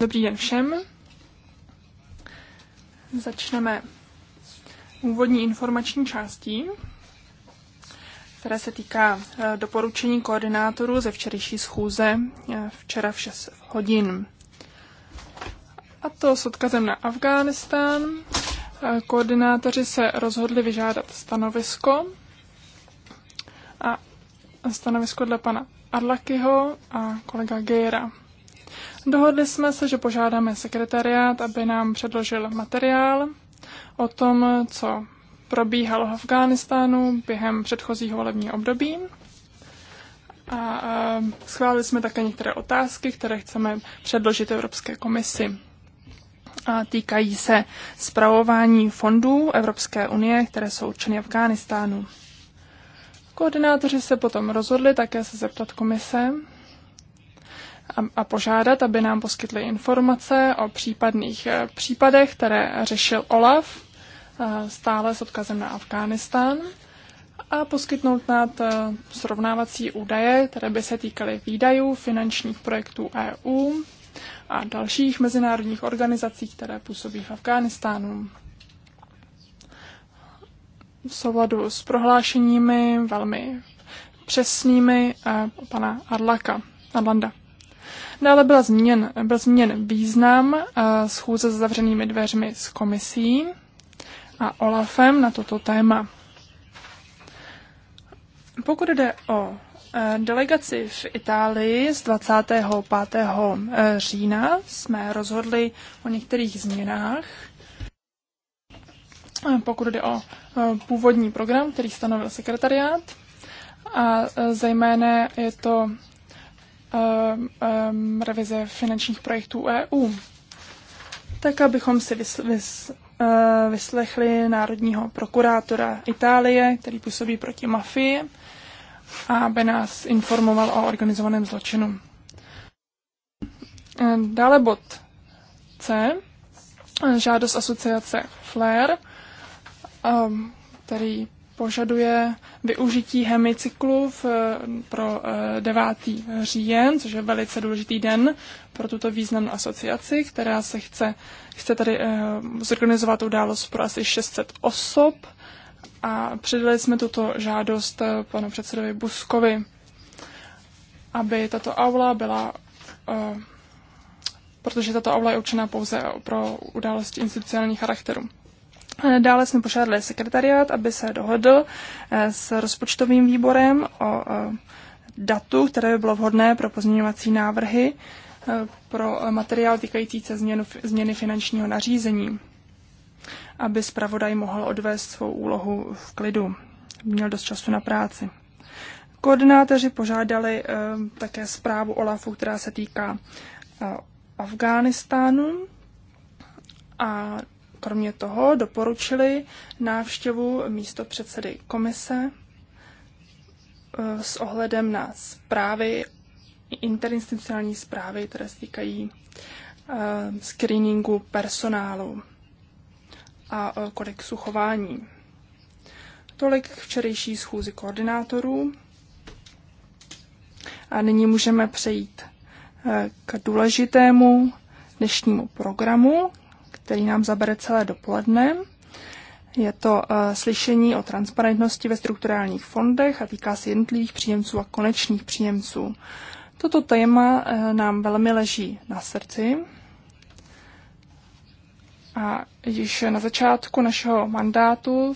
Dobrý den všem. Začneme úvodní informační částí, která se týká eh, doporučení koordinátorů ze včerejší schůze eh, včera v 6 hodin. A to s odkazem na Afghánistán. Eh, koordinátoři se rozhodli vyžádat stanovisko stanovisko dle pana Arlakyho a kolega Gejra. Dohodli jsme se, že požádáme sekretariát, aby nám předložil materiál o tom, co probíhalo v Afghánistánu během předchozího volebního období. A schválili jsme také některé otázky, které chceme předložit Evropské komisi. A týkají se zpravování fondů Evropské unie, které jsou určeny Afghánistánu. Koordinátoři se potom rozhodli také se zeptat komise a, a požádat, aby nám poskytli informace o případných eh, případech, které řešil OLAF, eh, stále s odkazem na Afghánistán a poskytnout nám eh, srovnávací údaje, které by se týkaly výdajů finančních projektů EU a dalších mezinárodních organizací, které působí v Afghánistánu v souladu s prohlášeními velmi přesnými eh, pana Arlaka, Arlanda. Dále byl zmíněn, byl zmíněn význam eh, schůze s zavřenými dveřmi s komisí a Olafem na toto téma. Pokud jde o eh, delegaci v Itálii z 25. října, jsme rozhodli o některých změnách Eh, pokud jde o eh, původní program, který stanovil sekretariát. A eh, zejména je to revize finančních projektů EU. Tak, abychom si vys- vyslechli národního prokurátora Itálie, který působí proti mafii, a aby nás informoval o organizovaném zločinu. Dále bod C, žádost asociace FLARE. Ehm, který požaduje využití hemicyklu v, eh, pro 9. Eh, říjen, což je velice důležitý den pro tuto významnou asociaci, která se chce, chce tady eh, zorganizovat událost pro asi 600 osob a předali jsme tuto žádost panu předsedovi Buskovi, aby tato aula byla, protože tato aula je určená pouze pro události institucionální charakteru. Dále jsme požádali sekretariát, aby se dohodl eh, s rozpočtovým výborem o eh, datu, které by bylo vhodné pro pozměňovací návrhy eh, pro materiál týkající se změnu, změny finančního nařízení, aby zpravodaj mohl odvést svou úlohu v klidu. Měl dost času na práci. Koordinátoři požádali také zprávu OLAFu, která se týká Afghánistánu a Kromě toho doporučili návštěvu místo předsedy komise eh, s ohledem na zprávy, interinstitucionální zprávy, které se týkají eh, screeningu personálu a eh, kodexu chování. Tolik k včerejší schůzi koordinátorů. A nyní můžeme přejít k důležitému dnešnímu programu, který nám zabere celé dopoledne. Je to uh, slyšení o transparentnosti ve strukturálních fondech a týká se jednotlivých příjemců a konečných příjemců. Toto téma uh, nám velmi leží na srdci. A již na začátku našeho mandátu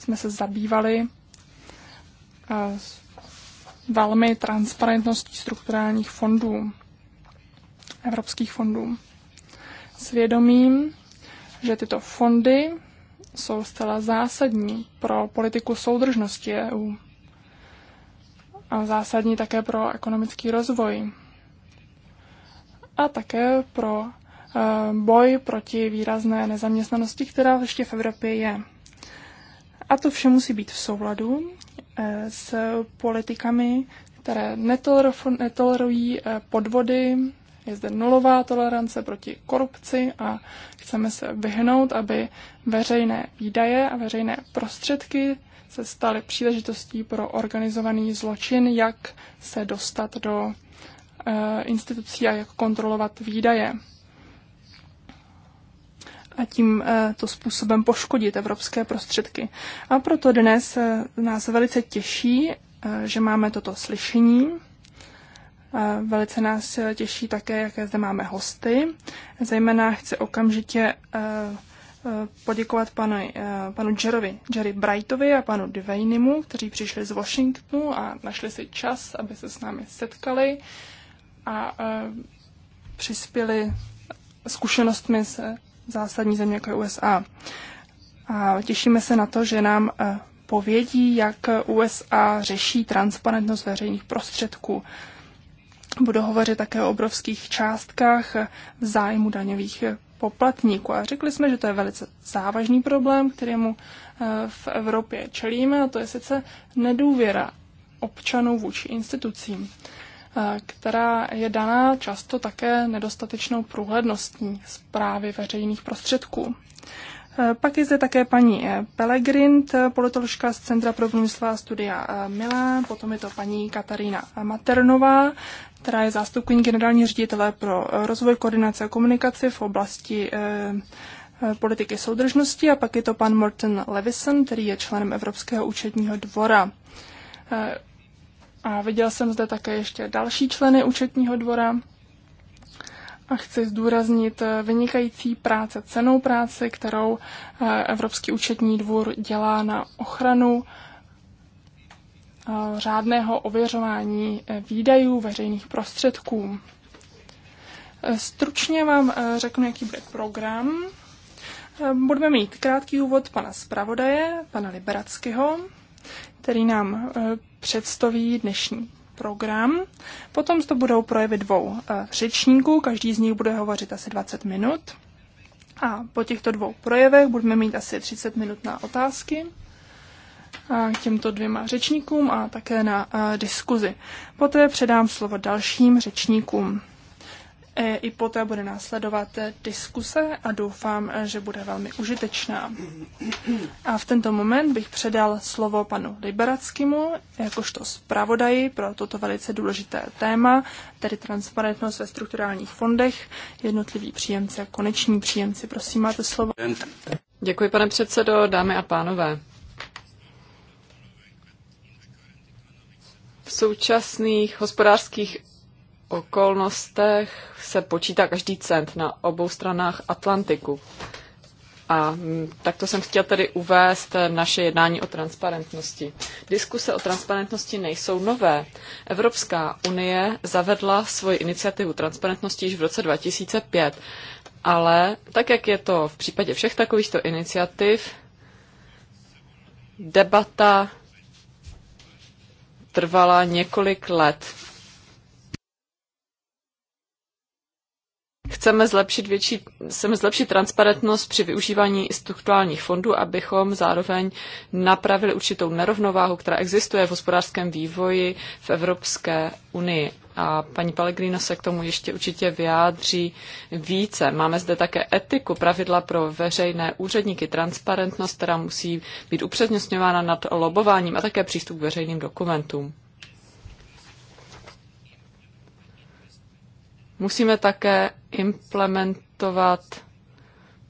jsme se zabývali uh, velmi transparentností strukturálních fondů, evropských fondů. Svědomím, že tyto fondy jsou zcela zásadní pro politiku soudržnosti EU a zásadní také pro ekonomický rozvoj a také pro eh, boj proti výrazné nezaměstnanosti, která ještě v Evropě je. A to vše musí být v souladu eh, s politikami, které netolerují eh, podvody, je zde nulová tolerance proti korupci a chceme se vyhnout, aby veřejné výdaje a veřejné prostředky se staly příležitostí pro organizovaný zločin, jak se dostat do e, institucí a jak kontrolovat výdaje. A tím e, to způsobem poškodit evropské prostředky. A proto dnes e, nás velice těší, e, že máme toto slyšení Velice nás těší také, jaké zde máme hosty. Zejména chci okamžitě eh, eh, poděkovat panu, eh, panu Jerry, Jerry Brightovi a panu Dwaynimu, kteří přišli z Washingtonu a našli si čas, aby se s námi setkali a přispěli zkušenostmi z zásadní země jako je USA. A těšíme se na to, že nám povědí, jak USA řeší transparentnost veřejných prostředků budu hovořit také o obrovských částkách v zájmu daňových poplatníků. A řekli jsme, že to je velice závažný problém, kterému eh, v Evropě čelíme, a to je sice nedůvěra občanů vůči institucím, eh, která je daná často také nedostatečnou průhledností zprávy veřejných prostředků. Eh, pak je zde také paní eh, Pelegrind, eh, politoložka z Centra pro průmyslová studia Milán, potom je to paní Katarína Maternová, která je zástupkyní generální ředitele pro rozvoj, koordinace a komunikaci v oblasti politiky soudržnosti a pak je to pan Morten Levison, který je členem Evropského účetního dvora. A viděl jsem zde také ještě další členy účetního dvora a chci zdůraznit eh, vynikající práce, cenou práci, kterou eh, Evropský účetní dvůr dělá na ochranu eh, řádného ověřování výdajů veřejných prostředků. Stručně vám řeknu, jaký bude program. Budeme mít krátký úvod pana zpravodaje, pana Liberackého, který nám představí dnešní program. Potom to budou projevy dvou eh, řečníků, každý z nich bude hovořit asi 20 minut. A po těchto dvou projevech budeme mít asi 30 minut na otázky eh, k těmto dvěma řečníkům a také na eh, diskuzi. Poté předám slovo dalším řečníkům. E I poté bude následovat diskuse a doufám, že bude velmi užitečná. A v tento moment bych předal slovo panu Liberackému, jakožto zpravodaji pro toto velice důležité téma, tedy transparentnost ve strukturálních fondech, jednotliví příjemci a koneční příjemci. Prosím, máte slovo. Děkuji, pane předsedo, dámy a pánové. V současných hospodářských okolnostech se počítá každý cent na obou stranách Atlantiku. A takto jsem chtěl tady uvést naše jednání o transparentnosti. Diskuse o transparentnosti nejsou nové. Evropská unie zavedla svoji iniciativu transparentnosti již v roce 2005, ale tak, jak je to v případě všech takovýchto iniciativ, debata trvala několik let Chceme zlepšit, větší, chceme zlepšit transparentnost při využívání strukturálních fondů, abychom zároveň napravili určitou nerovnováhu, která existuje v hospodářském vývoji v Evropské unii. A paní Pellegrino se k tomu ještě určitě vyjádří více. Máme zde také etiku, pravidla pro veřejné úředníky, transparentnost, která musí být upřednostňována nad lobováním a také přístup k veřejným dokumentům. Musíme také implementovat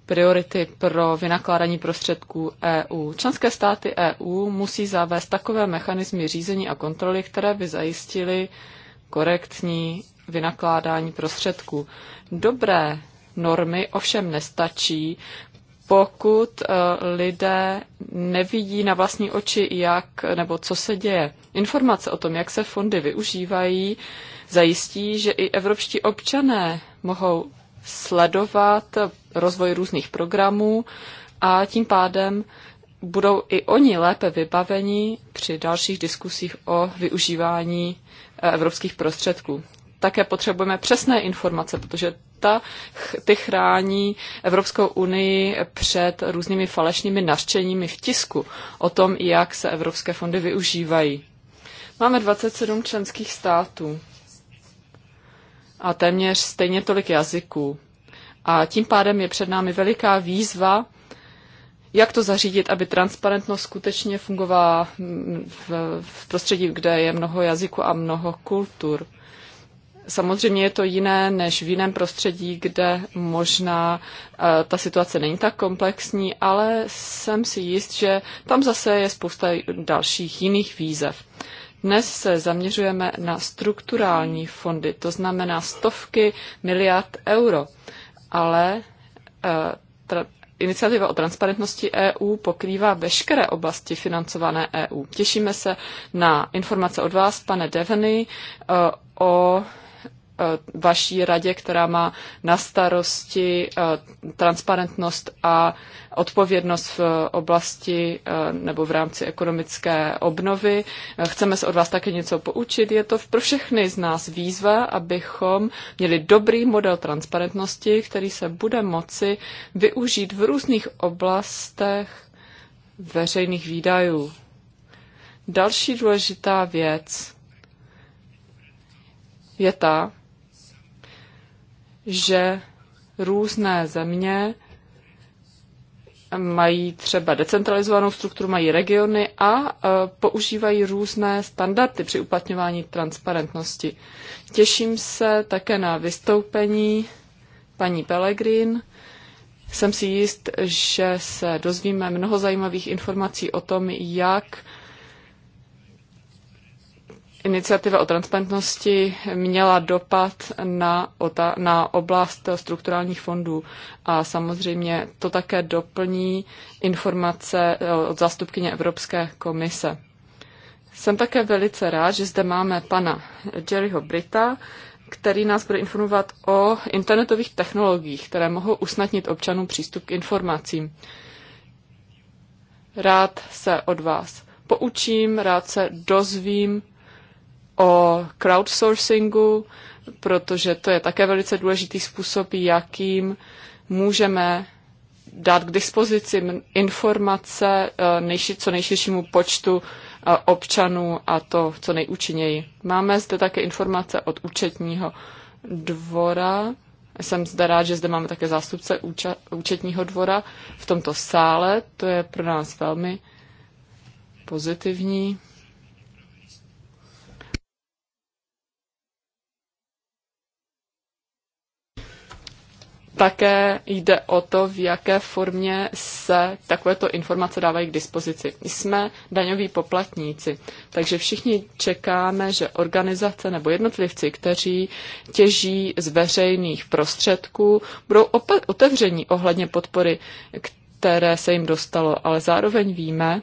priority pro vynakládání prostředků EU. Členské státy EU musí zavést takové mechanismy řízení a kontroly, které by zajistily korektní vynakládání prostředků. Dobré normy ovšem nestačí, pokud e, lidé nevidí na vlastní oči, jak nebo co se děje. Informace o tom, jak se fondy využívají, zajistí, že i evropští občané mohou sledovat rozvoj různých programů a tím pádem budou i oni lépe vybaveni při dalších diskusích o využívání eh, evropských prostředků. Také potřebujeme přesné informace, protože ta, ty chrání Evropskou unii před různými falešnými nařčeními v tisku o tom, jak se evropské fondy využívají. Máme 27 členských států a téměř stejně tolik jazyků. A tím pádem je před námi veliká výzva, jak to zařídit, aby transparentnost skutečně fungovala v, v prostředí, kde je mnoho jazyků a mnoho kultur. Samozřejmě je to jiné než v jiném prostředí, kde možná eh, ta situace není tak komplexní, ale jsem si jist, že tam zase je spousta dalších jiných výzev. Dnes se zaměřujeme na strukturální fondy, to znamená stovky miliard euro, ale eh, iniciativa o transparentnosti EU pokrývá veškeré oblasti financované EU. Těšíme se na informace od vás, pane Devany, eh, o Eh, vaší radě, která má na starosti eh, transparentnost a odpovědnost v oblasti eh, nebo v rámci ekonomické obnovy. Chceme se od vás také něco poučit. Je to pro všechny z nás výzva, abychom měli dobrý model transparentnosti, který se bude moci využít v různých oblastech veřejných výdajů. Další důležitá věc je ta, že různé země mají třeba decentralizovanou strukturu, mají regiony a e, používají různé standardy při uplatňování transparentnosti. Těším se také na vystoupení paní Pelegrin. Jsem si jist, že se dozvíme mnoho zajímavých informací o tom, jak iniciativa o transparentnosti měla dopad na, na oblast strukturálních fondů a samozřejmě to také doplní informace eh, od zástupkyně Evropské komise. Jsem také velice rád, že zde máme pana Jerryho Brita, který nás bude informovat o internetových technologiích, které mohou usnadnit občanům přístup k informacím. Rád se od vás poučím, rád se dozvím o crowdsourcingu, protože to je také velice důležitý způsob, jakým můžeme dát k dispozici informace eh, nejši, co nejširšímu počtu eh, občanů a to co nejúčinněji. Máme zde také informace od účetního dvora. Jsem zde rád, že zde máme také zástupce úča, účetního dvora v tomto sále. To je pro nás velmi pozitivní. také jde o to, v jaké formě se takovéto informace dávají k dispozici. My jsme daňoví poplatníci, takže všichni čekáme, že organizace nebo jednotlivci, kteří těží z veřejných prostředků, budou otevření ohledně podpory, které se jim dostalo, ale zároveň víme,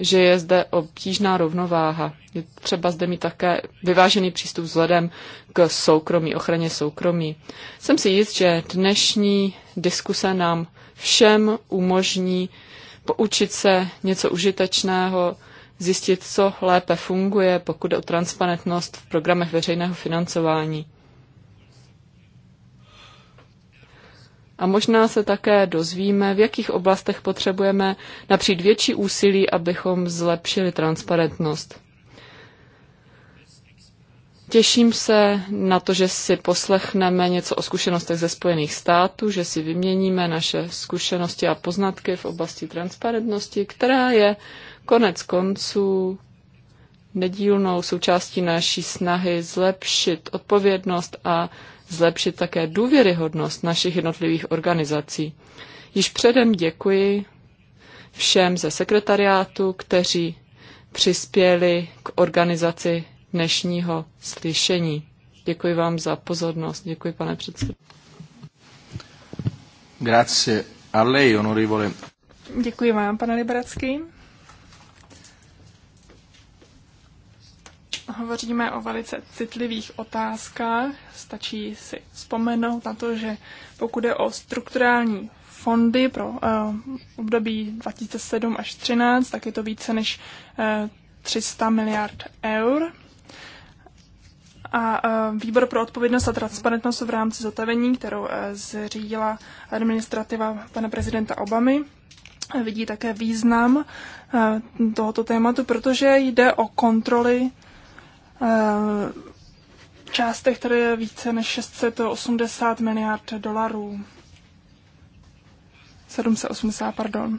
že je zde obtížná rovnováha. Je třeba zde mít také vyvážený přístup vzhledem k soukromí, ochraně soukromí. Jsem si jist, že dnešní diskuse nám všem umožní poučit se něco užitečného, zjistit, co lépe funguje, pokud je o transparentnost v programech veřejného financování. A možná se také dozvíme, v jakých oblastech potřebujeme napřít větší úsilí, abychom zlepšili transparentnost. Těším se na to, že si poslechneme něco o zkušenostech ze Spojených států, že si vyměníme naše zkušenosti a poznatky v oblasti transparentnosti, která je konec konců nedílnou součástí naší snahy zlepšit odpovědnost a zlepšit také důvěryhodnost našich jednotlivých organizací. Již předem děkuji všem ze sekretariátu, kteří přispěli k organizaci dnešního slyšení. Děkuji vám za pozornost. Děkuji, pane předsedo. Grazie a lei, onorevole. Děkuji vám, pane Liberacký. hovoříme o velice citlivých otázkách. Stačí si vzpomenout na to, že pokud je o strukturální fondy pro uh, období 2007 až 2013, tak je to více než uh, eh, 300 miliard eur. A uh, výbor pro odpovědnost a transparentnost v rámci zotavení, kterou uh, zřídila administrativa pana prezidenta Obamy, vidí také význam tohoto tématu, protože jde o kontroly Eh, částech které je více než 680 miliard dolarů. 780, pardon.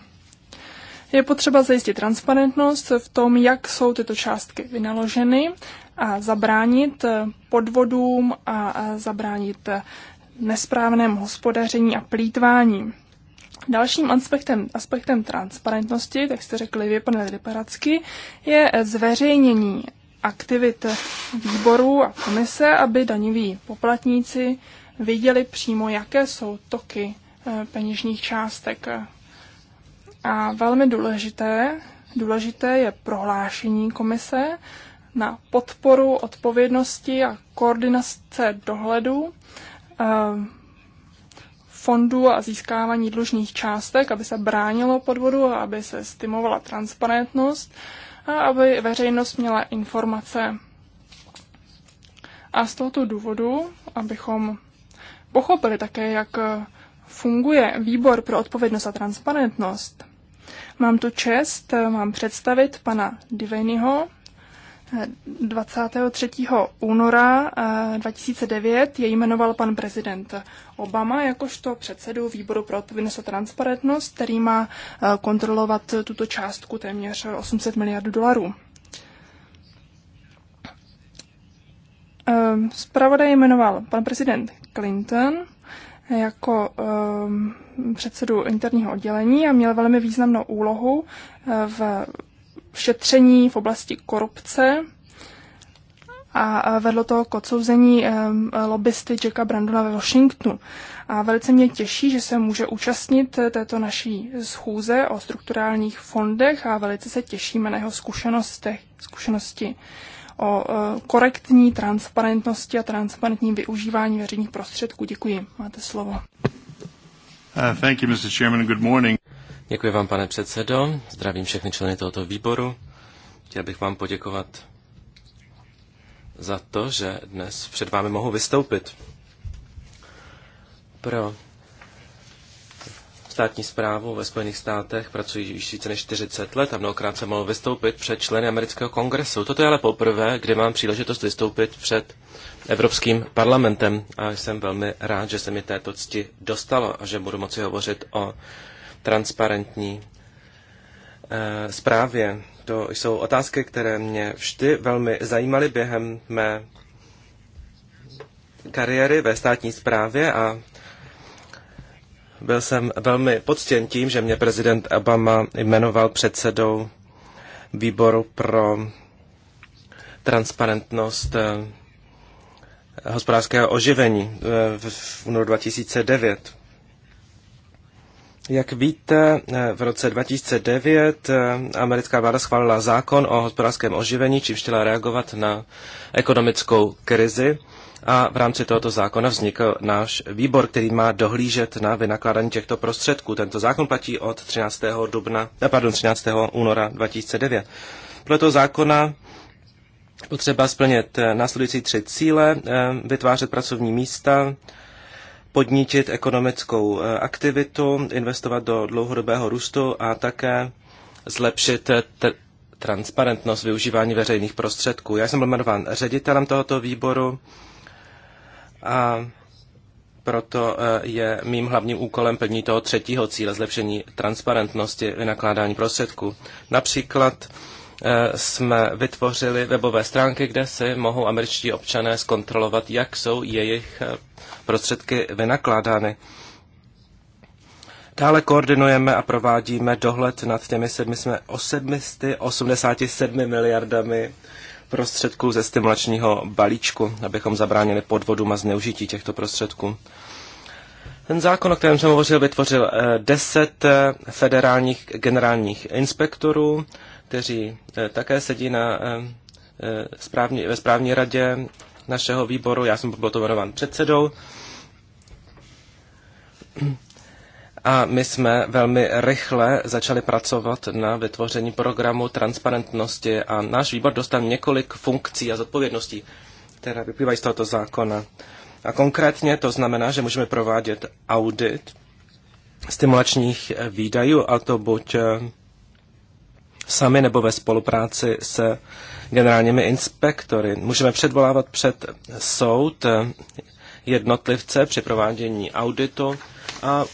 Je potřeba zajistit transparentnost v tom, jak jsou tyto částky vynaloženy a zabránit podvodům a zabránit nesprávnému hospodaření a plítvání. Dalším aspektem, aspektem transparentnosti, tak jste řekli vy, pane Liparacky, je zveřejnění aktivit výborů a komise, aby daňoví poplatníci viděli přímo, jaké jsou toky eh, peněžních částek. A velmi důležité, důležité je prohlášení komise na podporu odpovědnosti a koordinace dohledu eh, fondů a získávání dlužních částek, aby se bránilo podvodu a aby se stimulovala transparentnost a aby veřejnost měla informace. A z tohoto důvodu, abychom pochopili také, jak funguje výbor pro odpovědnost a transparentnost, mám tu čest, mám představit pana Divejnyho, 23. února 2009 eh, je jmenoval pan prezident Obama jakožto předsedu výboru pro odpovědnost a transparentnost, který má eh, kontrolovat tuto částku téměř 800 miliard dolarů. Eh, zpravodaj jmenoval pan prezident Clinton jako předsedu interního oddělení a měl velmi významnou úlohu v šetření v oblasti korupce a vedlo to k odsouzení eh, lobbysty Jacka Brandona ve Washingtonu. A velice mě těší, že se může účastnit eh, této naší schůze o strukturálních fondech a velice se těšíme na jeho zkušenostech, zkušenosti o eh, korektní transparentnosti a transparentní využívání veřejných prostředků. Děkuji. Máte slovo. Uh, thank you, Mr. Chairman, good morning. Děkuji vám, pane předsedo. Zdravím všechny členy tohoto výboru. Chtěl bych vám poděkovat za to, že dnes před vámi mohu vystoupit. Pro státní zprávu ve Spojených státech pracuji již více než 40 let a mnohokrát jsem mohl vystoupit před členy amerického kongresu. Toto je ale poprvé, kdy mám příležitost vystoupit před Evropským parlamentem a jsem velmi rád, že se mi této cti dostalo a že budu moci hovořit o transparentní eh, zprávě. To jsou otázky, které mě vždy velmi zajímaly během mé kariéry ve státní správě a byl jsem velmi poctěn tím, že mě prezident Obama jmenoval předsedou výboru pro transparentnost eh, hospodářského oživení eh, v únoru 2009. Jak víte, eh, v roce 2009 eh, americká vláda schválila zákon o hospodářském oživení, čím chtěla reagovat na ekonomickou krizi. A v rámci tohoto zákona vznikl náš výbor, který má dohlížet na vynakládání těchto prostředků. Tento zákon platí od 13. Dubna, eh, pardon, 13. února 2009. Podle toho zákona potřeba splnit následující tři cíle, vytvářet pracovní místa, podnítit ekonomickou eh, aktivitu, investovat do dlouhodobého růstu a také zlepšit eh, transparentnost využívání veřejných prostředků. Já jsem byl jmenován ředitelem tohoto výboru a proto eh, je mým hlavním úkolem plní toho třetího cíle zlepšení transparentnosti vynakládání prostředků. Například Eh, jsme vytvořili webové stránky, kde si mohou američtí občané zkontrolovat, jak jsou jejich eh, prostředky vynakládány. Dále koordinujeme a provádíme dohled nad těmi 787 miliardami prostředků ze stimulačního balíčku, abychom zabránili podvodům a zneužití těchto prostředků. Ten zákon, o kterém jsem hovořil, vytvořil 10 eh, federálních generálních inspektorů, kteří eh, také sedí na, eh, eh, správní, ve správní radě našeho výboru. Já jsem byl to jmenován předsedou. A my jsme velmi rychle začali pracovat na vytvoření programu transparentnosti a náš výbor dostal několik funkcí a zodpovědností, které vyplývají z tohoto zákona. A konkrétně to znamená, že můžeme provádět audit stimulačních výdajů, a to buď sami nebo ve spolupráci se generálními inspektory. Můžeme předvolávat před soud jednotlivce při provádění auditu a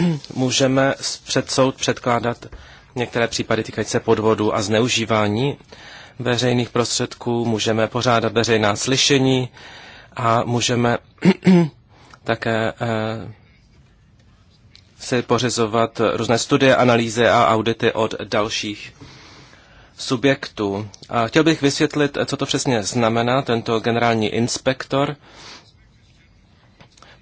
můžeme před soud předkládat některé případy týkající se podvodu a zneužívání veřejných prostředků, můžeme pořádat veřejná slyšení a můžeme také eh, se pořizovat různé studie, analýzy a audity od dalších subjektů. A chtěl bych vysvětlit, co to přesně znamená, tento generální inspektor,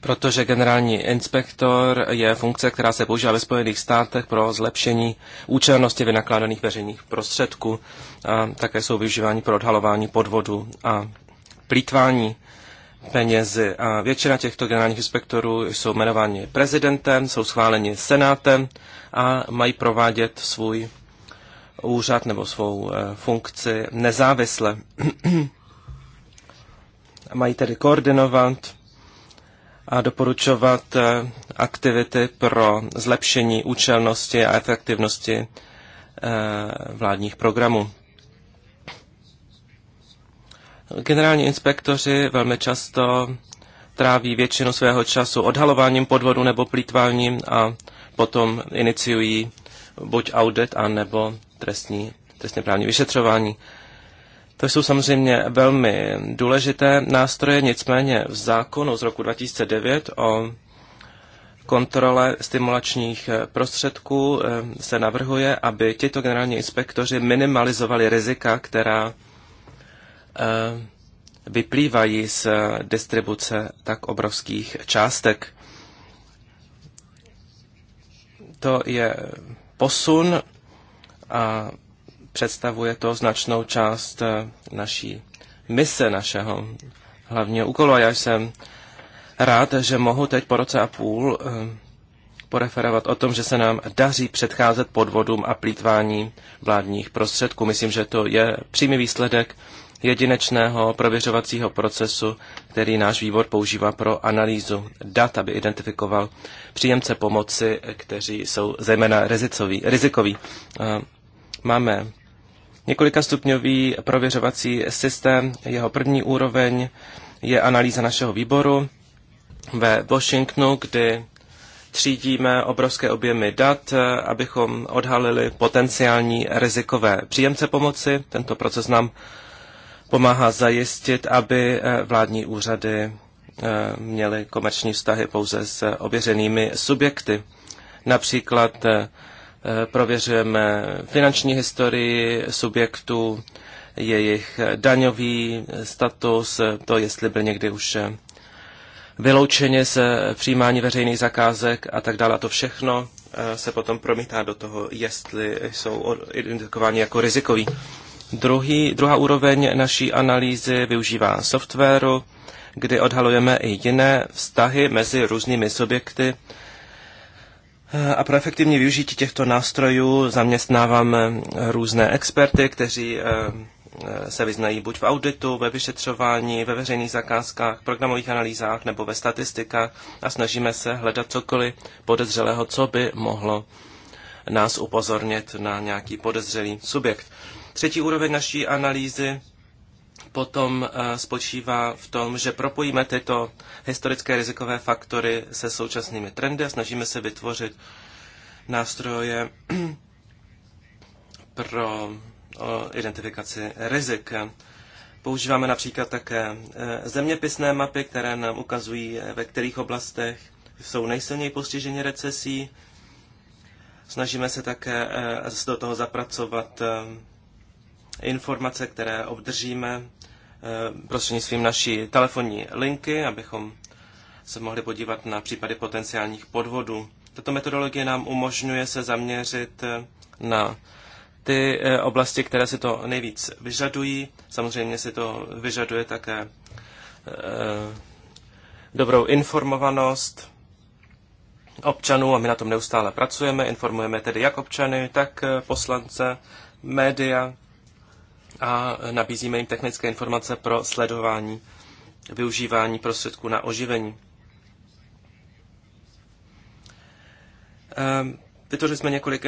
protože generální inspektor je funkce, která se používá ve Spojených státech pro zlepšení účelnosti vynakládaných veřejných prostředků a také jsou využívání pro odhalování podvodu a plítvání penězi. A většina těchto generálních inspektorů jsou jmenováni prezidentem, jsou schváleni senátem a mají provádět svůj úřad nebo svou eh, funkci nezávisle. mají tedy koordinovat a doporučovat eh, aktivity pro zlepšení účelnosti a efektivnosti eh, vládních programů. Generální inspektoři velmi často tráví většinu svého času odhalováním podvodu nebo plítváním a potom iniciují buď audit, anebo trestní, trestně právní vyšetřování. To jsou samozřejmě velmi důležité nástroje, nicméně v zákonu z roku 2009 o kontrole stimulačních prostředků eh, se navrhuje, aby tito generální inspektoři minimalizovali rizika, která Eh, vyplývají z distribuce tak obrovských částek. To je posun a představuje to značnou část eh, naší mise, našeho hlavního úkolu. A já jsem rád, že mohu teď po roce a půl eh, poreferovat o tom, že se nám daří předcházet podvodům a plítvání vládních prostředků. Myslím, že to je přímý výsledek jedinečného prověřovacího procesu, který náš výbor používá pro analýzu dat, aby identifikoval příjemce pomoci, kteří jsou zejména rizicoví. rizikoví. Máme několika stupňový prověřovací systém. Jeho první úroveň je analýza našeho výboru ve Washingtonu, kdy třídíme obrovské objemy dat, abychom odhalili potenciální rizikové příjemce pomoci. Tento proces nám pomáhá zajistit, aby eh, vládní úřady eh, měly komerční vztahy pouze s ověřenými subjekty. Například eh, prověřujeme finanční historii subjektů, jejich daňový status, to jestli byl někdy už vyloučeně z přijímání veřejných zakázek a tak dále. A to všechno se potom promítá do toho, jestli jsou identifikováni jako rizikoví. Druhý, druhá úroveň naší analýzy využívá softwaru, kdy odhalujeme i jiné vztahy mezi různými subjekty. A pro efektivní využití těchto nástrojů zaměstnáváme různé experty, kteří eh, eh, se vyznají buď v auditu, ve vyšetřování, ve veřejných zakázkách, programových analýzách nebo ve statistikách a snažíme se hledat cokoliv podezřelého, co by mohlo nás upozornit na nějaký podezřelý subjekt. Třetí úroveň naší analýzy potom eh, spočívá v tom, že propojíme tyto historické rizikové faktory se současnými trendy a snažíme se vytvořit nástroje pro identifikaci rizik. Používáme například také eh, zeměpisné mapy, které nám ukazují, eh, ve kterých oblastech jsou nejsilněji postiženi recesí. Snažíme se také do toho zapracovat informace, které obdržíme eh, prostřednictvím naší telefonní linky, abychom se mohli podívat na případy potenciálních podvodů. Tato metodologie nám umožňuje se zaměřit eh, na ty eh, oblasti, které si to nejvíc vyžadují. Samozřejmě si to vyžaduje také dobrou informovanost občanů a my na tom neustále pracujeme. Informujeme tedy jak občany, tak poslance, média a nabízíme jim technické informace pro sledování využívání prostředků na oživení. Ehm, vytvořili jsme několik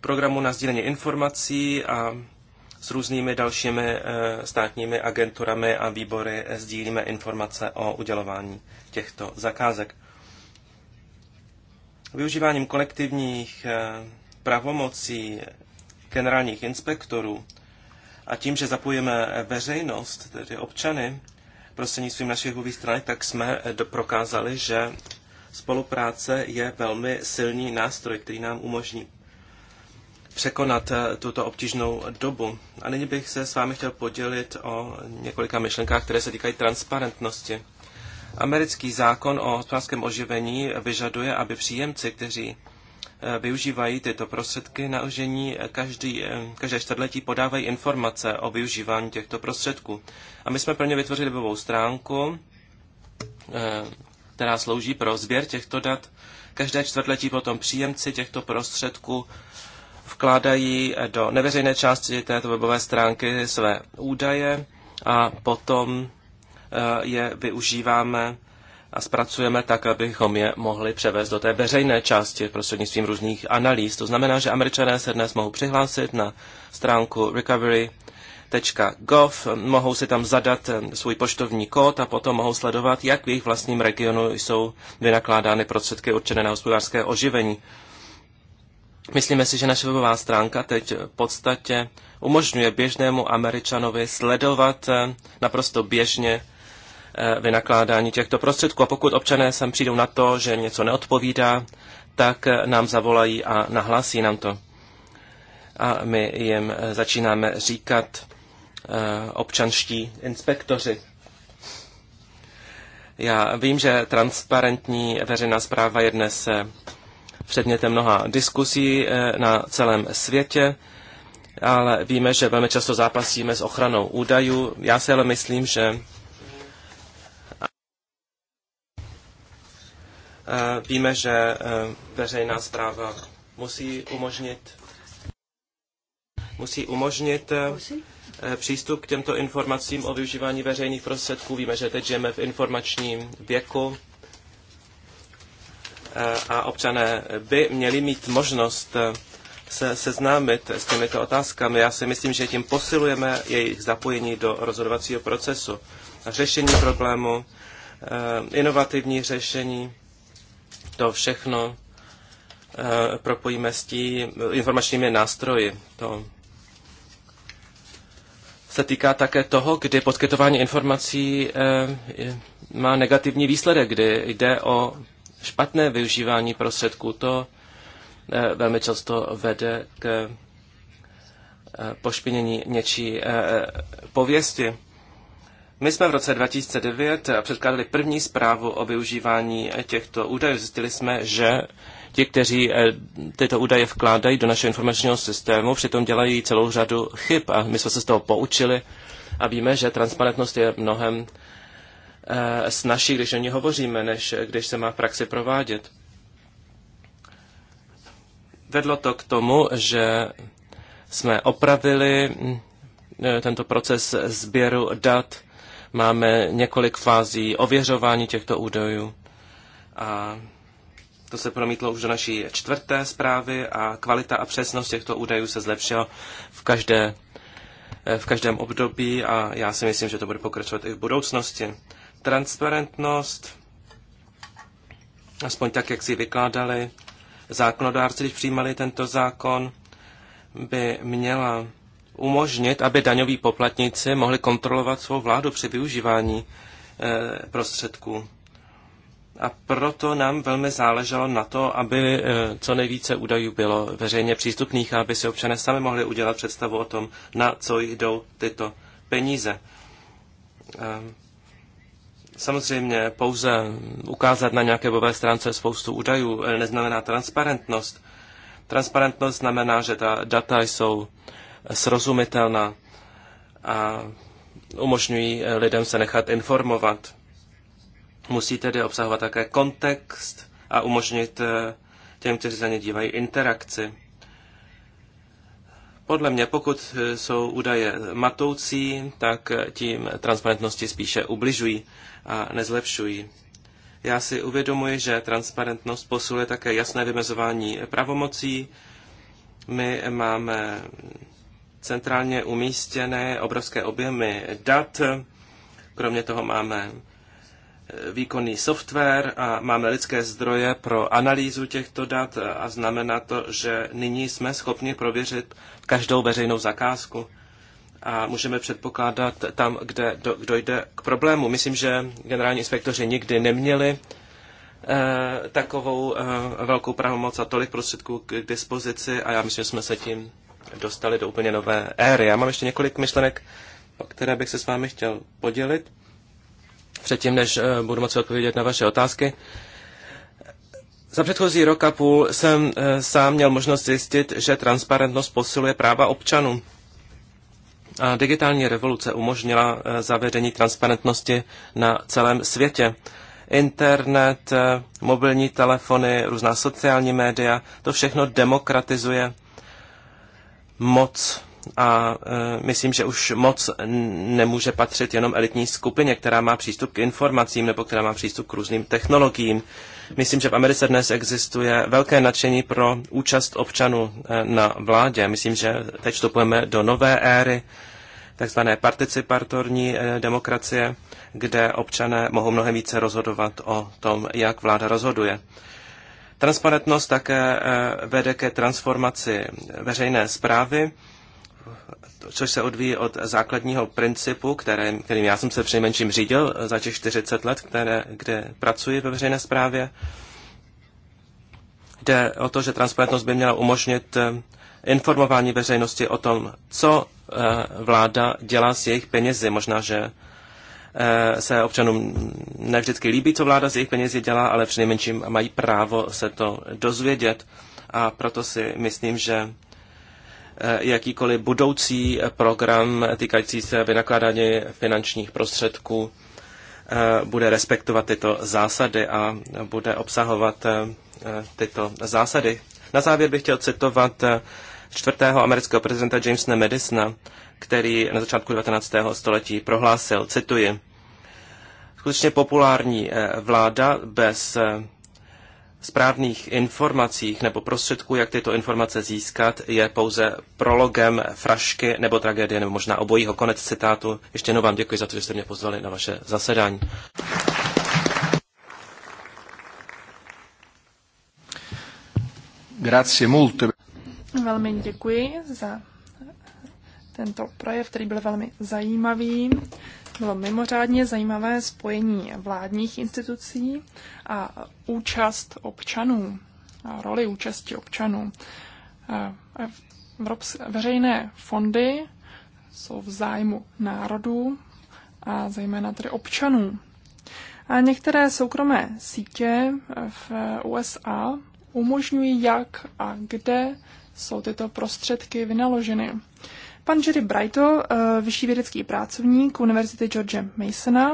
programů na sdílení informací a s různými dalšími eh, státními agenturami a výbory sdílíme informace o udělování těchto zakázek. Využíváním kolektivních eh, pravomocí generálních inspektorů a tím, že zapojíme veřejnost, tedy občany, prostřednictvím našich hlubých stranek, tak jsme eh, prokázali, že spolupráce je velmi silný nástroj, který nám umožní překonat eh, tuto obtížnou dobu. A nyní bych se s vámi chtěl podělit o několika myšlenkách, které se týkají transparentnosti. Americký zákon o hospodářském oživení vyžaduje, aby příjemci, kteří Eh, využívají tyto prostředky na ožení, každý, eh, každé čtvrtletí podávají informace o využívání těchto prostředků. A my jsme pro ně vytvořili webovou stránku, eh, která slouží pro sběr těchto dat. Každé čtvrtletí potom příjemci těchto prostředků vkládají do neveřejné části této webové stránky své údaje a potom je využíváme a zpracujeme tak, abychom je mohli převést do té veřejné části prostřednictvím různých analýz. To znamená, že američané se dnes mohou přihlásit na stránku recovery.gov, mohou si tam zadat eh, svůj poštovní kód a potom mohou sledovat, jak v jejich vlastním regionu jsou vynakládány prostředky určené na hospodářské oživení. Myslíme si, že naše webová stránka teď v podstatě umožňuje běžnému američanovi sledovat eh, naprosto běžně Eh, vynakládání těchto prostředků. A pokud občané sem přijdou na to, že něco neodpovídá, tak eh, nám zavolají a nahlásí nám to. A my jim eh, začínáme říkat občanští inspektoři. Já vím, že transparentní veřejná zpráva je dnes předmětem mnoha diskusí na celém světě, ale víme, že velmi často zápasíme s ochranou údajů. Já si ale myslím, že Eh, víme, že eh, veřejná zpráva musí umožnit musí umožnit eh, přístup k těmto informacím o využívání veřejných prostředků. Víme, že teď žijeme v informačním věku a občané by měli mít možnost se seznámit s těmito otázkami. Já si myslím, že tím posilujeme jejich zapojení do rozhodovacího procesu. Řešení problému, inovativní řešení to všechno eh, propojíme s tím informačními nástroji. To se týká také toho, kdy poskytování informací eh, má negativní výsledek, kdy jde o špatné využívání prostředků. To eh, velmi často vede k pošpinění něčí pověsti. My jsme v roce 2009 předkládali první zprávu o využívání těchto údajů. Zjistili jsme, že ti, kteří eh, tyto údaje vkládají do našeho informačního systému, přitom dělají celou řadu chyb a my jsme se z toho poučili a víme, že transparentnost je mnohem eh, snažší, když o ní hovoříme, než když se má v praxi provádět. Vedlo to k tomu, že jsme opravili hm, eh, tento proces sběru dat Máme několik fází ověřování těchto údajů a to se promítlo už do naší čtvrté zprávy a kvalita a přesnost těchto údajů se zlepšila v, každé, eh, v každém období a já si myslím, že to bude pokračovat i v budoucnosti. Transparentnost, aspoň tak, jak si vykládali zákonodárci, když přijímali tento zákon, by měla umožnit, aby daňoví poplatníci mohli kontrolovat svou vládu při využívání eh, prostředků. A proto nám velmi záleželo na to, aby eh, co nejvíce údajů bylo veřejně přístupných a aby si občané sami mohli udělat představu o tom, na co jdou tyto peníze. Ehm, samozřejmě pouze ukázat na nějaké webové stránce spoustu údajů eh, neznamená transparentnost. Transparentnost znamená, že ta data jsou srozumitelná a umožňují lidem se nechat informovat. Musí tedy obsahovat také kontext a umožnit eh, těm, kteří za ně dívají, interakci. Podle mě, pokud eh, jsou údaje matoucí, tak eh, tím transparentnosti spíše ubližují a nezlepšují. Já si uvědomuji, že transparentnost posiluje také jasné vymezování pravomocí. My máme centrálně umístěné obrovské objemy dat. Kromě toho máme eh, výkonný software a máme lidské zdroje pro analýzu těchto dat a znamená to, že nyní jsme schopni prověřit každou veřejnou zakázku a můžeme předpokládat tam, kde do, dojde k problému. Myslím, že generální inspektoři nikdy neměli eh, takovou eh, velkou pravomoc a tolik prostředků k dispozici a já myslím, že jsme se tím dostali do úplně nové éry. Já mám ještě několik myšlenek, o které bych se s vámi chtěl podělit. Předtím, než eh, budu moci odpovědět na vaše otázky. Za předchozí rok a půl jsem eh, sám měl možnost zjistit, že transparentnost posiluje práva občanů. A digitální revoluce umožnila eh, zavedení transparentnosti na celém světě. Internet, mobilní telefony, různá sociální média, to všechno demokratizuje moc a e, myslím, že už moc nemůže patřit jenom elitní skupině, která má přístup k informacím nebo která má přístup k různým technologiím. Myslím, že v Americe dnes existuje velké nadšení pro účast občanů e, na vládě. Myslím, že teď vstupujeme do nové éry takzvané participatorní e, demokracie, kde občané mohou mnohem více rozhodovat o tom, jak vláda rozhoduje. Transparentnost také eh, vede ke transformaci veřejné zprávy, což se odvíjí od základního principu, kterým, kterým já jsem se přejmenším řídil eh, za těch 40 let, které, kde pracuji ve veřejné správě. Jde o to, že transparentnost by měla umožnit eh, informování veřejnosti o tom, co vláda dělá s jejich penězi. Možná, že Eh, se občanům nevždycky líbí, co vláda z jejich penězi dělá, ale přinejmenším mají právo se to dozvědět. A proto si myslím, že eh, jakýkoliv budoucí program týkající se vynakládání finančních prostředků eh, bude respektovat tyto zásady a bude obsahovat tyto zásady. Na závěr bych chtěl citovat čtvrtého amerického prezidenta Jamesa Madisona, který na začátku 19. století prohlásil, cituji, skutečně populární eh, vláda bez eh, správných informacích nebo prostředků, jak tyto informace získat, je pouze prologem frašky nebo tragédie, nebo možná obojího. Konec citátu. Ještě jednou vám děkuji za to, že jste mě pozvali na vaše zasedání. Grazie molto. Velmi děkuji za tento projev, který byl velmi zajímavý. Bylo mimořádně zajímavé spojení vládních institucí a účast občanů, a roli účasti občanů. Veřejné fondy jsou v zájmu národů a zejména tedy občanů. A některé soukromé sítě v USA umožňují, jak a kde jsou tyto prostředky vynaloženy. Pan Jerry Brighto, eh, vyšší vědecký pracovník Univerzity George Masona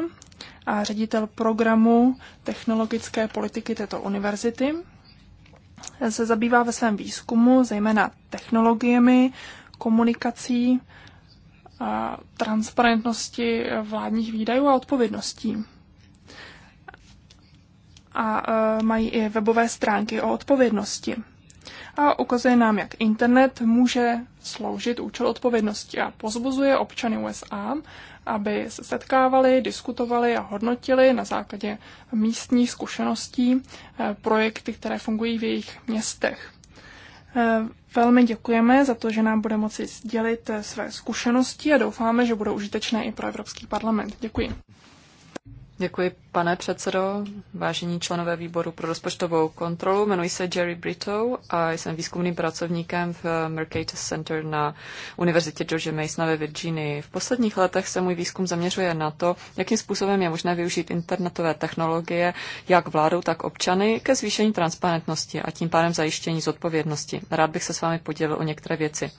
a ředitel programu technologické politiky této univerzity, se zabývá ve svém výzkumu zejména technologiemi, komunikací, a transparentnosti vládních výdajů a odpovědností. A eh, mají i webové stránky o odpovědnosti a ukazuje nám, jak internet může sloužit účel odpovědnosti a pozbuzuje občany USA, aby se setkávali, diskutovali a hodnotili na základě místních zkušeností eh, projekty, které fungují v jejich městech. Eh, velmi děkujeme za to, že nám bude moci sdělit eh, své zkušenosti a doufáme, že budou užitečné i pro Evropský parlament. Děkuji. Děkuji, pane předsedo, vážení členové výboru pro rozpočtovou kontrolu. Jmenuji se Jerry Brito a jsem výzkumným pracovníkem v Mercatus Center na Univerzitě George Mason ve Virginii. V posledních letech se můj výzkum zaměřuje na to, jakým způsobem je možné využít internetové technologie, jak vládou, tak občany, ke zvýšení transparentnosti a tím pádem zajištění zodpovědnosti. Rád bych se s vámi podělil o některé věci,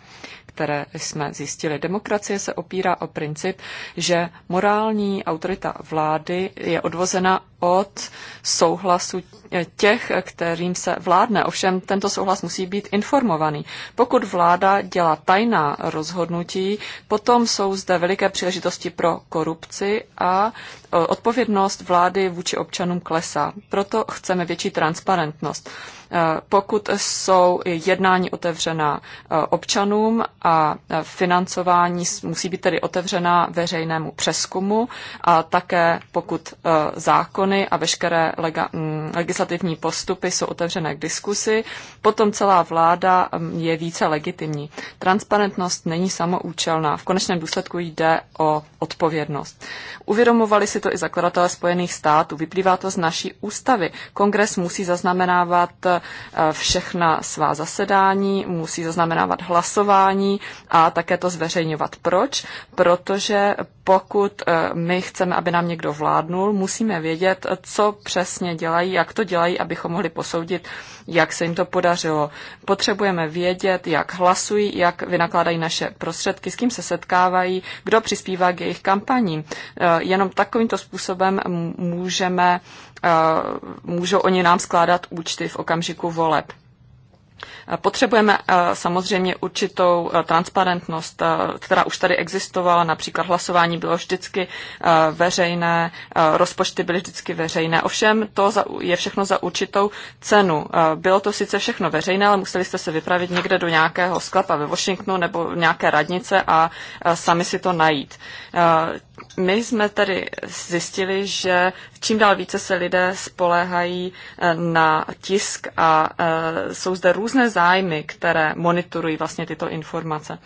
které jsme zjistili. Demokracie se opírá o princip, že morální autorita vlády je odvozena od souhlasu těch, kterým se vládne. Ovšem tento souhlas musí být informovaný. Pokud vláda dělá tajná rozhodnutí, potom jsou zde veliké příležitosti pro korupci a e, odpovědnost vlády vůči občanům klesá. Proto chceme větší transparentnost. E, pokud jsou jednání otevřená e, občanům a financování musí být tedy otevřená veřejnému přeskumu a také pokud zákony a veškeré mm, legislativní legislativní postupy jsou otevřené k diskusi, potom celá vláda mm, je více legitimní. Transparentnost není samoučelná, v konečném důsledku jde o odpovědnost. Uvědomovali si to i zakladatelé Spojených států, vyplývá to z naší ústavy. Kongres musí zaznamenávat eh, všechna svá zasedání, musí zaznamenávat hlasování a také to zveřejňovat. Proč? Protože pokud eh, my chceme, aby nám někdo vládnul, musíme vědět, co přesně dělají, jak to dělají dělají, abychom mohli posoudit, jak se jim to podařilo. Potřebujeme vědět, jak hlasují, jak vynakládají naše prostředky, s kým se setkávají, kdo přispívá k jejich kampaním. Eh, jenom takovýmto způsobem můžeme, eh, můžou oni nám skládat účty v okamžiku voleb. Potřebujeme eh, samozřejmě určitou eh, transparentnost, eh, která už tady existovala, například hlasování bylo vždycky veřejné, rozpočty byly vždycky veřejné, ovšem to je všechno za určitou cenu. Bylo to sice všechno veřejné, ale museli jste se vypravit někde do nějakého sklepa ve Washingtonu nebo nějaké radnice a sami si to najít. My jsme tedy zjistili, že Čím dál více se lidé spoléhají eh, na tisk a eh, jsou zde různé zájmy, které monitorují vlastně tyto informace.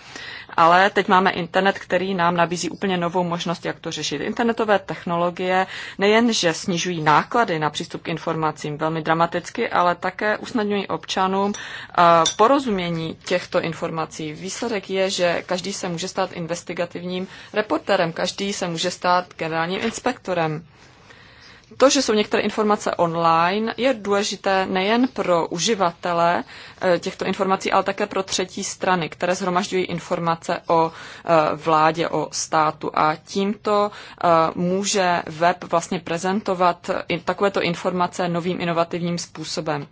Ale teď máme internet, který nám nabízí úplně novou možnost, jak to řešit. Internetové technologie nejen, že snižují náklady na přístup k informacím velmi dramaticky, ale také usnadňují občanům eh, porozumění těchto informací. Výsledek je, že každý se může stát investigativním reportérem, každý se může stát generálním inspektorem to, že jsou některé informace online, je důležité nejen pro uživatele eh, těchto informací, ale také pro třetí strany, které zhromažďují informace o eh, vládě, o státu. A tímto eh, může web vlastně prezentovat takovéto informace novým inovativním způsobem.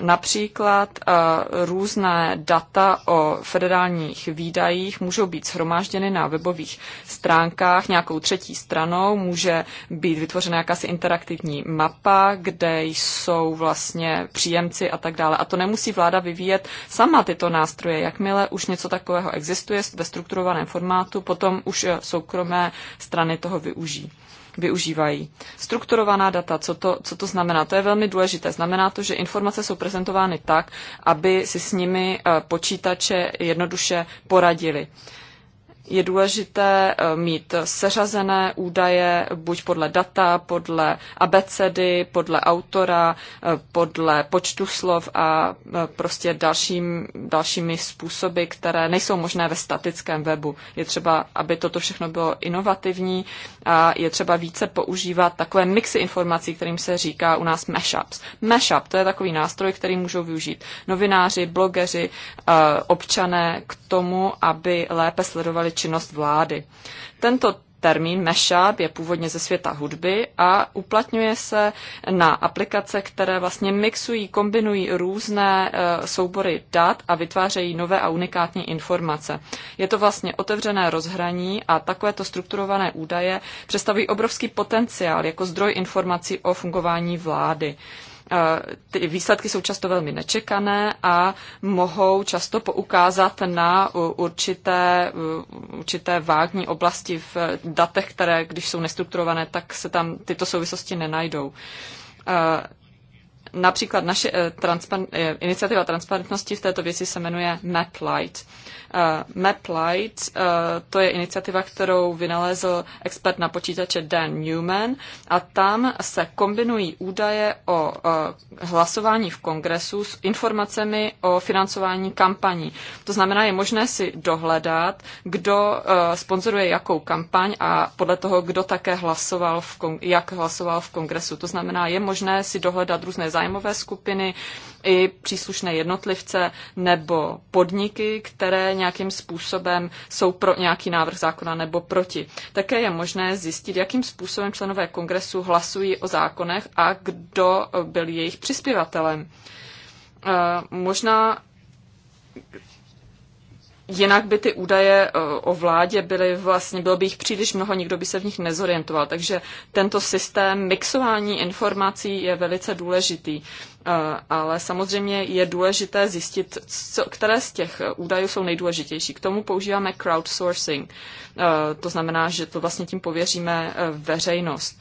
Například různé data o federálních výdajích můžou být shromážděny na webových stránkách nějakou třetí stranou, může být vytvořena jakási interaktivní mapa, kde jsou vlastně příjemci a tak dále. A to nemusí vláda vyvíjet sama tyto nástroje. Jakmile už něco takového existuje ve strukturovaném formátu, potom už eh, soukromé strany toho využijí využívají. Strukturovaná data, co to, co to znamená? To je velmi důležité. Znamená to, že informace jsou prezentovány tak, aby si s nimi eh, počítače jednoduše poradili je důležité eh, mít seřazené údaje, buď podle data, podle abecedy, podle autora, eh, podle počtu slov a eh, prostě dalším, dalšími způsoby, které nejsou možné ve statickém webu. Je třeba, aby toto všechno bylo inovativní a je třeba více používat takové mixy informací, kterým se říká u nás mashups. Mashup to je takový nástroj, který můžou využít novináři, blogeři, občané k tomu, aby lépe sledovali činnost vlády. Tento Termín mashup je původně ze světa hudby a uplatňuje se na aplikace, které vlastně mixují, kombinují různé e, soubory dat a vytvářejí nové a unikátní informace. Je to vlastně otevřené rozhraní a takovéto strukturované údaje představují obrovský potenciál jako zdroj informací o fungování vlády ty výsledky jsou často velmi nečekané a mohou často poukázat na určité, určité vágní oblasti v datech, které, když jsou nestrukturované, tak se tam tyto souvislosti nenajdou. Například naše eh, transpar- eh, iniciativa transparentnosti v této věci se jmenuje MapLight. Eh, MapLight to je iniciativa, kterou vynalezl expert na počítače Dan Newman a tam se kombinují údaje o hlasování v kongresu s informacemi o financování kampaní. To znamená, je možné si dohledat, kdo sponzoruje jakou kampaň a podle toho, kdo také hlasoval, v jak hlasoval v kongresu. To znamená, je možné si dohledat různé zájmové skupiny, i příslušné jednotlivce nebo podniky, které nějakým způsobem jsou pro nějaký návrh zákona nebo proti. Také je možné zjistit, jakým způsobem členové kongresu hlasují o zákonech a kdo byl jejich přispěvatelem. Eh, možná jinak by ty údaje eh, o vládě byly vlastně, bylo by jich příliš mnoho, nikdo by se v nich nezorientoval. Takže tento systém mixování informací je velice důležitý. Eh, ale samozřejmě je důležité zjistit, co, které z těch eh, údajů jsou nejdůležitější. K tomu používáme crowdsourcing. To znamená, že to vlastně tím pověříme veřejnost.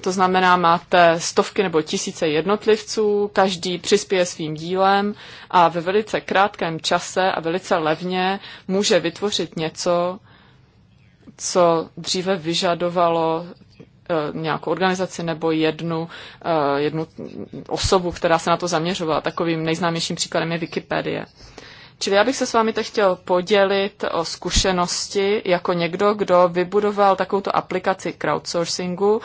To znamená, máte stovky nebo tisíce jednotlivců, každý přispěje svým dílem a ve velice krátkém čase a velice levně může vytvořit něco, co dříve vyžadovalo eh, nějakou organizaci nebo jednu, eh, jednu osobu, která se na to zaměřovala. Takovým nejznámějším příkladem je Wikipedie. Čili já bych se s vámi teď chtěl podělit o zkušenosti jako někdo, kdo vybudoval takovouto aplikaci crowdsourcingu,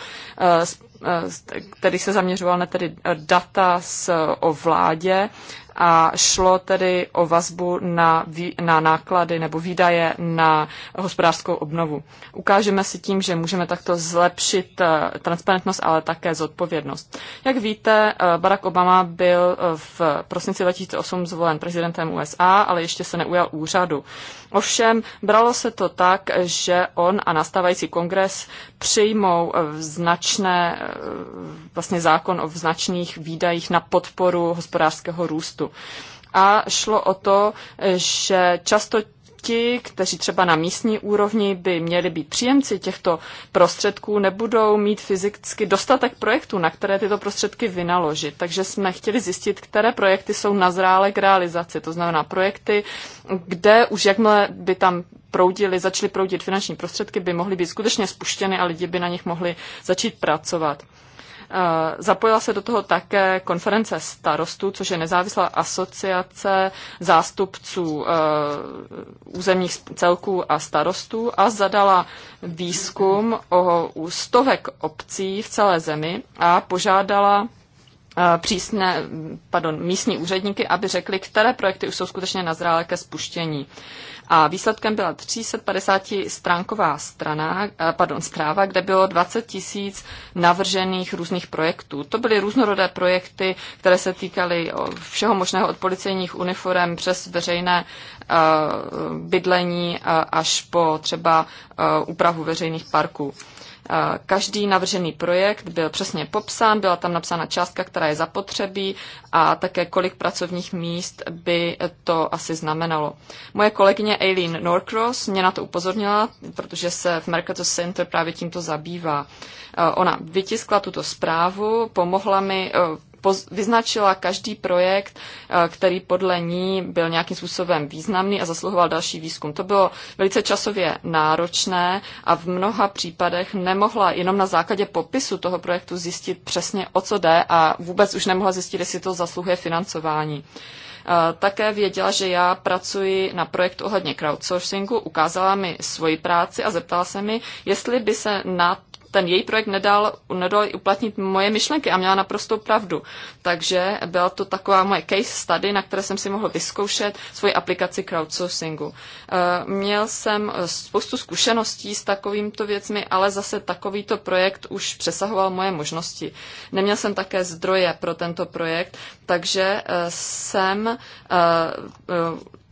který eh, eh, se zaměřoval na tedy data z, o vládě a šlo tedy o vazbu na, na náklady nebo výdaje na hospodářskou obnovu. Ukážeme si tím, že můžeme takto zlepšit eh, transparentnost, ale také zodpovědnost. Jak víte, eh, Barack Obama byl eh, v prosinci 2008 zvolen prezidentem USA, ale ještě se neujal úřadu. Ovšem, bralo se to tak, že on a nastávající kongres přijmou značné, vlastně zákon o značných výdajích na podporu hospodářského růstu. A šlo o to, že často ti, kteří třeba na místní úrovni by měli být příjemci těchto prostředků, nebudou mít fyzicky dostatek projektů, na které tyto prostředky vynaložit. Takže jsme chtěli zjistit, které projekty jsou nazrále k realizaci. To znamená projekty, kde už jakmile by tam proudili, začaly proudit finanční prostředky, by mohly být skutečně spuštěny a lidi by na nich mohli začít pracovat. Eh, zapojila se do toho také konference starostů, což je nezávislá asociace zástupců eh, územních celků a starostů a zadala výzkum o stovek obcí v celé zemi a požádala přísné, pardon, místní úředníky, aby řekli, které projekty už jsou skutečně nazrálé ke spuštění. A výsledkem byla 350 stránková strana, eh, pardon, stráva, kde bylo 20 tisíc navržených různých projektů. To byly různorodé projekty, které se týkaly eh, všeho možného od policejních uniform přes veřejné eh, bydlení až po třeba úpravu veřejných parků. Každý navržený projekt byl přesně popsán, byla tam napsána částka, která je zapotřebí a také kolik pracovních míst by to asi znamenalo. Moje kolegyně Aileen Norcross mě na to upozornila, protože se v Mercato Center právě tímto zabývá. E, ona vytiskla tuto zprávu, pomohla mi e, vyznačila každý projekt, eh, který podle ní byl nějakým způsobem významný a zasluhoval další výzkum. To bylo velice časově náročné a v mnoha případech nemohla jenom na základě popisu toho projektu zjistit přesně, o co jde a vůbec už nemohla zjistit, jestli to zasluhuje financování. Eh, také věděla, že já pracuji na projektu ohledně crowdsourcingu, ukázala mi svoji práci a zeptala se mi, jestli by se na ten její projekt nedal, nedal uplatnit moje myšlenky a měla naprostou pravdu. Takže byla to taková moje case study, na které jsem si mohl vyzkoušet svoji aplikaci crowdsourcingu. Eh, měl jsem eh, spoustu zkušeností s takovýmto věcmi, ale zase takovýto projekt už přesahoval moje možnosti. Neměl jsem také zdroje pro tento projekt, takže eh, jsem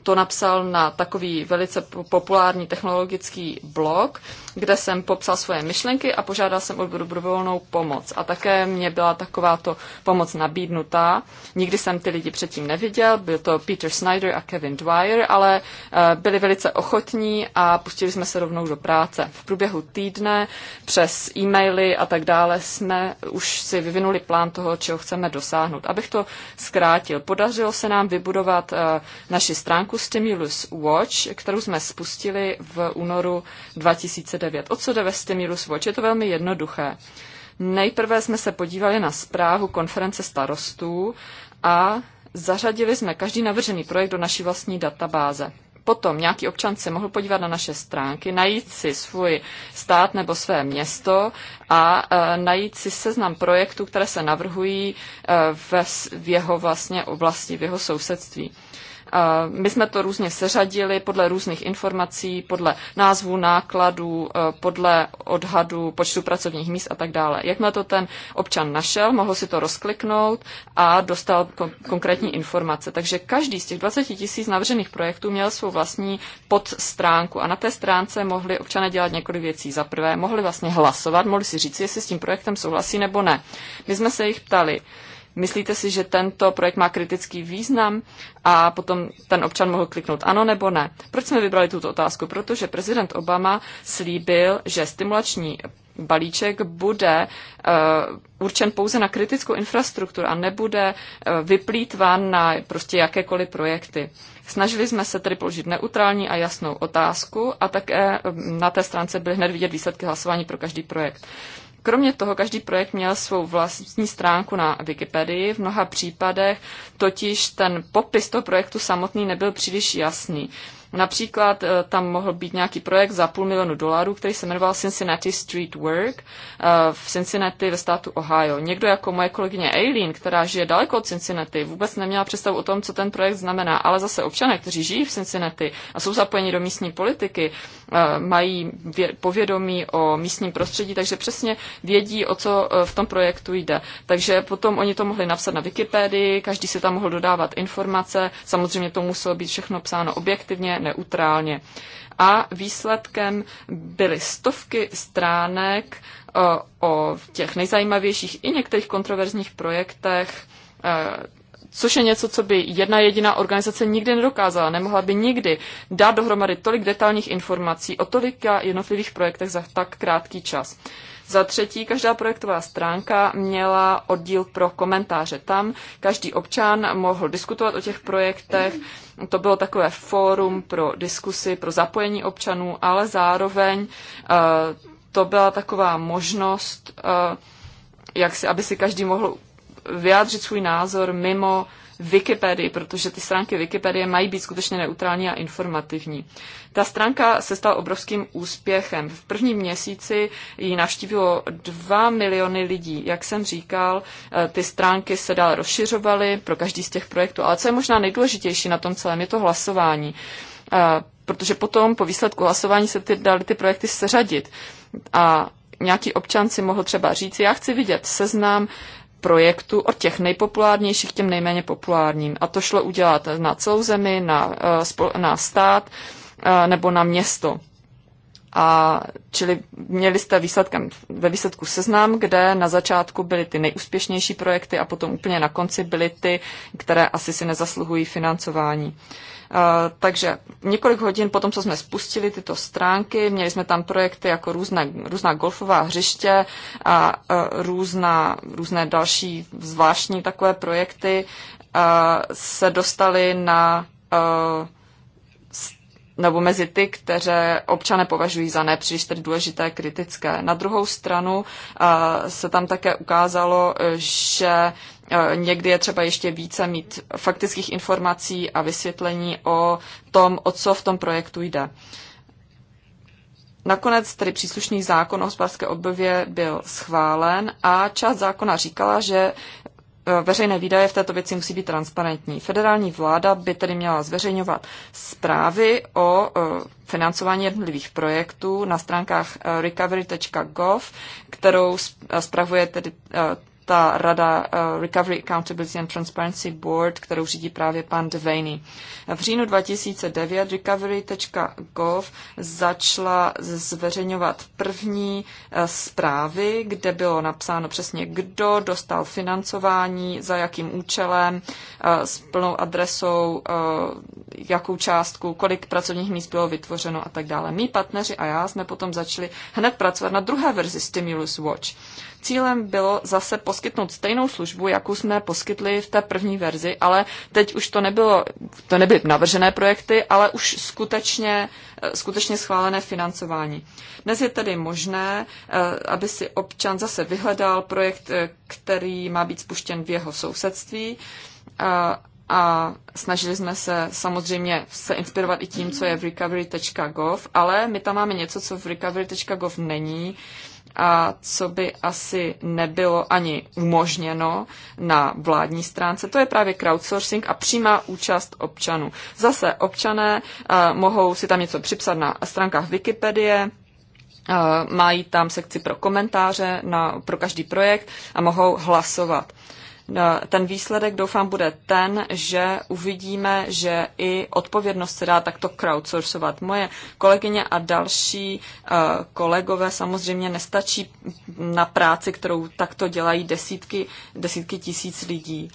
to napsal na takový velice populární technologický blog, kde jsem popsal svoje myšlenky a požádal jsem o dobrovolnou pomoc. A také mě byla takováto pomoc nabídnutá. Nikdy jsem ty lidi předtím neviděl, byl to Peter Snyder a Kevin Dwyer, ale eh, byli velice ochotní a pustili jsme se rovnou do práce. V průběhu týdne přes e-maily a tak dále jsme už si vyvinuli plán toho, čeho chceme dosáhnout. Abych to zkrátil, podařilo se nám vybudovat eh, naši stránku Stimulus Watch, kterou jsme spustili v únoru 2020. 9. Od co jde ve Stimulu Swatch? Je to velmi jednoduché. Nejprve jsme se podívali na zprávu konference starostů a zařadili jsme každý navržený projekt do naší vlastní databáze. Potom nějaký občan se mohl podívat na naše stránky, najít si svůj stát nebo své město a e, najít si seznam projektů, které se navrhují e, v, v jeho vlastně oblasti, v jeho sousedství. My jsme to různě seřadili podle různých informací, podle názvu nákladů, e, podle odhadu počtu pracovních míst a tak dále. Jakmile to ten občan našel, mohl si to rozkliknout a dostal konkrétní informace. Takže každý z těch 20 tisíc navržených projektů měl svou vlastní podstránku a na té stránce mohli občané dělat několik věcí. Za prvé, mohli vlastně hlasovat, mohli si říct, jestli s tím projektem souhlasí nebo ne. My jsme se jich ptali, Myslíte si, že tento projekt má kritický význam a potom ten občan mohl kliknout ano nebo ne? Proč jsme vybrali tuto otázku? Protože prezident Obama slíbil, že stimulační balíček bude uh, určen pouze na kritickou infrastrukturu a nebude uh, vyplýtván na prostě jakékoliv projekty. Snažili jsme se tedy položit neutrální a jasnou otázku a také eh, na té stránce byly hned vidět výsledky hlasování pro každý projekt. Uh, Kromě toho každý projekt měl svou vlastní stránku na Wikipedii, v mnoha případech totiž ten popis toho projektu samotný nebyl příliš jasný. Například eh, tam mohl být nějaký projekt za půl milionu dolarů, který se jmenoval Cincinnati Street Work eh, v Cincinnati ve státu Ohio. Někdo jako moje kolegyně Aileen, která žije daleko od Cincinnati, vůbec neměla představu o tom, co ten projekt znamená, ale zase občané, kteří žijí v Cincinnati a jsou zapojeni do místní politiky, eh, mají povědomí o místním prostředí, takže přesně vědí, o co v tom projektu jde. Takže potom oni to mohli napsat na Wikipedii, každý si tam mohl dodávat informace, samozřejmě to muselo být všechno psáno objektivně, neutrálně. A výsledkem byly stovky stránek o těch nejzajímavějších i některých kontroverzních projektech, e, což je něco, co by jedna jediná organizace nikdy nedokázala. Nemohla by nikdy dát dohromady tolik detailních informací o tolika jednotlivých projektech za tak krátký čas. Za třetí, každá projektová stránka měla oddíl pro komentáře. Tam každý občan mohl diskutovat o těch projektech. To bylo takové fórum pro diskusy, pro zapojení občanů, ale zároveň eh, to byla taková možnost, eh, jak si, aby si každý mohl vyjádřit svůj názor mimo Wikipedii, protože ty stránky Wikipedie mají být skutečně neutrální a informativní. Ta stránka se stala obrovským úspěchem. V prvním měsíci ji navštívilo 2 miliony lidí. Jak jsem říkal, eh, ty stránky se dál rozšiřovaly pro každý z těch projektů. Ale co je možná nejdůležitější na tom celém, je to hlasování eh, protože potom po výsledku hlasování se ty, dali ty projekty seřadit. A nějaký občan si mohl třeba říct, já chci vidět seznam projektu, od těch nejpopulárnějších k těm nejméně populárním. A to šlo udělat na celou zemi, na, eh, na stát eh, nebo na město. A čili měli jste výsledkem, ve výsledku seznam, kde na začátku byly ty nejúspěšnější projekty a potom úplně na konci byly ty, které asi si nezasluhují financování. Uh, Eh, takže několik hodin potom, co jsme spustili tyto stránky, měli jsme tam projekty jako různé, různá golfová hřiště a eh, různá, různé další zvláštní takové projekty eh, se dostali na nebo mezi ty, které občané považují za nepříliš tedy důležité, kritické. Na druhou stranu se tam také ukázalo, že Eh, někdy je třeba ještě více mít faktických informací a vysvětlení o tom, o co v tom projektu jde. Nakonec tedy příslušný zákon o hospodářské obnově byl schválen a část zákona říkala, že eh, veřejné výdaje v této věci musí být transparentní. Federální vláda by tedy měla zveřejňovat zprávy o eh, financování jednotlivých projektů na stránkách recovery.gov, kterou spravuje tedy ta rada eh, Recovery Accountability and Transparency Board, kterou řídí právě pan Devaney. V říjnu 2009 recovery.gov začala zveřejňovat první eh, zprávy, kde bylo napsáno přesně, kdo dostal financování, za jakým účelem, eh, s plnou adresou, jakou částku, kolik pracovních míst bylo vytvořeno a tak dále. Mí partneři a já jsme potom začali hned pracovat na druhé verzi Stimulus Watch. Cílem bylo zase poskytnout stejnou službu, jakou jsme poskytli v té první verzi, ale teď už to nebylo, to nebyly navržené projekty, ale už skutečně, eh, skutečně schválené financování. Dnes je tedy možné, eh, aby si občan zase vyhledal projekt, eh, který má být spuštěn v jeho sousedství a snažili jsme se samozřejmě se inspirovat i tím, co je v recovery.gov, ale my tam máme něco, co v recovery.gov není a co by asi nebylo ani umožněno na vládní stránce, to je právě crowdsourcing a přímá účast občanů. Zase občané uh, mohou si tam něco připsat na stránkách Wikipedie, uh, mají tam sekci pro komentáře na, pro každý projekt a mohou hlasovat. Uh, ten výsledek doufám bude ten, že uvidíme, že i odpovědnost se dá takto crowdsourcovat. Moje kolegyně a další eh, kolegové samozřejmě nestačí na práci, kterou takto dělají desítky, desítky tisíc lidí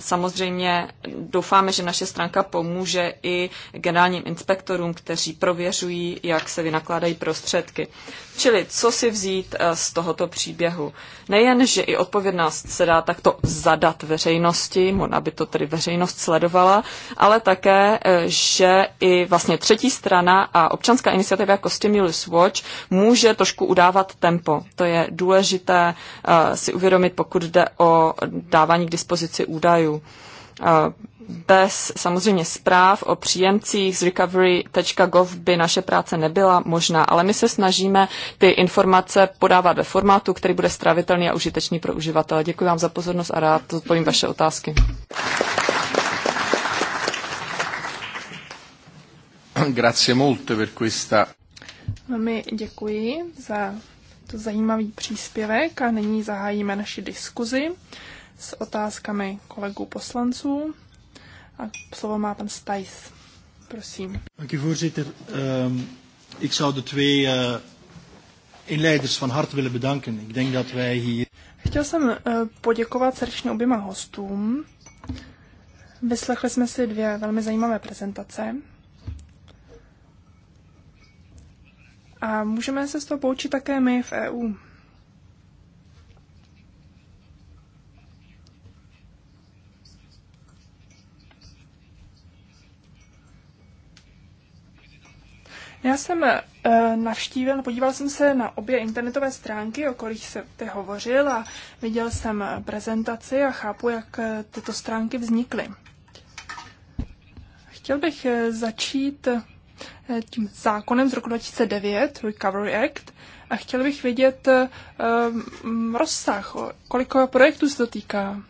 samozřejmě doufáme, že naše stránka pomůže i generálním inspektorům, kteří prověřují, jak se vynakládají prostředky. Čili co si vzít eh, z tohoto příběhu? Nejen, že i odpovědnost se dá takto zadat veřejnosti, by to tedy veřejnost sledovala, ale také, eh, že i vlastně třetí strana a občanská iniciativa jako Stimulus Watch může trošku udávat tempo. To je důležité eh, si uvědomit, pokud jde o dávání k dispozici dispozici údajů. Bez samozřejmě zpráv o příjemcích z recovery.gov by naše práce nebyla možná, ale my se snažíme ty informace podávat ve formátu, který bude stravitelný a užitečný pro uživatele. Děkuji vám za pozornost a rád odpovím vaše otázky. Grazie molto per questa. Velmi děkuji za to zajímavý příspěvek a nyní zahájíme naši diskuzi s otázkami kolegů poslanců. A slovo má pan Stajs. Prosím. Děkuji, u voorzitter. Ehm, ik zou de twee uh, inleiders van harte willen bedanken. Ik denk dat wij hier... Chtěl jsem uh, poděkovat srdečně oběma hostům. Vyslechli jsme si dvě velmi zajímavé prezentace. A můžeme se z toho poučit také my v EU. Já jsem eh, navštívil, podíval jsem se na obě internetové stránky, o kterých se ty hovořil a viděl jsem eh, prezentaci a chápu, jak eh, tyto stránky vznikly. Chtěl bych začít tím zákonem z roku 2009, Recovery Act, a chtěl bych vědět um, rozsah, kolik projektů se to týká.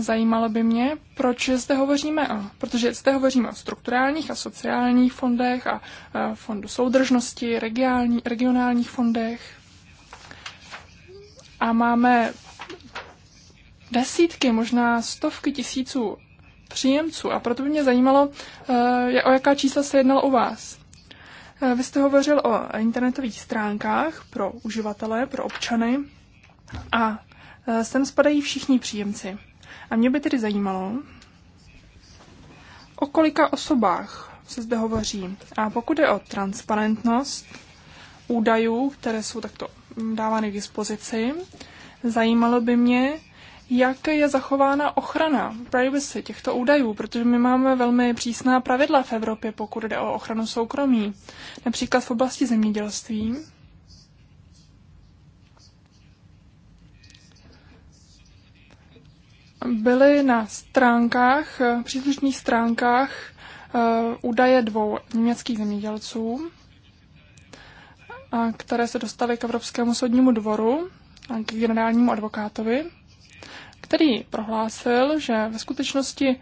Zajímalo by mě, proč zde hovoříme a protože zde hovoříme o strukturálních a sociálních fondech a fondu soudržnosti, regionální, regionálních fondech. A máme desítky, možná stovky tisíců příjemců. A proto by mě zajímalo, e, o jaká čísla se jednalo u vás. E, vy jste hovořil o internetových stránkách pro uživatele, pro občany a e, sem spadají všichni příjemci. A mě by tedy zajímalo, o kolika osobách se zde hovoří. A pokud je o transparentnost údajů, které jsou takto dávány k dispozici, zajímalo by mě, jak je zachována ochrana privacy těchto údajů, protože my máme velmi přísná pravidla v Evropě, pokud jde o ochranu soukromí, například v oblasti zemědělství. byly na stránkách, příslušných stránkách eh, údaje dvou německých zemědělců, které se dostaly k Evropskému soudnímu dvoru a k generálnímu advokátovi, který prohlásil, že ve skutečnosti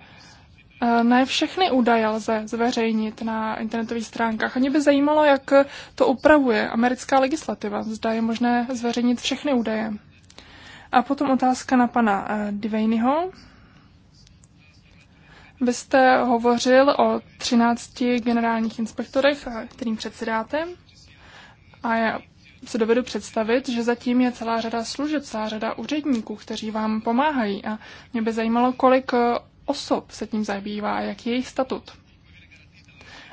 eh, ne všechny údaje lze zveřejnit na internetových stránkách. Ani by zajímalo, jak to upravuje americká legislativa. Zda je možné zveřejnit všechny údaje. A potom otázka na pana eh, Dvejnyho. Vy jste hovořil o 13 generálních inspektorech, eh, kterým předsedáte. A já se dovedu představit, že zatím je celá řada služeb, celá řada úředníků, kteří vám pomáhají. A mě by zajímalo, kolik eh, osob se tím zabývá a jaký je jejich statut.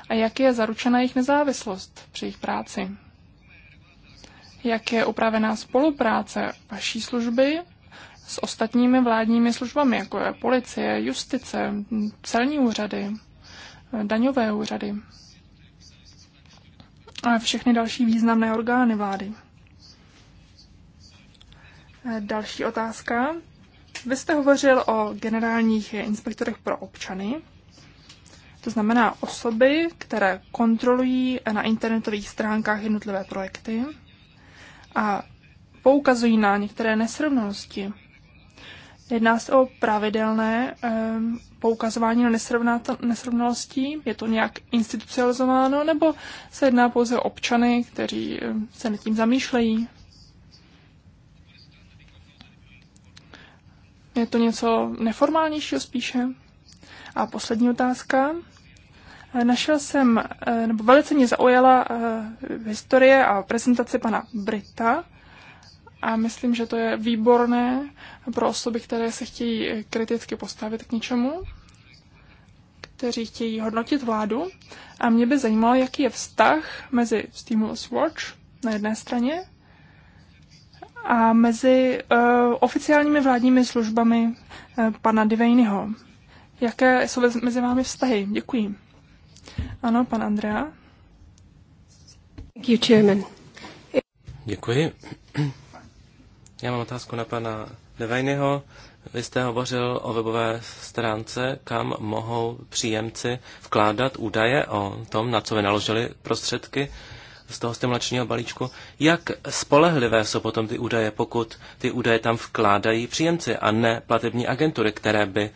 A jak je zaručena jejich nezávislost při jejich práci jak je upravená spolupráce vaší služby s ostatními vládními službami, jako je policie, justice, celní úřady, daňové úřady a všechny další významné orgány vlády. Další otázka. Vy jste hovořil o generálních inspektorech pro občany, to znamená osoby, které kontrolují na internetových stránkách jednotlivé projekty a poukazují na některé nesrovnalosti. Jedná se o pravidelné ehm, poukazování na nesrovnalosti, Je to nějak institucionalizováno, nebo se jedná pouze o občany, kteří ehm, se nad tím zamýšlejí? Je to něco neformálnějšího spíše? A poslední otázka. Našel jsem, eh, nebo velice mě zaujala eh, historie a prezentace pana Brita a myslím, že to je výborné pro osoby, které se chtějí eh, kriticky postavit k něčemu, kteří chtějí hodnotit vládu. A mě by zajímalo, jaký je vztah mezi Stimulus Watch na jedné straně a mezi uh, oficiálními vládními službami uh, pana Divejnyho. Jaké jsou mezi vámi vztahy? Děkuji. Ano, pan Andrea. Děkuji. Já mám otázku na pana Devajnyho. Vy jste hovořil o webové stránce, kam mohou příjemci vkládat údaje o tom, na co vynaložili prostředky z toho stimulačního balíčku. Jak spolehlivé jsou potom ty údaje, pokud ty údaje tam vkládají příjemci a ne platební agentury, které by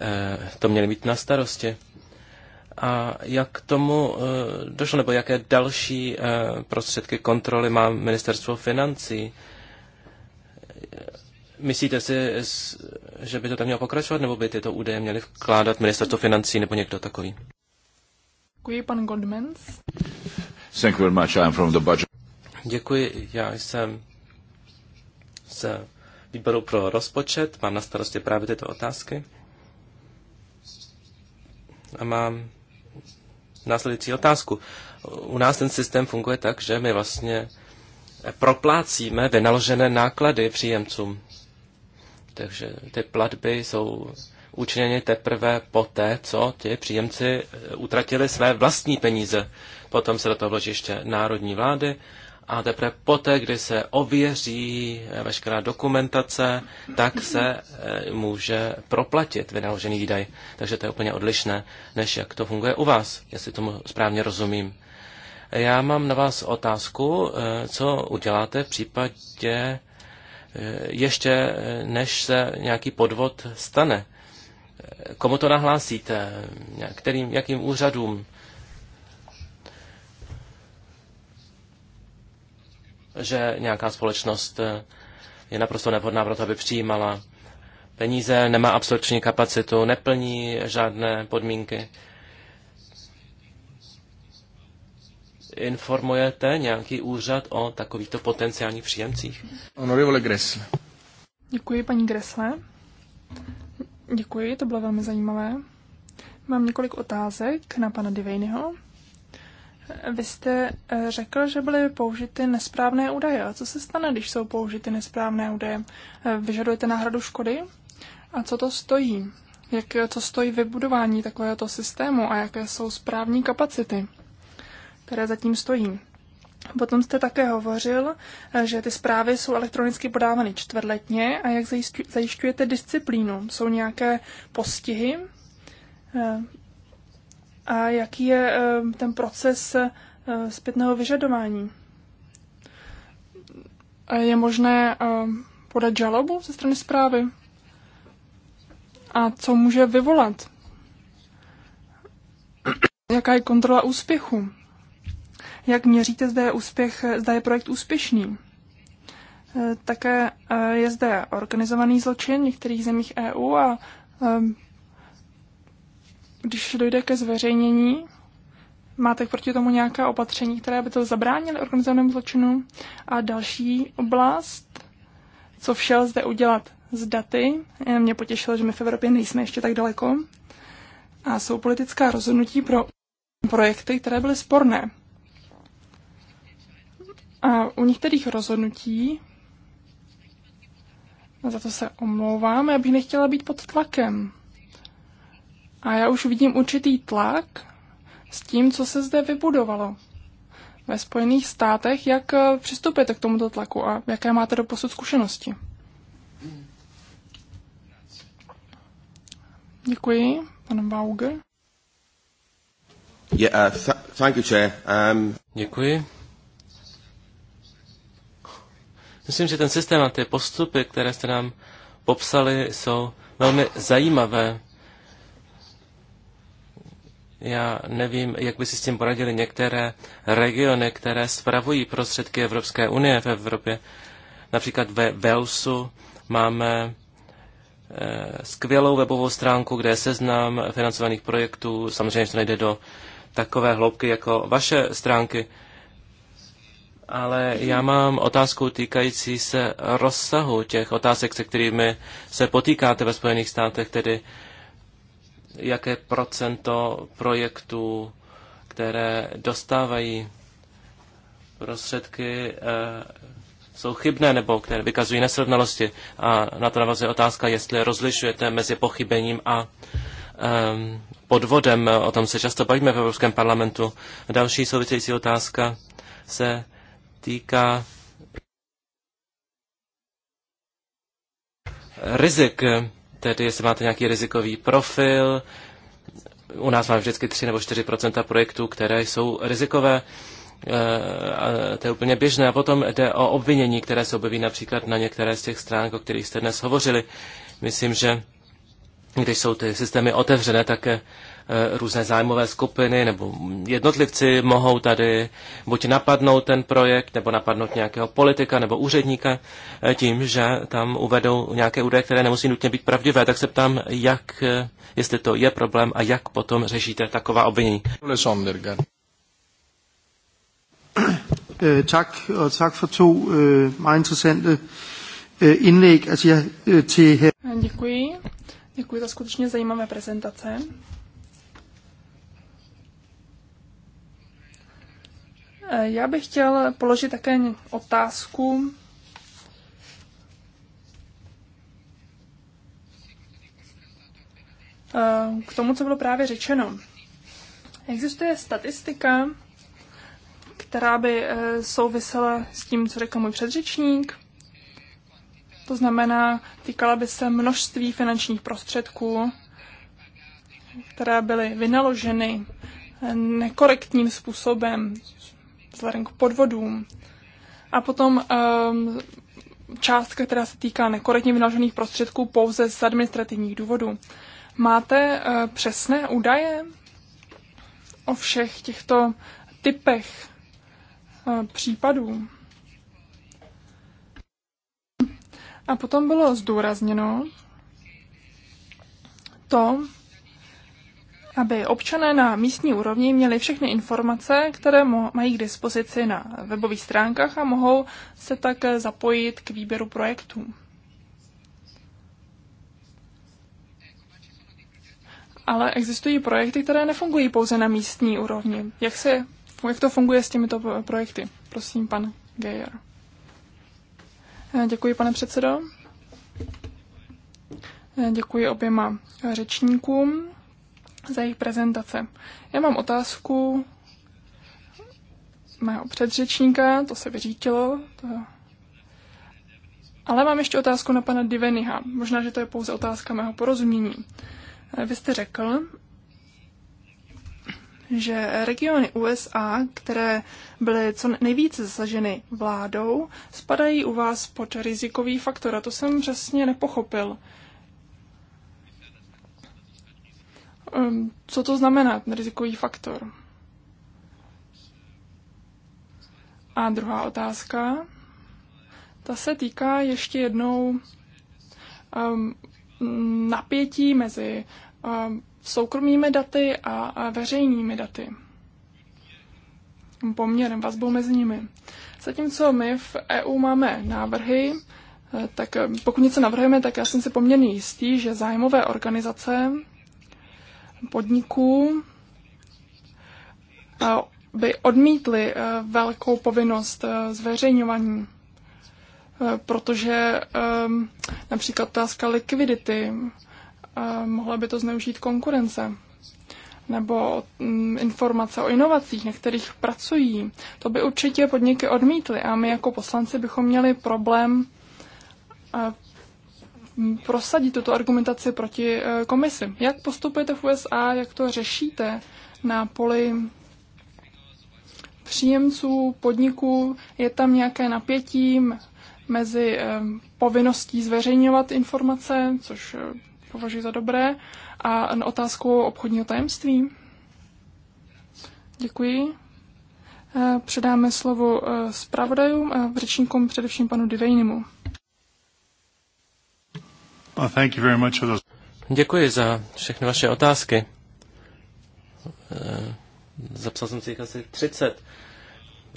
eh, to měly mít na starosti? a jak k tomu eh, došlo, nebo jaké další eh, prostředky kontroly má ministerstvo financí? Myslíte si, že by to tam mělo pokračovat, nebo by tyto údaje měly vkládat ministerstvo financí nebo někdo takový? Děkuji, pan Goldmans. Thank you very much. I'm from the budget. Děkuji, já jsem z výboru pro rozpočet, mám na starosti právě tyto otázky a mám následující otázku. U nás ten systém funguje tak, že my vlastně proplácíme vynaložené náklady příjemcům. Takže ty platby jsou učiněny teprve poté, co ti příjemci utratili své vlastní peníze. Potom se do toho vloží ještě národní vlády a teprve poté, kdy se ověří eh, veškerá dokumentace, tak se eh, může proplatit vynaložený výdaj. Takže to je úplně odlišné, než jak to funguje u vás, jestli tomu správně rozumím. Já mám na vás otázku, eh, co uděláte v případě ještě než se nějaký podvod stane. Komu to nahlásíte? Kterým, jakým úřadům? že nějaká společnost eh, je naprosto nevhodná pro to, aby přijímala peníze, nemá absorpční kapacitu, neplní žádné podmínky. Informujete nějaký úřad o takovýchto potenciálních příjemcích? Honorable Gressle. Děkuji, paní Gressle. Děkuji, to bylo velmi zajímavé. Mám několik otázek na pana Divejnyho. Vy jste eh, řekl, že byly použity nesprávné údaje. A co se stane, když jsou použity nesprávné údaje? Eh, vyžadujete náhradu škody? A co to stojí? Jak to eh, stojí vybudování takového systému a jaké jsou správní kapacity, které zatím stojí? Potom jste také hovořil, že ty zprávy jsou elektronicky podávány čtvrtletně a jak zajišťujete disciplínu? Jsou nějaké postihy? a jaký je eh, ten proces eh, zpětného vyžadování. Je možné eh, podat žalobu ze strany zprávy? A co může vyvolat? Jaká je kontrola úspěchu? Jak měříte, zda je, úspěch, zda je projekt úspěšný? Také je zde organizovaný zločin v některých zemích EU a když dojde ke zveřejnění, máte proti tomu nějaká opatření, které by to zabránily organizovanému zločinu? A další oblast, co vše zde udělat s daty. Eh, mě potěšilo, že my v Evropě nejsme ještě tak daleko. A jsou politická rozhodnutí pro projekty, které byly sporné. A u některých rozhodnutí, za to se omlouvám, já bych nechtěla být pod tlakem. A já už vidím určitý tlak s tím, co se zde vybudovalo ve Spojených státech. Jak eh, přistupujete k tomuto tlaku a jaké máte do posud zkušenosti? Děkuji, pan Bauger. Yeah, uh, th- thank you, chair. Um... Děkuji. Myslím, že ten systém a ty postupy, které jste nám popsali, jsou velmi zajímavé. Já nevím, jak by si s tím poradili některé regiony, které spravují prostředky Evropské unie v Evropě. Například ve Velsu máme eh, skvělou webovou stránku, kde je seznam financovaných projektů. Samozřejmě, že to nejde do takové hloubky jako vaše stránky. Ale já mám otázku týkající se rozsahu těch otázek, se kterými se potýkáte ve Spojených státech, tedy jaké procento projektů, které dostávají prostředky, eh, jsou chybné nebo které vykazují nesrovnalosti. A na to navazuje otázka, jestli rozlišujete mezi pochybením a ehm, podvodem. O tom se často bavíme v Evropském parlamentu. Další související otázka se týká eh, rizik tedy jestli máte nějaký rizikový profil. U nás máme vždycky 3 nebo 4 projektů, které jsou rizikové. Eh, a to je úplně běžné. A potom jde o obvinění, které se objeví například na některé z těch stránek, o kterých jste dnes hovořili. Myslím, že když jsou ty systémy otevřené, tak eh, Eh, různé zájmové skupiny nebo jednotlivci mohou tady buď napadnout ten projekt, nebo napadnout nějakého politika nebo úředníka eh, tím, že tam uvedou nějaké údaje, které nemusí nutně být pravdivé. Tak se ptám, jak, eh, jestli to je problém a jak potom řešíte taková obvinění. Tak, tak for to meget interessante indlæg. Altså, jeg, til... Děkuji. Děkuji za skutečně zajímavé prezentace. Eh, já bych chtěl položit také otázku. Eh, k tomu, co bylo právě řečeno. Existuje statistika, která by eh, souvisela s tím, co řekl můj předřečník. To znamená, týkala by se množství finančních prostředků, které byly vynaloženy nekorektním způsobem, vzhledem k podvodům. A potom um, částka, která se týká nekorektně vynaložených prostředků pouze z administrativních důvodů. Máte uh, přesné údaje o všech těchto typech uh, případů? A potom bylo zdůrazněno to, aby občané na místní úrovni měli všechny informace, které mají k dispozici na webových stránkách a mohou se tak zapojit k výběru projektů. Ale existují projekty, které nefungují pouze na místní úrovni. Jak, se, jak to funguje s těmito projekty? Prosím, pan Geyer. Eh, děkuji, pane předsedo. Eh, děkuji oběma řečníkům za jejich prezentace. Já mám otázku mého předřečníka, to se vyřítilo, to... ale mám ještě otázku na pana Diveniha. Možná, že to je pouze otázka mého porozumění. Eh, vy jste řekl, že regiony USA, které byly co nejvíce zasaženy vládou, spadají u vás pod rizikový faktor. A to jsem přesně nepochopil. Ehm, co to znamená, ten rizikový faktor? A druhá otázka, ta se týká ještě jednou um, napětí mezi um, soukromými daty a, a veřejnými daty. Poměrem, vazbou mezi nimi. Zatímco my v EU máme návrhy, eh, tak pokud něco navrhujeme, tak já jsem si poměrně jistý, že zájmové organizace podniků by odmítly e, velkou povinnost e, zveřejňování, e, protože například otázka likvidity mohla by to zneužít konkurence nebo mm, informace o inovacích, na kterých pracují. To by určitě podniky odmítly a my jako poslanci bychom měli problém prosadit tuto argumentaci proti eh, komisi. Jak postupujete v USA, jak to řešíte na poli příjemců, podniků? Je tam nějaké napětí mezi eh, povinností zveřejňovat informace, což eh, považuji za dobré, a otázkou obchodního tajemství? Děkuji. Předáme slovo zpravodajům a řečníkům především panu Divejnimu. Děkuji za všechny vaše otázky. Eh, zapsal jsem si jich asi 30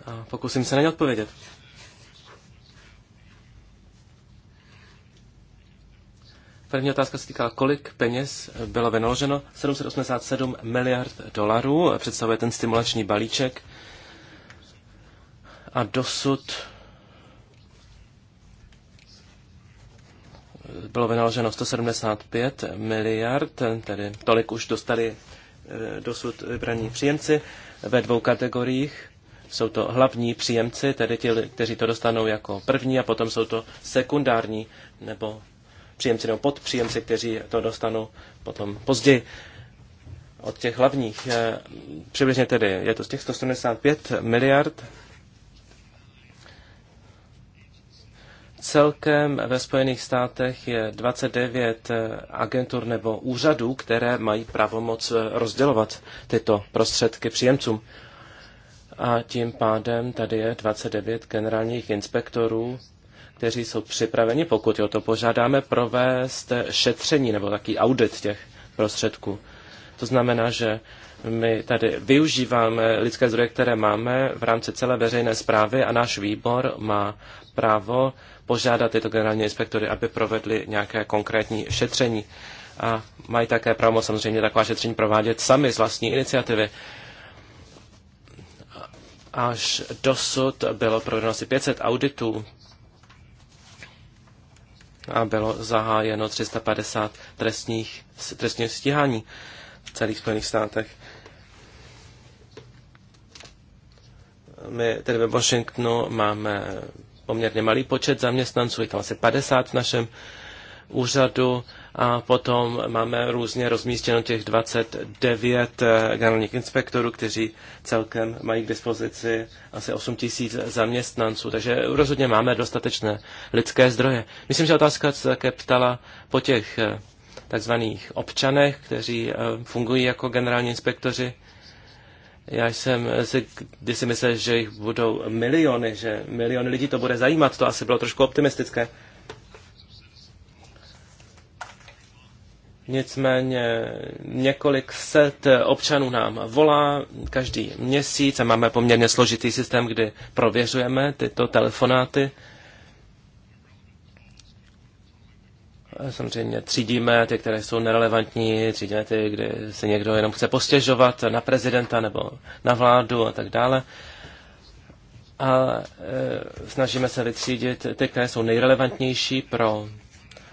a pokusím se na ně odpovědět. První otázka se týká, kolik peněz bylo vynaloženo. 787 miliard dolarů eh, představuje ten stimulační balíček. A dosud bylo vynaloženo 175 miliard, tedy tolik už dostali eh, dosud vybraní příjemci ve dvou kategoriích. Jsou to hlavní příjemci, tedy ti, kteří to dostanou jako první, a potom jsou to sekundární nebo příjemci nebo podpříjemci, kteří to dostanou potom později od těch hlavních. Eh, přibližně tedy je to z těch 175 miliard Celkem ve Spojených státech je 29 eh, agentur nebo úřadů, které mají pravomoc eh, rozdělovat tyto prostředky příjemcům. A tím pádem tady je 29 generálních inspektorů, kteří jsou připraveni, pokud o to požádáme, provést šetření nebo taký audit těch prostředků. To znamená, že my tady využíváme lidské zdroje, které máme v rámci celé veřejné zprávy a náš výbor má právo požádat tyto generální inspektory, aby provedli nějaké konkrétní šetření. A mají také právo samozřejmě taková šetření provádět sami z vlastní iniciativy. Až dosud bylo provedeno asi 500 auditů a bylo zahájeno 350 trestních, trestních stíhání v celých Spojených státech. My tedy ve Washingtonu máme poměrně malý počet zaměstnanců, je tam asi 50 v našem úřadu a potom máme různě rozmístěno těch 29 eh, generálních inspektorů, kteří celkem mají k dispozici asi 8 tisíc zaměstnanců, takže rozhodně máme dostatečné lidské zdroje. Myslím, že otázka se také ptala po těch eh, takzvaných občanech, kteří eh, fungují jako generální inspektoři. Já jsem si, když si myslel, že jich budou miliony, že miliony lidí to bude zajímat, to asi bylo trošku optimistické. Nicméně několik set občanů nám volá každý měsíc a máme poměrně složitý systém, kdy prověřujeme tyto telefonáty. samozřejmě třídíme ty, které jsou nerelevantní, třídíme ty, kdy se někdo jenom chce postěžovat na prezidenta nebo na vládu a tak dále. A e, snažíme se vytřídit ty, které jsou nejrelevantnější pro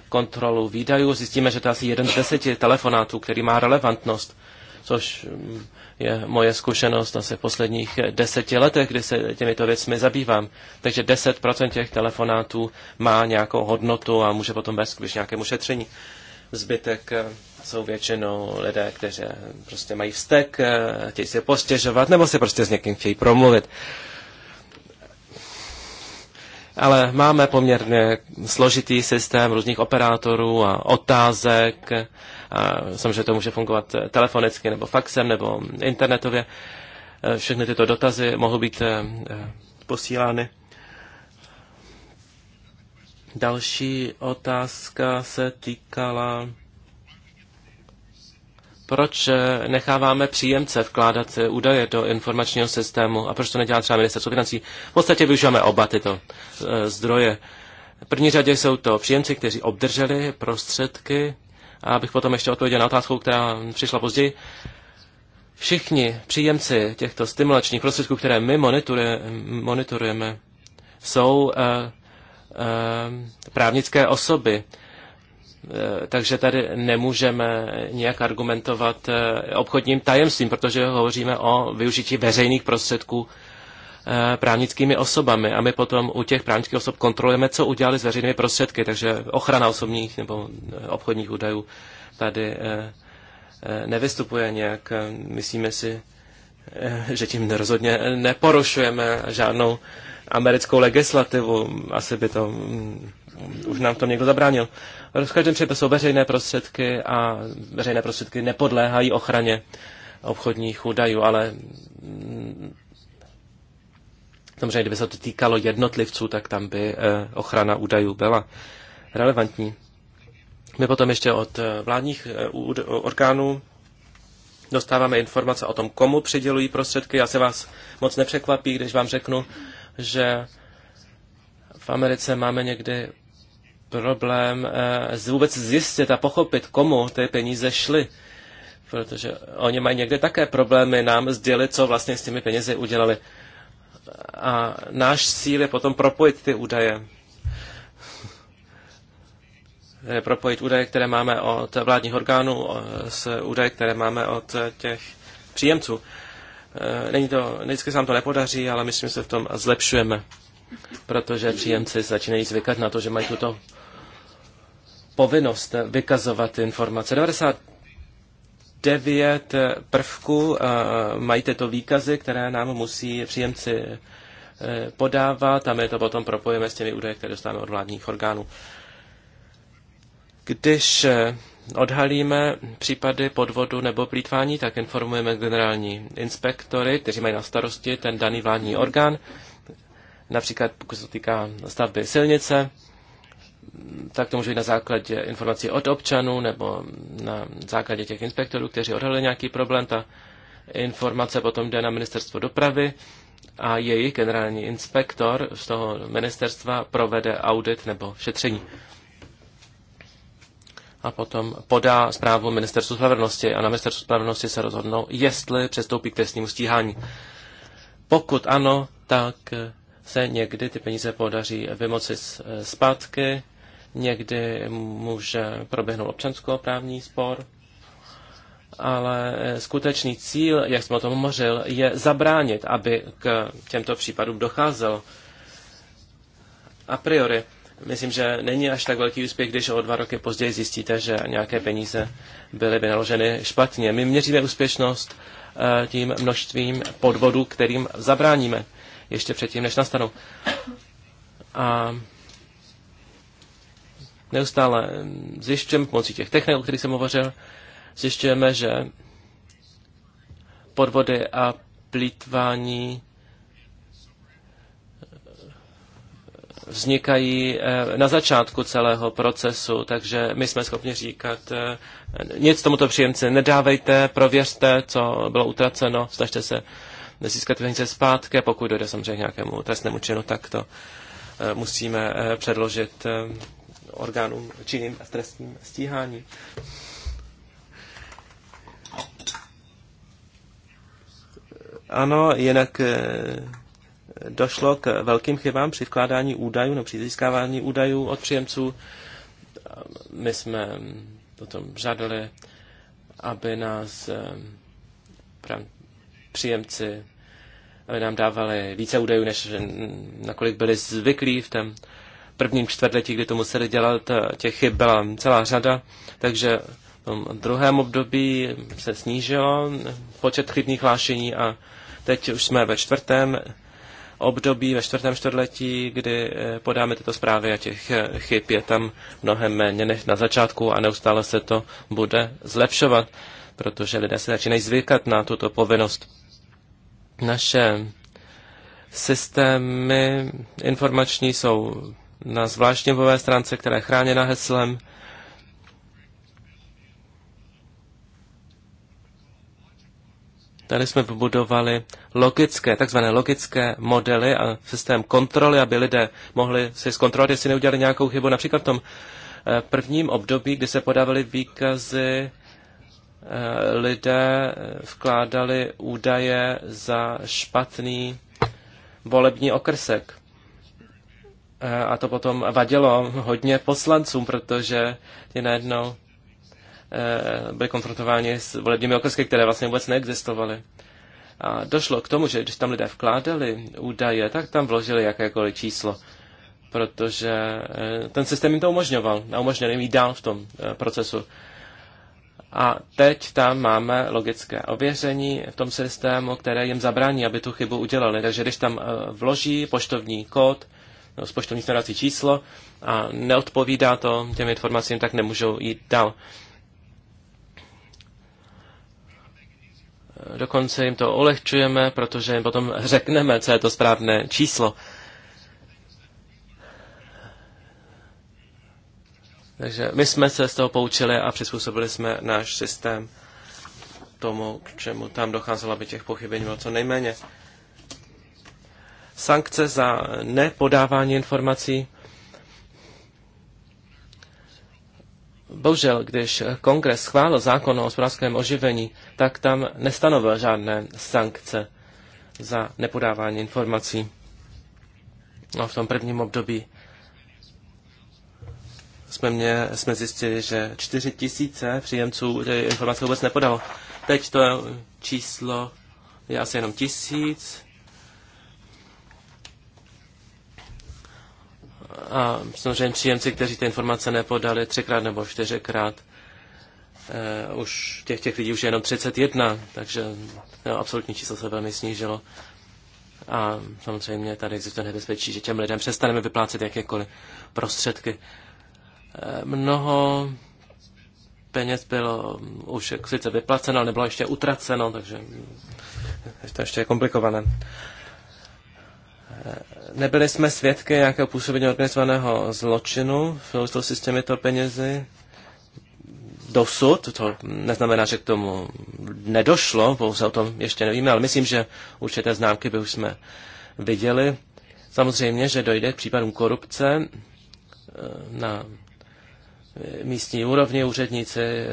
kontrolu výdajů. Zjistíme, že to je asi jeden z deseti telefonátů, který má relevantnost což mm, je moje zkušenost asi v posledních deseti letech, kdy se těmito věcmi zabývám. Takže 10% těch telefonátů má nějakou hodnotu a může potom vést k nějakému šetření. Zbytek eh, jsou většinou lidé, kteří eh, prostě mají vztek, eh, chtějí si postěžovat, nebo si prostě s někým chtějí promluvit. Ale máme poměrně složitý systém různých operátorů a otázek, a samozřejmě to může fungovat eh, telefonicky nebo faxem nebo internetově. Eh, všechny tyto dotazy mohou být eh, posílány. Další otázka se týkala, proč necháváme příjemce vkládat údaje do informačního systému a proč to nedělá třeba ministerstvo financí. V podstatě využíváme oba tyto zdroje. V první řadě jsou to příjemci, kteří obdrželi prostředky a abych potom ještě odpověděl na otázku, která přišla později. Všichni příjemci těchto stimulačních prostředků, které my monitorujeme, jsou uh, uh, právnické osoby. Eh, takže tady nemůžeme nějak argumentovat obchodním tajemstvím, protože hovoříme o využití veřejných prostředků Eh, právnickými osobami a my potom u těch právnických osob kontrolujeme, co udělali s veřejnými prostředky, takže ochrana osobních nebo eh, obchodních údajů tady eh, nevystupuje nějak. Myslíme si, že tím rozhodně neporušujeme žádnou americkou legislativu. Asi by to mm, už nám to někdo zabránil. V každém případě jsou veřejné prostředky a veřejné prostředky nepodléhají ochraně obchodních údajů, ale mm, Samozřejmě, kdyby se to týkalo jednotlivců, tak tam by eh, ochrana údajů byla relevantní. My potom ještě od eh, vládních eh, orgánů dostáváme informace o tom, komu přidělují prostředky. se vás moc nepřekvapí, když vám řeknu, že v Americe máme někdy problém vůbec zjistit a pochopit, komu ty peníze šly. Protože oni mají někde také problémy nám sdělit, co vlastně s těmi penězi udělali. A náš cíl je potom propojit ty údaje. propojit údaje, které máme od vládních orgánů s údaje, které máme od těch příjemců. E, není to, vždycky se nám to nepodaří, ale myslím, že se v tom zlepšujeme, protože příjemci začínají zvykat na to, že mají tuto povinnost vykazovat informace. 90 devět prvků mají tyto výkazy, které nám musí příjemci e, podávat a my to potom propojíme s těmi údaji, které dostáváme od vládních orgánů. Když e, odhalíme případy podvodu nebo plítvání, tak informujeme generální inspektory, kteří mají na starosti ten daný vládní orgán, například pokud se týká stavby silnice, tak to může být na základě informací od občanů nebo na základě těch inspektorů, kteří odhalili nějaký problém. Ta informace potom jde na ministerstvo dopravy a jejich generální inspektor z toho ministerstva provede audit nebo šetření. A potom podá zprávu ministerstvu spravedlnosti a na ministerstvu spravedlnosti se rozhodnou, jestli přestoupí k trestnímu stíhání. Pokud ano, tak se někdy ty peníze podaří vymoci zpátky Někdy může proběhnout občanskoprávní spor, ale skutečný cíl, jak jsme o tom mořil, je zabránit, aby k těmto případům docházelo. A priori, myslím, že není až tak velký úspěch, když o dva roky později zjistíte, že nějaké peníze byly vynaloženy špatně. My měříme úspěšnost eh, tím množstvím podvodů, kterým zabráníme ještě předtím, než nastanou. A neustále zjišťujeme pomocí těch technik, o kterých jsem hovořil, zjišťujeme, že podvody a plítvání eh, vznikají eh, na začátku celého procesu, takže my jsme schopni říkat, eh, nic tomuto příjemci nedávejte, prověřte, co bylo utraceno, snažte se získat peníze zpátky, pokud dojde samozřejmě nějakému trestnému činu, tak to musíme předložit orgánům činným v trestním stíhání. Ano, jinak eh, došlo k velkým chybám při vkládání údajů nebo při získávání údajů od příjemců. My jsme mm, potom žádali, aby nás eh, příjemci aby nám dávali více údajů, než mm, nakolik byli zvyklí v tom prvním čtvrtletí, kdy to museli dělat, eh, těch chyb byla celá řada, takže v tom druhém období se snížilo počet chybných hlášení a teď už jsme ve čtvrtém období, ve čtvrtém čtvrtletí, kdy eh, podáme tyto zprávy a těch eh, chyb je tam mnohem méně než na začátku a neustále se to bude zlepšovat, protože lidé se začínají zvykat na tuto povinnost. Naše systémy informační jsou na zvláštní webové stránce, která je chráněna heslem. Tady jsme vybudovali logické, takzvané logické modely a systém kontroly, aby lidé mohli si zkontrolovat, jestli neudělali nějakou chybu. Například v tom eh, prvním období, kdy se podávaly výkazy, eh, lidé eh, vkládali údaje za špatný volební okrsek. Eh, a to potom vadilo hodně poslancům, protože ti najednou eh, byli konfrontováni s volebními okresky, které vlastně vůbec neexistovaly. A došlo k tomu, že když tam lidé vkládali údaje, tak tam vložili jakékoliv číslo, protože eh, ten systém jim to umožňoval a umožnil jim jít dál v tom procesu. A teď tam máme logické ověření v tom systému, které jim zabrání, aby tu chybu udělali. Takže když tam vloží poštovní kód, rozpočtovní směrovací číslo a neodpovídá to těm informacím, tak nemůžou jít dál. Dokonce jim to ulehčujeme, protože jim potom řekneme, co je to správné číslo. Takže my jsme se z toho poučili a přizpůsobili jsme náš systém tomu, k čemu tam docházelo, aby těch pochybení bylo co nejméně sankce za nepodávání informací. Bohužel, když kongres schválil zákon o hospodářském oživení, tak tam nestanovil žádné sankce za nepodávání informací. No, v tom prvním období jsme, mě, jsme zjistili, že 4 tisíce příjemců informace vůbec nepodalo. Teď to číslo je asi jenom tisíc. a samozřejmě příjemci, kteří ty informace nepodali třikrát nebo čtyřikrát, eh, už těch, těch lidí už je jenom 31, takže no, absolutní číslo se velmi snížilo. A samozřejmě tady existuje nebezpečí, že těm lidem přestaneme vyplácet jakékoliv prostředky. Eh, mnoho peněz bylo mm, už sice vyplaceno, ale nebylo ještě utraceno, takže to ještě komplikované. Eh, Nebyli jsme svědky nějakého působení organizovaného zločinu v souvislosti s těmito penězi dosud. To neznamená, že k tomu nedošlo, pouze o tom ještě nevíme, ale myslím, že určité známky by už jsme viděli. Samozřejmě, že dojde k případům korupce eh, na místní úrovni. Úředníci eh,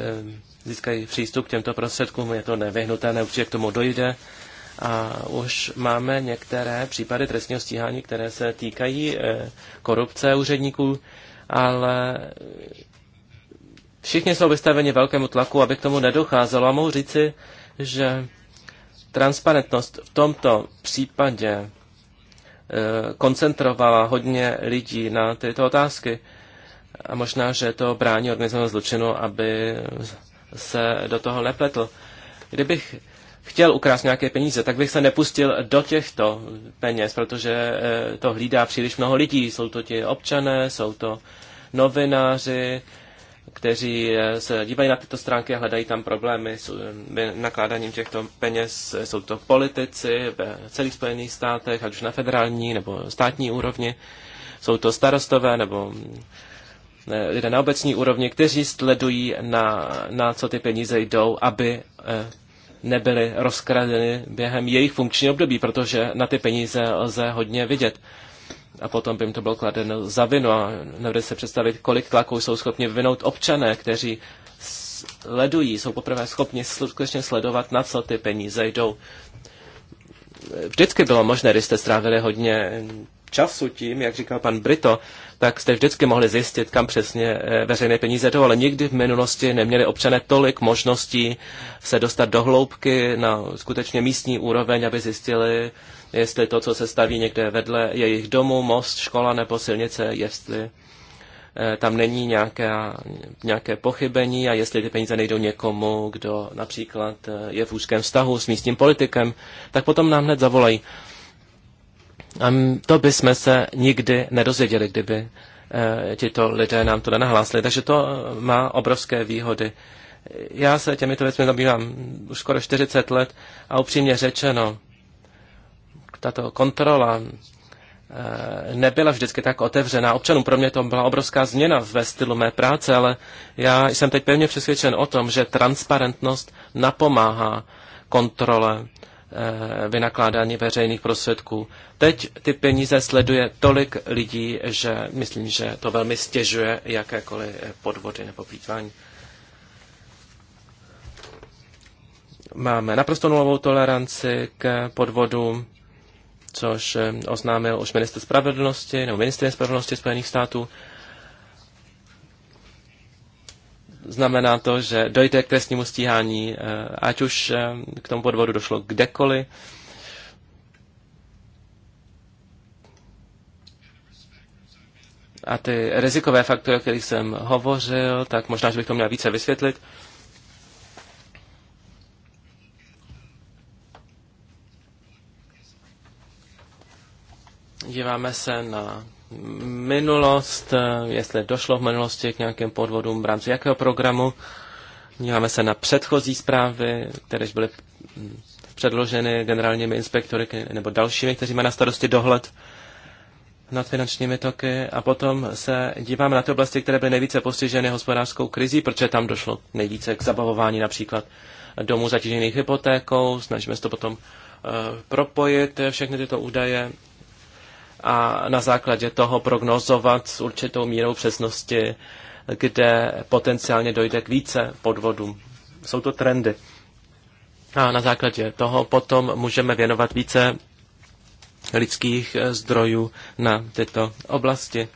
získají přístup k těmto prostředkům, je to nevyhnuté, určitě k tomu dojde a už máme některé případy trestního stíhání, které se týkají eh, korupce úředníků, ale všichni jsou vystaveni velkému tlaku, aby k tomu nedocházelo. A mohu říci, že transparentnost v tomto případě eh, koncentrovala hodně lidí na tyto otázky. A možná, že to brání organizovaného zločinu, aby se do toho nepletl. Kdybych chtěl ukrást nějaké peníze, tak bych se nepustil do těchto peněz, protože eh, to hlídá příliš mnoho lidí. Jsou to ti občané, jsou to novináři, kteří eh, se dívají na tyto stránky a hledají tam problémy s eh, nakládáním těchto peněz. Jsou to politici v celých Spojených státech, ať už na federální nebo státní úrovni. Jsou to starostové nebo lidé na obecní úrovni, kteří sledují, na, na co ty peníze jdou, aby nebyly rozkradeny během jejich funkčního období, protože na ty peníze lze hodně vidět. A potom by jim to bylo kladeno za vinu a nebude se představit, kolik tlaků jsou schopni vyvinout občané, kteří sledují, jsou poprvé schopni skutečně sledovat, na co ty peníze jdou. Vždycky bylo možné, když jste strávili hodně času tím, jak říkal pan Brito, tak jste vždycky mohli zjistit, kam přesně eh, veřejné peníze jdou, ale nikdy v minulosti neměli občané tolik možností se dostat do hloubky na skutečně místní úroveň, aby zjistili, jestli to, co se staví někde vedle jejich domu, most, škola nebo silnice, jestli eh, tam není nějaké, nějaké pochybení a jestli ty peníze nejdou někomu, kdo například eh, je v úzkém vztahu s místním politikem, tak potom nám hned zavolají. A to bychom se nikdy nedozvěděli, kdyby eh, tito lidé nám to nenahlásili. Takže to eh, má obrovské výhody. Já se těmito věcmi zabývám už skoro 40 let a upřímně řečeno, tato kontrola eh, nebyla vždycky tak otevřená občanům. Pro mě to byla obrovská změna ve stylu mé práce, ale já jsem teď pevně přesvědčen o tom, že transparentnost napomáhá kontrole Eh, vynakládání veřejných prostředků. Teď ty peníze sleduje tolik lidí, že myslím, že to velmi stěžuje jakékoliv eh, podvody nebo plítvání. Máme naprosto nulovou toleranci k podvodům, což eh, oznámil už minister spravedlnosti nebo minister spravedlnosti Spojených států. znamená to, že dojde k trestnímu stíhání, eh, ať už eh, k tomu podvodu došlo kdekoliv. A ty rizikové faktory, o kterých jsem hovořil, tak možná, že bych to měl více vysvětlit. Díváme se na minulost, eh, jestli došlo v minulosti k nějakým podvodům v rámci jakého programu. Díváme se na předchozí zprávy, které byly hm, předloženy generálními inspektory nebo dalšími, kteří mají na starosti dohled nad finančními toky a potom se díváme na ty oblasti, které byly nejvíce postiženy hospodářskou krizí, protože tam došlo nejvíce k zabavování například domů zatížených hypotékou, snažíme se to potom eh, propojit eh, všechny tyto údaje a na základě toho prognozovat s určitou mírou přesnosti, kde potenciálně dojde k více podvodům. Jsou to trendy. A na základě toho potom můžeme věnovat více lidských zdrojů na tyto oblasti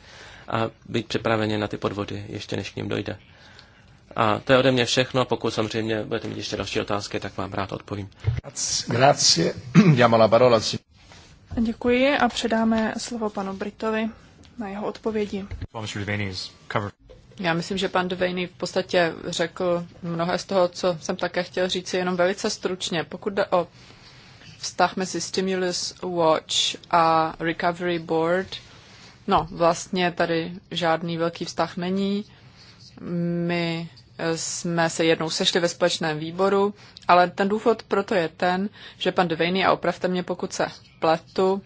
a být připraveni na ty podvody, ještě než k ním dojde. A to je ode mě všechno. Pokud samozřejmě budete mít ještě další otázky, tak vám rád odpovím. Grazie. Diamo la parola Děkuji a předáme slovo panu Britovi na jeho odpovědi. Já myslím, že pan Devaney v podstatě řekl mnohé z toho, co jsem také chtěl říct, jenom velice stručně. Pokud jde o vztah mezi Stimulus Watch a Recovery Board, no vlastně tady žádný velký vztah není. My jsme se jednou sešli ve společném výboru, ale ten důvod proto je ten, že pan Devejný, a opravte mě, pokud se pletu,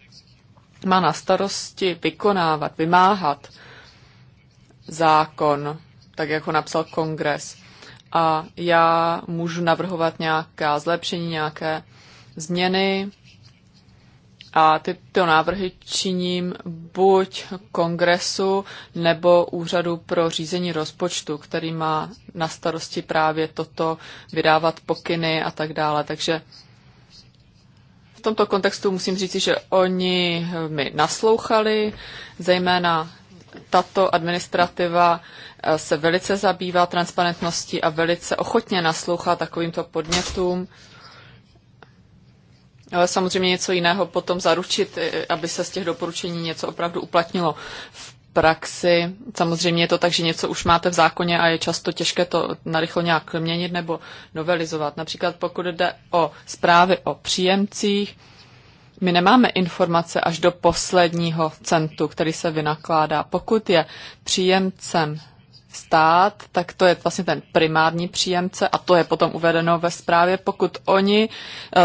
má na starosti vykonávat, vymáhat zákon, tak jak ho napsal kongres. A já můžu navrhovat nějaká zlepšení, nějaké změny, a tyto návrhy činím buď kongresu nebo úřadu pro řízení rozpočtu, který má na starosti právě toto, vydávat pokyny a tak dále. Takže v tomto kontextu musím říct, že oni mi naslouchali, zejména tato administrativa eh, se velice zabývá transparentností a velice ochotně naslouchá takovýmto podnětům samozřejmě něco jiného potom zaručit, eh, aby se z těch doporučení něco opravdu uplatnilo v praxi. Samozřejmě je to tak, že něco už máte v zákoně a je často těžké to narychlo nějak měnit nebo novelizovat. Například pokud jde o zprávy o příjemcích, my nemáme informace až do posledního centu, který se vynakládá. Pokud je příjemcem stát, tak to je vlastně ten primární příjemce a to je potom uvedeno ve zprávě. Pokud oni eh,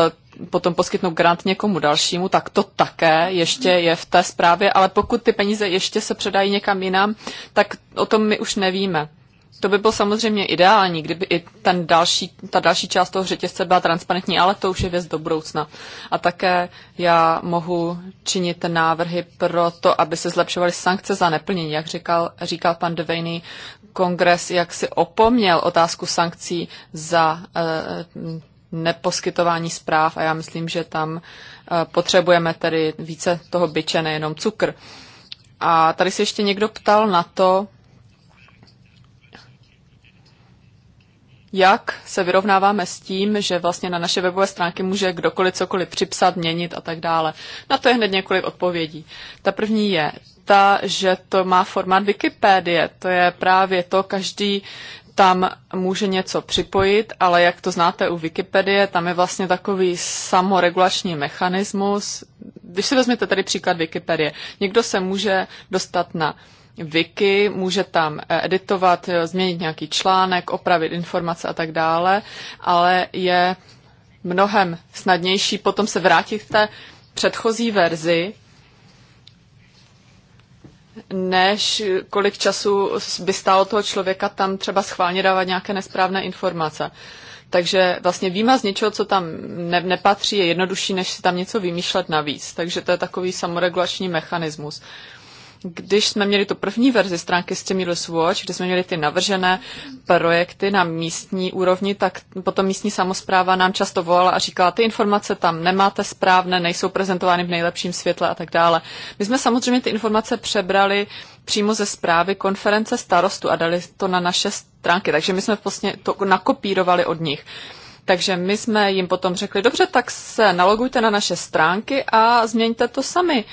potom poskytnout grant někomu dalšímu, tak to také ještě je v té zprávě, ale pokud ty peníze ještě se předají někam jinam, tak o tom my už nevíme. To by bylo samozřejmě ideální, kdyby i ten další, ta další část toho řetězce byla transparentní, ale to už je věc do budoucna. A také já mohu činit návrhy pro to, aby se zlepšovaly sankce za neplnění. Jak říkal, říkal pan Devejný, kongres jak si opomněl otázku sankcí za eh, neposkytování zpráv a já myslím, že tam eh, potřebujeme tedy více toho byče, nejenom cukr. A tady se ještě někdo ptal na to, jak se vyrovnáváme s tím, že vlastně na naše webové stránky může kdokoliv cokoliv připsat, měnit a tak dále. Na to je hned několik odpovědí. Ta první je ta, že to má formát Wikipédie. To je právě to, každý tam může něco připojit, ale jak to znáte u Wikipedie, tam je vlastně takový samoregulační mechanismus. Když si vezmete tady příklad Wikipedie, někdo se může dostat na Wiki, může tam eh, editovat, eh, změnit nějaký článek, opravit informace a tak dále, ale je mnohem snadnější potom se vrátit v té předchozí verzi, než kolik času by stálo toho člověka tam třeba schválně dávat nějaké nesprávné informace. Takže vlastně výmaz něčeho, co tam ne- nepatří, je jednodušší, než si tam něco vymýšlet navíc. Takže to je takový samoregulační mechanismus. Uh, když jsme měli tu první verzi stránky s těmi Watch, kde jsme měli ty navržené projekty na místní úrovni, tak potom místní samozpráva nám často volala a říkala, ty informace tam nemáte správné, nejsou prezentovány v nejlepším světle a tak dále. My jsme samozřejmě ty informace přebrali přímo ze zprávy konference starostu a dali to na naše stránky, takže my jsme vlastně to nakopírovali od nich. Takže my jsme jim potom řekli, dobře, tak se nalogujte na naše stránky a změňte to sami.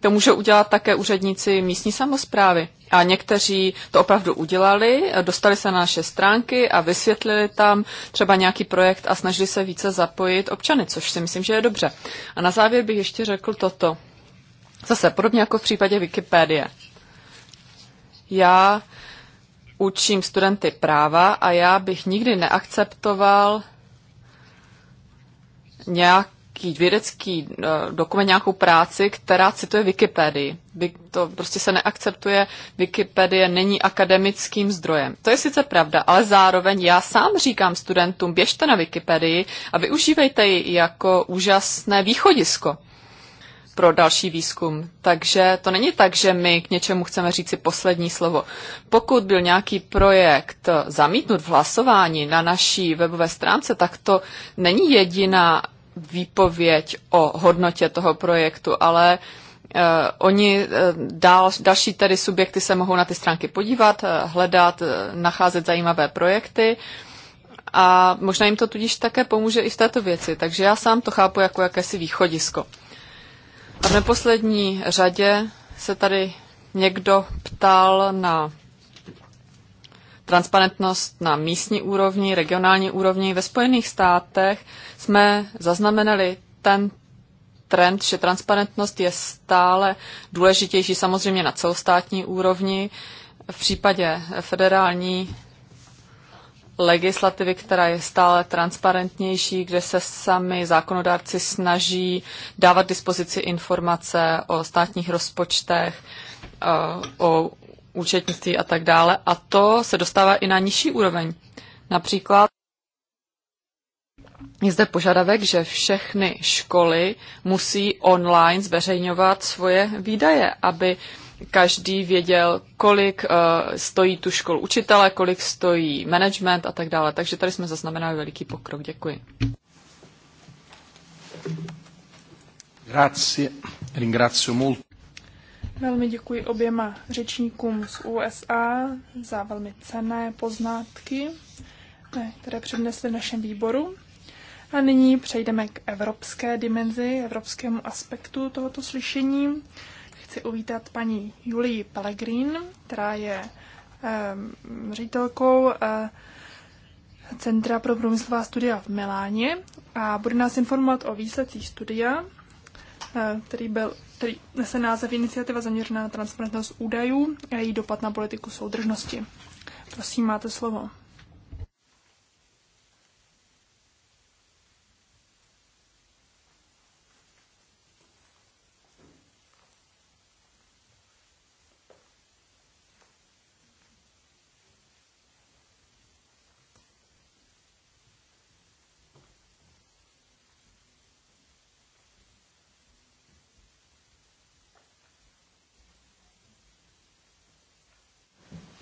To můžou udělat také úředníci místní samozprávy. A někteří to opravdu udělali, dostali se na naše stránky a vysvětlili tam třeba nějaký projekt a snažili se více zapojit občany, což si myslím, že je dobře. A na závěr bych ještě řekl toto. Zase podobně jako v případě Wikipedie. Já učím studenty práva a já bych nikdy neakceptoval nějak nějaký vědecký eh, dokument, nějakou práci, která cituje Wikipedii. To prostě se neakceptuje, Wikipedie není akademickým zdrojem. To je sice pravda, ale zároveň já sám říkám studentům, běžte na Wikipedii a využívejte ji jako úžasné východisko pro další výzkum. Takže to není tak, že my k něčemu chceme říci poslední slovo. Pokud byl nějaký projekt eh, zamítnut v hlasování na naší webové stránce, tak to není jediná výpověď o hodnotě toho projektu, ale uh, oni eh, dál, další tedy subjekty se mohou na ty stránky podívat, eh, hledat, nacházet zajímavé projekty a možná jim to tudíž také pomůže i v této věci. Takže já sám to chápu jako jakési východisko. A v neposlední řadě se tady někdo ptal na transparentnost na místní úrovni, regionální úrovni. Ve Spojených státech jsme zaznamenali ten trend, že transparentnost je stále důležitější samozřejmě na celostátní úrovni. V případě federální legislativy, která je stále transparentnější, kde se sami zákonodárci snaží dávat dispozici informace o státních rozpočtech, eh, o účetnictví a tak dále. A to se dostává i na nižší úroveň. Například je zde požadavek, že všechny školy musí online zveřejňovat svoje výdaje, aby každý věděl, kolik uh, stojí tu školu učitele, kolik stojí management a tak dále. Takže tady jsme zaznamenali veliký pokrok. Děkuji. Grazie. Ringrazio molto. Velmi děkuji oběma řečníkům z USA za velmi cené poznátky, které přednesly v našem výboru. A nyní přejdeme k evropské dimenzi, evropskému aspektu tohoto slyšení. Chci uvítat paní Julii Pellegrin, která je eh, ředitelkou eh, Centra pro průmyslová studia v Miláně a bude nás informovat o výsledcích studia, eh, který byl který nese název Iniciativa zaměřená na transparentnost údajů a její dopad na politiku soudržnosti. Prosím, máte slovo.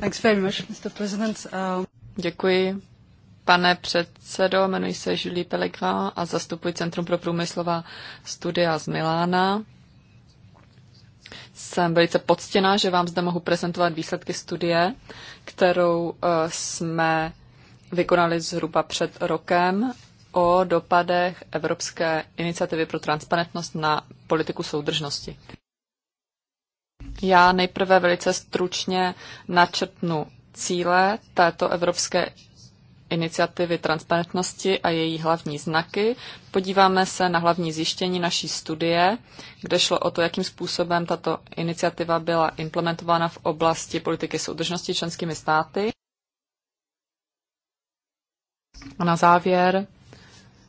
Uh, Děkuji. Pane předsedo, jmenuji se Julie Pellegrand a zastupuji Centrum pro průmyslová studia z Milána. Jsem velice poctěná, že vám zde mohu prezentovat výsledky studie, kterou uh, jsme vykonali zhruba před rokem o dopadech Evropské iniciativy pro transparentnost na politiku soudržnosti. Já nejprve velice stručně načrtnu cíle této evropské iniciativy transparentnosti a její hlavní znaky. Podíváme se na hlavní zjištění naší studie, kde šlo o to, jakým způsobem tato iniciativa byla implementována v oblasti politiky soudržnosti členskými státy. A na závěr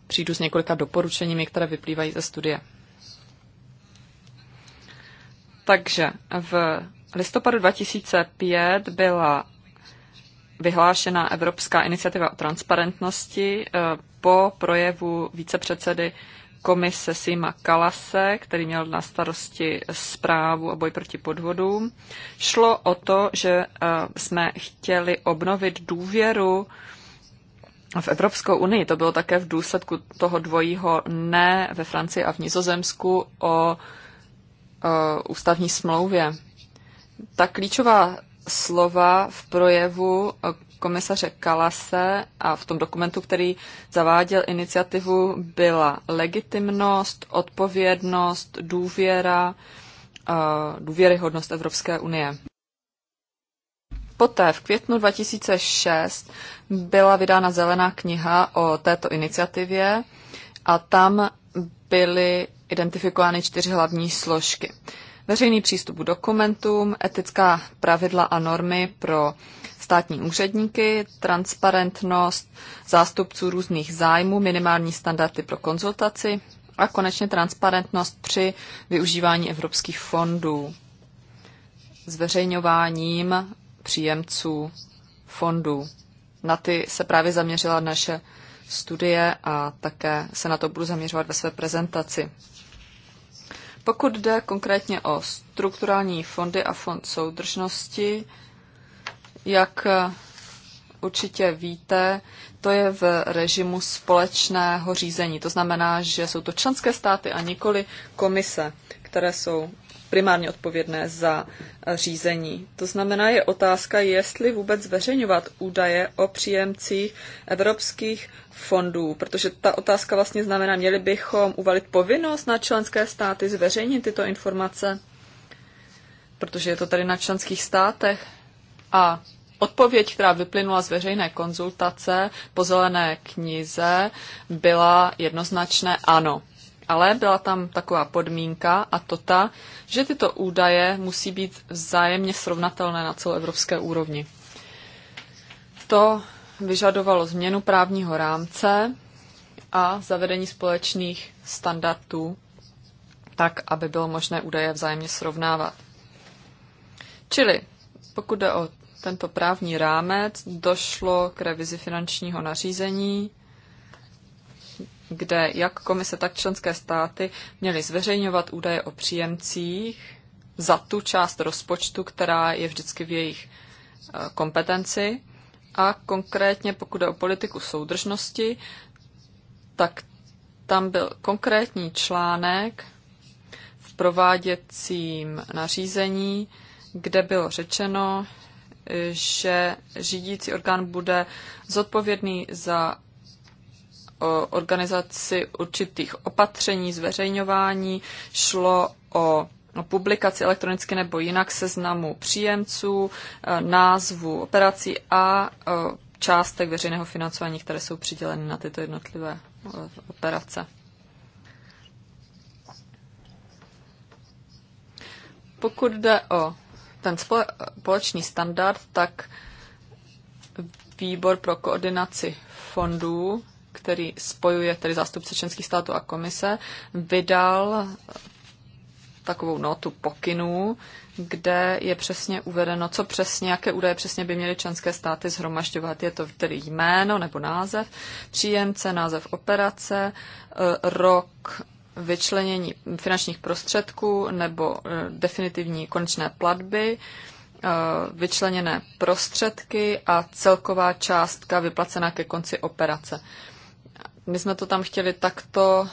přijdu s několika doporučeními, které vyplývají ze studie. Takže v listopadu 2005 byla vyhlášena Evropská iniciativa o transparentnosti eh, po projevu vicepředsedy komise Sima Kalase, který měl na starosti zprávu a boj proti podvodům. Šlo o to, že eh, jsme chtěli obnovit důvěru v Evropskou unii. To bylo také v důsledku toho dvojího ne ve Francii a v Nizozemsku o ústavní smlouvě. Ta klíčová slova v projevu komisaře Kalase a v tom dokumentu, který zaváděl iniciativu, byla legitimnost, odpovědnost, důvěra, důvěryhodnost Evropské unie. Poté v květnu 2006 byla vydána zelená kniha o této iniciativě a tam byly identifikovány čtyři hlavní složky. Veřejný přístup k dokumentům, etická pravidla a normy pro státní úředníky, transparentnost zástupců různých zájmů, minimální standardy pro konzultaci a konečně transparentnost při využívání evropských fondů, zveřejňováním příjemců fondů. Na ty se právě zaměřila naše studie a také se na to budu zaměřovat ve své prezentaci. Pokud jde konkrétně o strukturální fondy a fond soudržnosti, jak určitě víte, to je v režimu společného řízení. To znamená, že jsou to členské státy a nikoli komise, které jsou primárně odpovědné za eh, řízení. To znamená, je otázka, jestli vůbec zveřejňovat údaje o příjemcích evropských fondů, protože ta otázka vlastně znamená, měli bychom uvalit povinnost na členské státy zveřejnit tyto informace, protože je to tady na členských státech. A Odpověď, která vyplynula z veřejné konzultace po zelené knize, byla jednoznačné ano ale byla tam taková podmínka a to ta, že tyto údaje musí být vzájemně srovnatelné na celoevropské úrovni. To vyžadovalo změnu právního rámce a zavedení společných standardů tak, aby bylo možné údaje vzájemně srovnávat. Čili pokud jde o tento právní rámec, došlo k revizi finančního nařízení kde jak komise, tak členské státy měly zveřejňovat údaje o příjemcích za tu část rozpočtu, která je vždycky v jejich eh, kompetenci. A konkrétně pokud je o politiku soudržnosti, tak tam byl konkrétní článek v prováděcím nařízení, kde bylo řečeno, že řídící orgán bude zodpovědný za organizaci určitých opatření, zveřejňování, šlo o publikaci elektronicky nebo jinak seznamu příjemců, e, názvu operací a e, částek veřejného financování, které jsou přiděleny na tyto jednotlivé e, operace. Pokud jde o ten společný standard, tak výbor pro koordinaci fondů který spojuje tedy zástupce členských států a komise, vydal takovou notu pokynů, kde je přesně uvedeno, co přesně, jaké údaje přesně by měly členské státy zhromažďovat. Je to tedy jméno nebo název, příjemce, název operace, e, rok vyčlenění finančních prostředků nebo e, definitivní konečné platby, e, vyčleněné prostředky a celková částka vyplacená ke konci operace. My jsme to tam chtěli takto,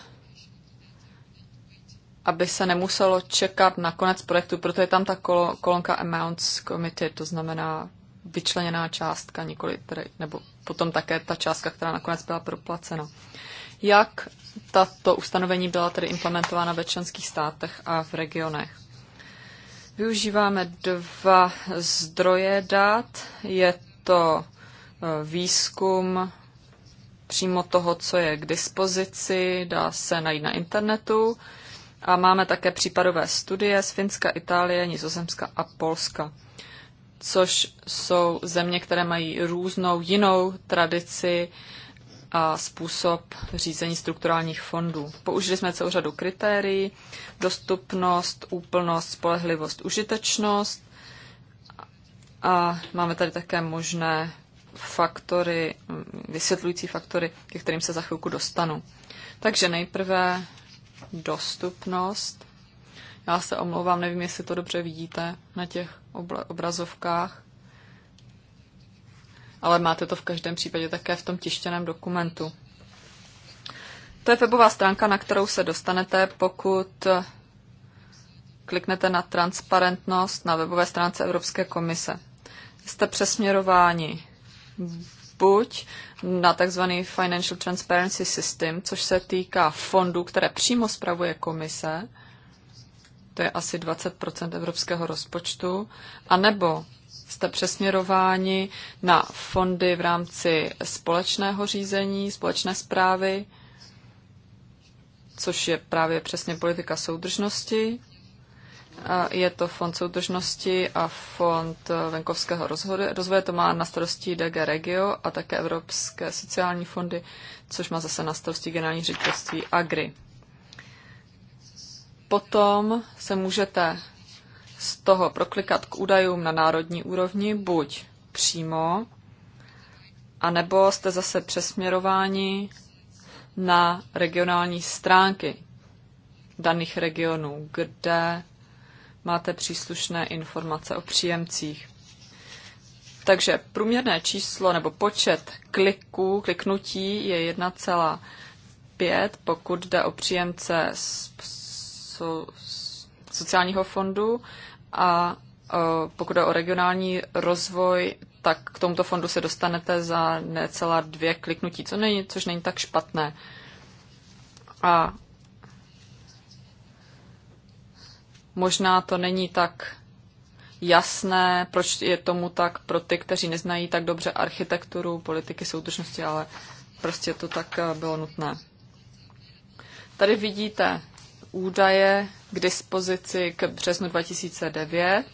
aby se nemuselo čekat na konec projektu, proto je tam ta kol- kolonka Amounts Committed, to znamená vyčleněná částka, nikoli tedy, nebo potom také ta částka, která nakonec byla proplacena. Jak tato ustanovení byla tedy implementována ve členských státech a v regionech? Využíváme dva zdroje dat. Je to eh, výzkum přímo toho, co je k dispozici, dá se najít na internetu. A máme také případové studie z Finska, Itálie, Nizozemska a Polska, což jsou země, které mají různou jinou tradici a způsob řízení strukturálních fondů. Použili jsme celou řadu kritérií, dostupnost, úplnost, spolehlivost, užitečnost a máme tady také možné faktory, vysvětlující faktory, ke kterým se za chvilku dostanu. Takže nejprve dostupnost. Já se omlouvám, nevím, jestli to dobře vidíte na těch obrazovkách, ale máte to v každém případě také v tom tištěném dokumentu. To je webová stránka, na kterou se dostanete, pokud kliknete na transparentnost na webové stránce Evropské komise. Jste přesměrováni buď na tzv. Financial Transparency System, což se týká fondů, které přímo spravuje komise, to je asi 20 evropského rozpočtu, anebo jste přesměrováni na fondy v rámci společného řízení, společné zprávy, což je právě přesně politika soudržnosti, je to Fond soudržnosti a Fond eh, venkovského rozvoje. To má na starosti DG Regio a také Evropské sociální fondy, což má zase na starosti generální ředitelství Agri. Potom se můžete z toho proklikat k údajům na národní úrovni buď přímo, anebo jste zase přesměrováni na regionální stránky daných regionů, kde máte příslušné informace o příjemcích. Takže průměrné číslo nebo počet kliků, kliknutí je 1,5, pokud jde o příjemce z, z, z sociálního fondu a e, pokud jde o regionální rozvoj, tak k tomuto fondu se dostanete za necelá dvě kliknutí, co není, což není tak špatné. A Možná to není tak jasné, proč je tomu tak pro ty, kteří neznají tak dobře architekturu, politiky soudržnosti, ale prostě to tak eh, bylo nutné. Tady vidíte údaje k dispozici k březnu 2009.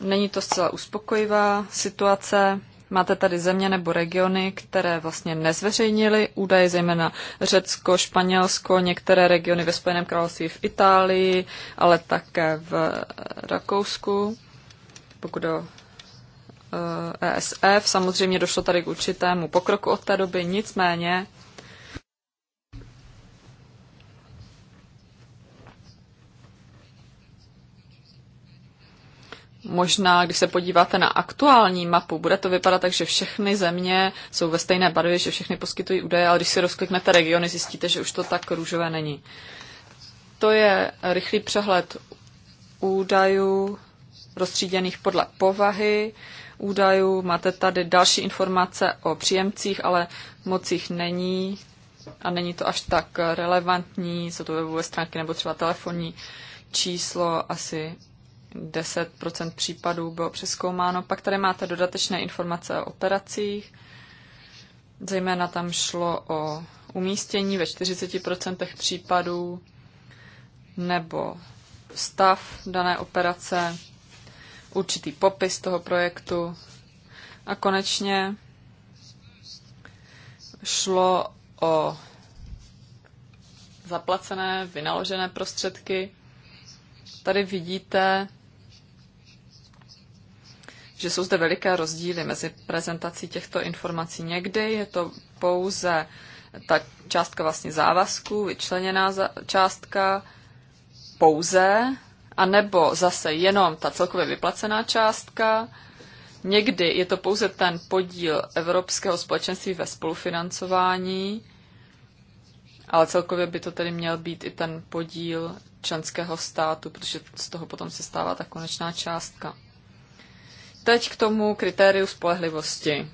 Není to zcela uspokojivá situace. Máte tady země nebo regiony, které vlastně nezveřejnily údaje, zejména Řecko, Španělsko, některé regiony ve Spojeném království v Itálii, ale také v Rakousku, pokud o ESF. Eh, e Samozřejmě došlo tady k určitému pokroku od té doby, nicméně Možná, když se podíváte na aktuální mapu, bude to vypadat tak, že všechny země jsou ve stejné barvě, že všechny poskytují údaje, ale když si rozkliknete regiony, zjistíte, že už to tak růžové není. To je rychlý přehled údajů rozstříděných podle povahy údajů. Máte tady další informace o příjemcích, ale moc jich není a není to až tak relevantní, jsou to webové stránky nebo třeba telefonní číslo asi 10 případů bylo přeskoumáno. Pak tady máte dodatečné informace o operacích. Zejména tam šlo o umístění ve 40 případů nebo stav dané operace, určitý popis toho projektu. A konečně šlo o zaplacené, vynaložené prostředky. Tady vidíte že jsou zde veliké rozdíly mezi prezentací těchto informací. Někdy je to pouze ta částka vlastně závazku, vyčleněná částka pouze, anebo zase jenom ta celkově vyplacená částka. Někdy je to pouze ten podíl Evropského společenství ve spolufinancování, ale celkově by to tedy měl být i ten podíl členského státu, protože z toho potom se stává ta konečná částka. Teď k tomu kritériu spolehlivosti.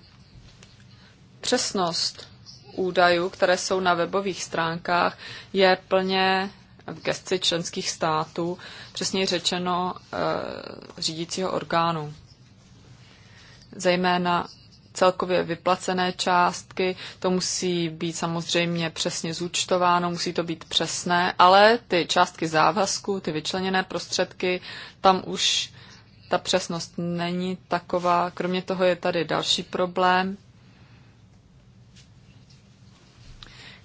Přesnost údajů, které jsou na webových stránkách, je plně v gesci členských států, přesněji řečeno e, řídícího orgánu. Zejména celkově vyplacené částky, to musí být samozřejmě přesně zúčtováno, musí to být přesné, ale ty částky závazku, ty vyčleněné prostředky, tam už ta přesnost není taková. Kromě toho je tady další problém,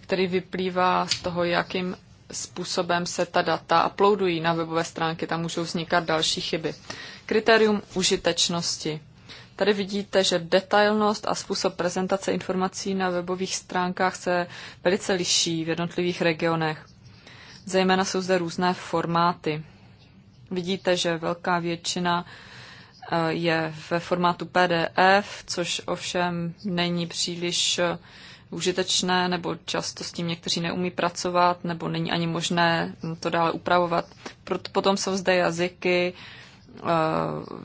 který vyplývá z toho, jakým způsobem se ta data uploadují na webové stránky. Tam můžou vznikat další chyby. Kritérium užitečnosti. Tady vidíte, že detailnost a způsob prezentace informací na webových stránkách se velice liší v jednotlivých regionech. Zejména jsou zde různé formáty. Vidíte, že velká většina eh, je ve formátu PDF, což ovšem není příliš eh, užitečné, nebo často s tím někteří neumí pracovat, nebo není ani možné hm, to dále upravovat. Proto potom jsou zde jazyky,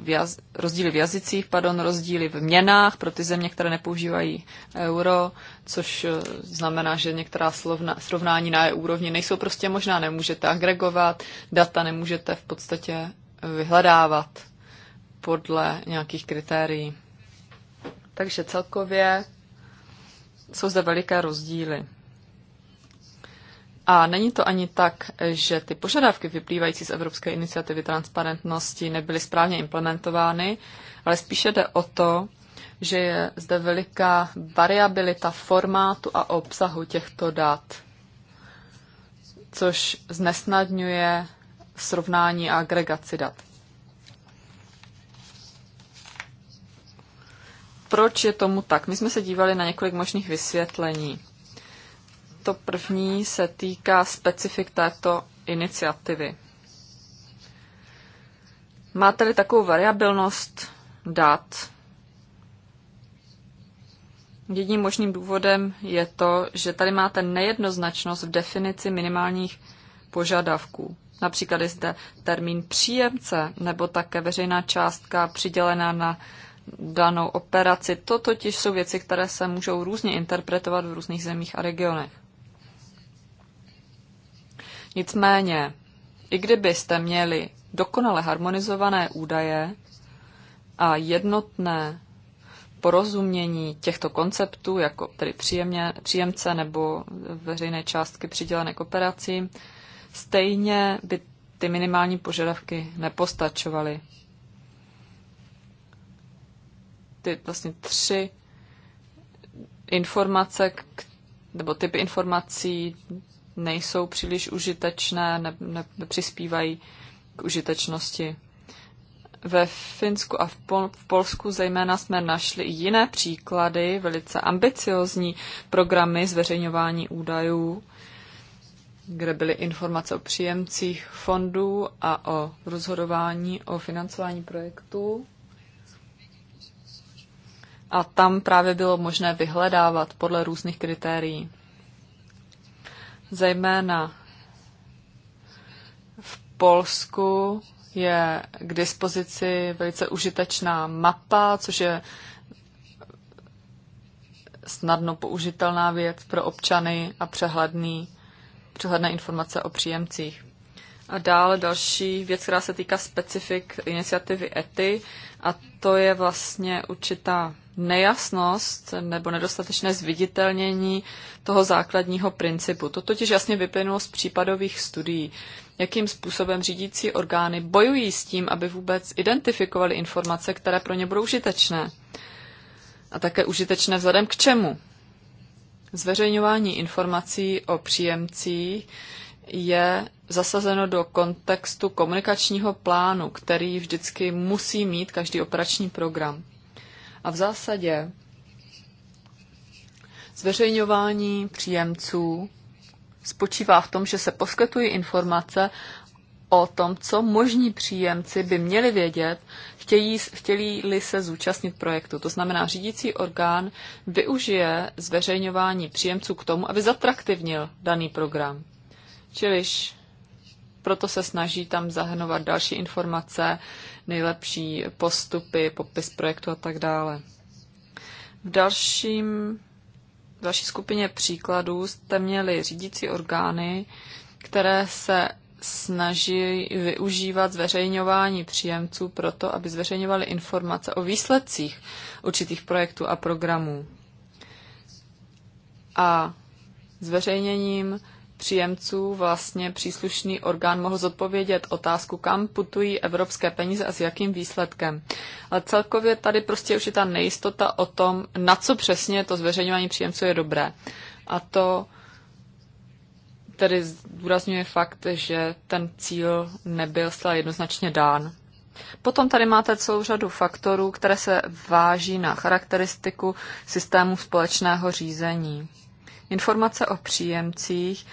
jaz, rozdíly v jazycích, pardon, rozdíly v měnách pro ty země, které nepoužívají euro, což eh, znamená, že některá slovna, srovnání na úrovni nejsou prostě možná, nemůžete agregovat, data nemůžete v podstatě eh, vyhledávat podle nějakých kritérií. Takže celkově jsou zde veliké rozdíly. A není to ani tak, že ty požadavky vyplývající z Evropské iniciativy transparentnosti nebyly správně implementovány, ale spíše jde o to, že je zde veliká variabilita formátu a obsahu těchto dat, což znesnadňuje srovnání a agregaci dat. Proč je tomu tak? My jsme se dívali na několik možných vysvětlení. To první se týká specifik této iniciativy. Má tedy takovou variabilnost dat. Jedním možným důvodem je to, že tady máte nejednoznačnost v definici minimálních požadavků. Například je zde termín příjemce nebo také veřejná částka přidělená na danou operaci. To totiž jsou věci, které se můžou různě interpretovat v různých zemích a regionech. Nicméně, i kdybyste měli dokonale harmonizované údaje a jednotné porozumění těchto konceptů, jako tedy příjemně, příjemce nebo veřejné částky přidělené k operacím, stejně by ty minimální požadavky nepostačovaly. Ty vlastně tři informace, nebo typy informací, nejsou příliš užitečné, ne, ne, nepřispívají k užitečnosti. Ve Finsku a v, Pol, v Polsku zejména jsme našli i jiné příklady, velice ambiciozní programy zveřejňování údajů, kde byly informace o příjemcích fondů a o rozhodování o financování projektů. A tam právě bylo možné vyhledávat podle různých kritérií zejména v Polsku je k dispozici velice užitečná mapa, což je snadno použitelná věc pro občany a přehledný, přehledné informace o příjemcích. A dále další věc, která se týká specifik iniciativy ETI, a to je vlastně určitá nejasnost nebo nedostatečné zviditelnění toho základního principu. To totiž jasně vyplynulo z případových studií, jakým způsobem řídící orgány bojují s tím, aby vůbec identifikovali informace, které pro ně budou užitečné. A také užitečné vzhledem k čemu? Zveřejňování informací o příjemcích je zasazeno do kontextu komunikačního plánu, který vždycky musí mít každý operační program. A v zásadě zveřejňování příjemců spočívá v tom, že se poskytují informace o tom, co možní příjemci by měli vědět, chtějí, chtěli-li se zúčastnit projektu. To znamená, řídící orgán využije zveřejňování příjemců k tomu, aby zatraktivnil daný program. Čiliž proto se snaží tam zahrnovat další informace, nejlepší postupy, popis projektu a tak dále. V dalším, v další skupině příkladů jste měli řídící orgány, které se snaží využívat zveřejňování příjemců proto, aby zveřejňovali informace o výsledcích určitých projektů a programů. A zveřejněním příjemců vlastně příslušný orgán mohl zodpovědět otázku, kam putují evropské peníze a s jakým výsledkem. Ale celkově tady prostě už je ta nejistota o tom, na co přesně to zveřejňování příjemců je dobré. A to tedy zdůrazňuje fakt, že ten cíl nebyl zcela jednoznačně dán. Potom tady máte celou řadu faktorů, které se váží na charakteristiku systému společného řízení. Informace o příjemcích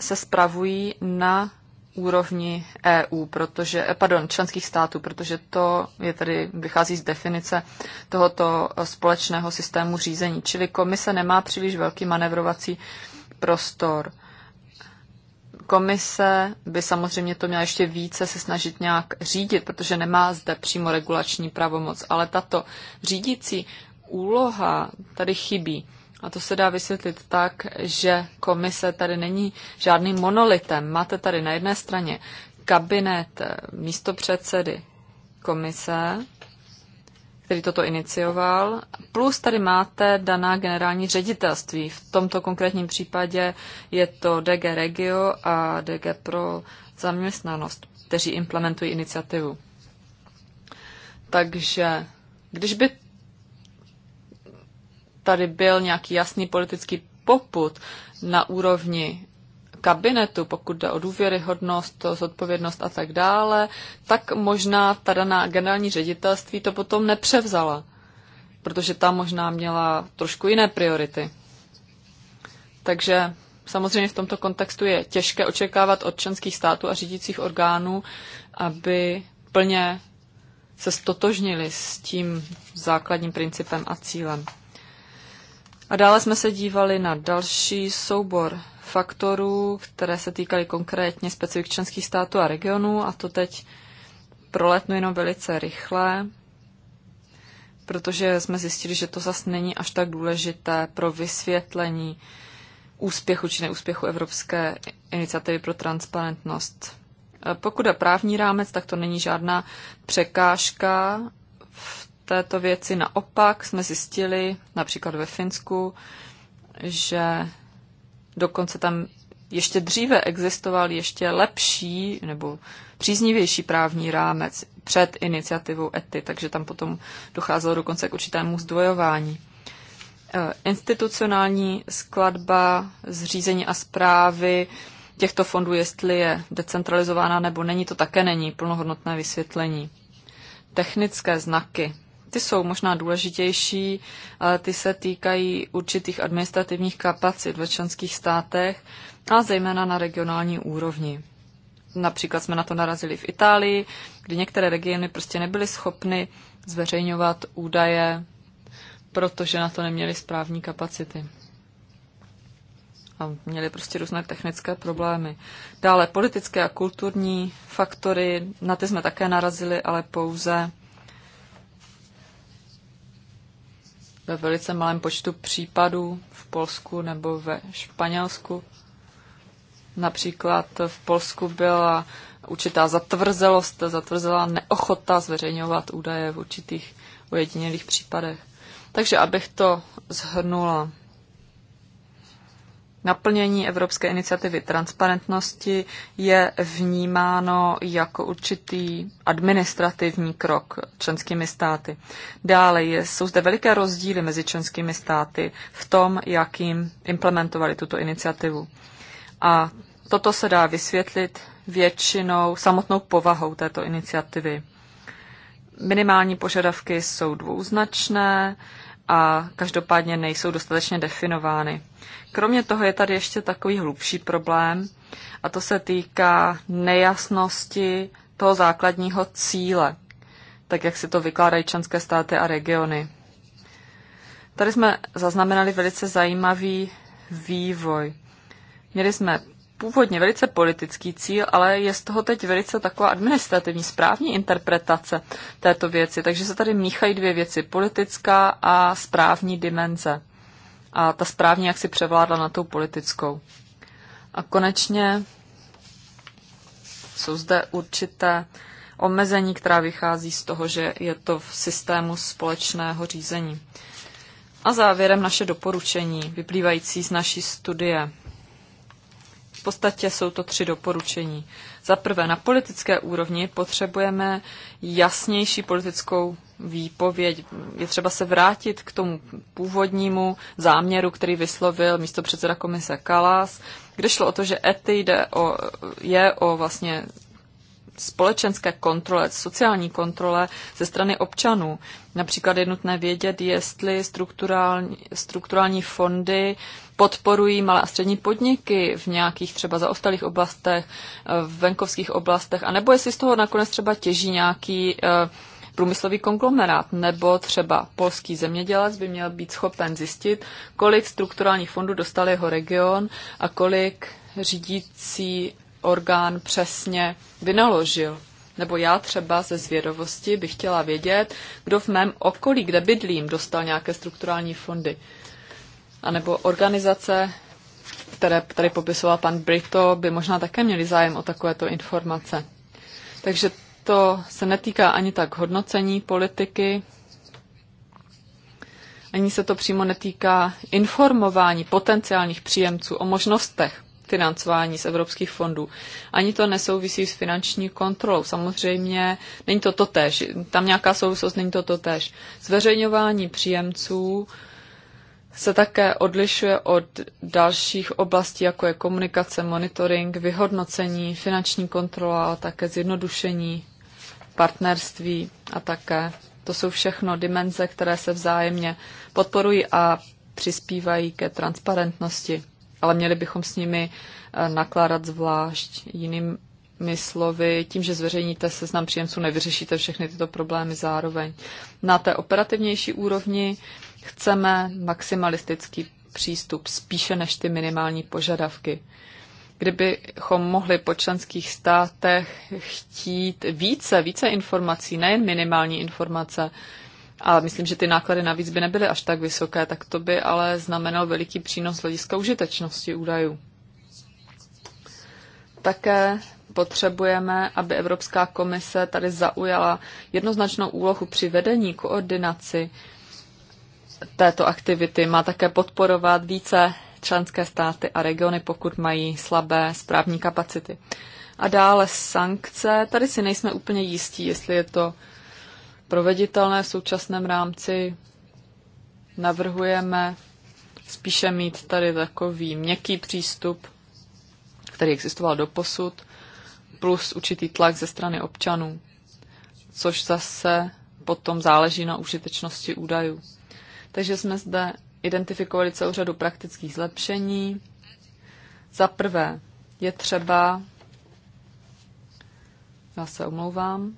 se spravují na úrovni EU, protože, eh, pardon, členských států, protože to je tady, vychází z definice tohoto eh, společného systému řízení. Čili komise nemá příliš velký manevrovací prostor. Komise by samozřejmě to měla ještě více se snažit nějak řídit, protože nemá zde přímo regulační pravomoc, ale tato řídící úloha tady chybí. A to se dá vysvětlit tak, že komise tady není žádným monolitem. Máte tady na jedné straně kabinet eh, místopředsedy komise, který toto inicioval, plus tady máte daná generální ředitelství. V tomto konkrétním případě je to DG Regio a DG pro zaměstnanost, kteří implementují iniciativu. Takže když by tady byl nějaký jasný politický poput na úrovni kabinetu, pokud jde o důvěryhodnost, zodpovědnost a tak dále, tak možná ta daná generální ředitelství to potom nepřevzala, protože ta možná měla trošku jiné priority. Takže samozřejmě v tomto kontextu je těžké očekávat od členských států a řídících orgánů, aby plně se stotožnili s tím základním principem a cílem. A dále jsme se dívali na další soubor faktorů, které se týkaly konkrétně specifik členských států a regionů a to teď proletnu jenom velice rychle, protože jsme zjistili, že to zase není až tak důležité pro vysvětlení úspěchu či neúspěchu Evropské iniciativy pro transparentnost. Pokud je právní rámec, tak to není žádná překážka této věci. Naopak jsme zjistili, například ve Finsku, že dokonce tam ještě dříve existoval ještě lepší nebo příznivější právní rámec před iniciativou ETI, takže tam potom docházelo dokonce k určitému zdvojování. Eh, institucionální skladba, zřízení a zprávy těchto fondů, jestli je decentralizována nebo není, to také není plnohodnotné vysvětlení. Technické znaky, ty jsou možná důležitější, ale ty se týkají určitých administrativních kapacit ve členských státech a zejména na regionální úrovni. Například jsme na to narazili v Itálii, kdy některé regiony prostě nebyly schopny zveřejňovat údaje, protože na to neměly správní kapacity. A měli prostě různé technické problémy. Dále politické a kulturní faktory, na ty jsme také narazili, ale pouze ve velice malém počtu případů v Polsku nebo ve Španělsku. Například v Polsku byla určitá zatvrzelost, zatvrzela neochota zveřejňovat údaje v určitých ojedinělých případech. Takže abych to zhrnula. Naplnění Evropské iniciativy transparentnosti je vnímáno jako určitý administrativní krok členskými státy. Dále je, jsou zde veliké rozdíly mezi členskými státy v tom, jakým implementovali tuto iniciativu. A toto se dá vysvětlit většinou samotnou povahou této iniciativy. Minimální požadavky jsou dvouznačné, a každopádně nejsou dostatečně definovány. Kromě toho je tady ještě takový hlubší problém a to se týká nejasnosti toho základního cíle, tak jak si to vykládají členské státy a regiony. Tady jsme zaznamenali velice zajímavý vývoj. Měli jsme původně velice politický cíl, ale je z toho teď velice taková administrativní správní interpretace této věci. Takže se tady míchají dvě věci, politická a správní dimenze. A ta správní jak si převládla na tou politickou. A konečně jsou zde určité omezení, která vychází z toho, že je to v systému společného řízení. A závěrem naše doporučení, vyplývající z naší studie. V podstatě jsou to tři doporučení. Za prvé, na politické úrovni potřebujeme jasnější politickou výpověď. Je třeba se vrátit k tomu původnímu záměru, který vyslovil místo předseda komise Kalas, kde šlo o to, že ETI jde o, je o vlastně společenské kontrole, sociální kontrole ze strany občanů. Například je nutné vědět, jestli strukturální, strukturální fondy podporují malé a střední podniky v nějakých třeba zaostalých oblastech, v venkovských oblastech, anebo jestli z toho nakonec třeba těží nějaký eh, průmyslový konglomerát, nebo třeba polský zemědělec by měl být schopen zjistit, kolik strukturálních fondů dostal jeho region a kolik řídící orgán přesně vynaložil. Nebo já třeba ze zvědavosti bych chtěla vědět, kdo v mém okolí, kde bydlím, dostal nějaké strukturální fondy anebo organizace, které tady popisoval pan Brito, by možná také měly zájem o takovéto informace. Takže to se netýká ani tak hodnocení politiky, ani se to přímo netýká informování potenciálních příjemců o možnostech financování z evropských fondů. Ani to nesouvisí s finanční kontrolou. Samozřejmě není to totéž, tam nějaká souvislost, není to totéž. Zveřejňování příjemců se také odlišuje od dalších oblastí, jako je komunikace, monitoring, vyhodnocení, finanční kontrola, také zjednodušení, partnerství a také to jsou všechno dimenze, které se vzájemně podporují a přispívají ke transparentnosti, ale měli bychom s nimi eh, nakládat zvlášť jiným myslovy, tím, že zveřejníte seznam příjemců, nevyřešíte všechny tyto problémy zároveň. Na té operativnější úrovni chceme maximalistický přístup spíše než ty minimální požadavky. Kdybychom mohli po členských státech chtít více, více informací, nejen minimální informace, a myslím, že ty náklady navíc by nebyly až tak vysoké, tak to by ale znamenalo veliký přínos hlediska užitečnosti údajů. Také potřebujeme, aby Evropská komise tady zaujala jednoznačnou úlohu při vedení, koordinaci této aktivity. Má také podporovat více členské státy a regiony, pokud mají slabé správní kapacity. A dále sankce. Tady si nejsme úplně jistí, jestli je to proveditelné v současném rámci. Navrhujeme spíše mít tady takový měkký přístup, který existoval do posud, plus určitý tlak ze strany občanů, což zase potom záleží na užitečnosti údajů. Takže jsme zde identifikovali celou řadu praktických zlepšení. Za prvé je třeba, já se omlouvám,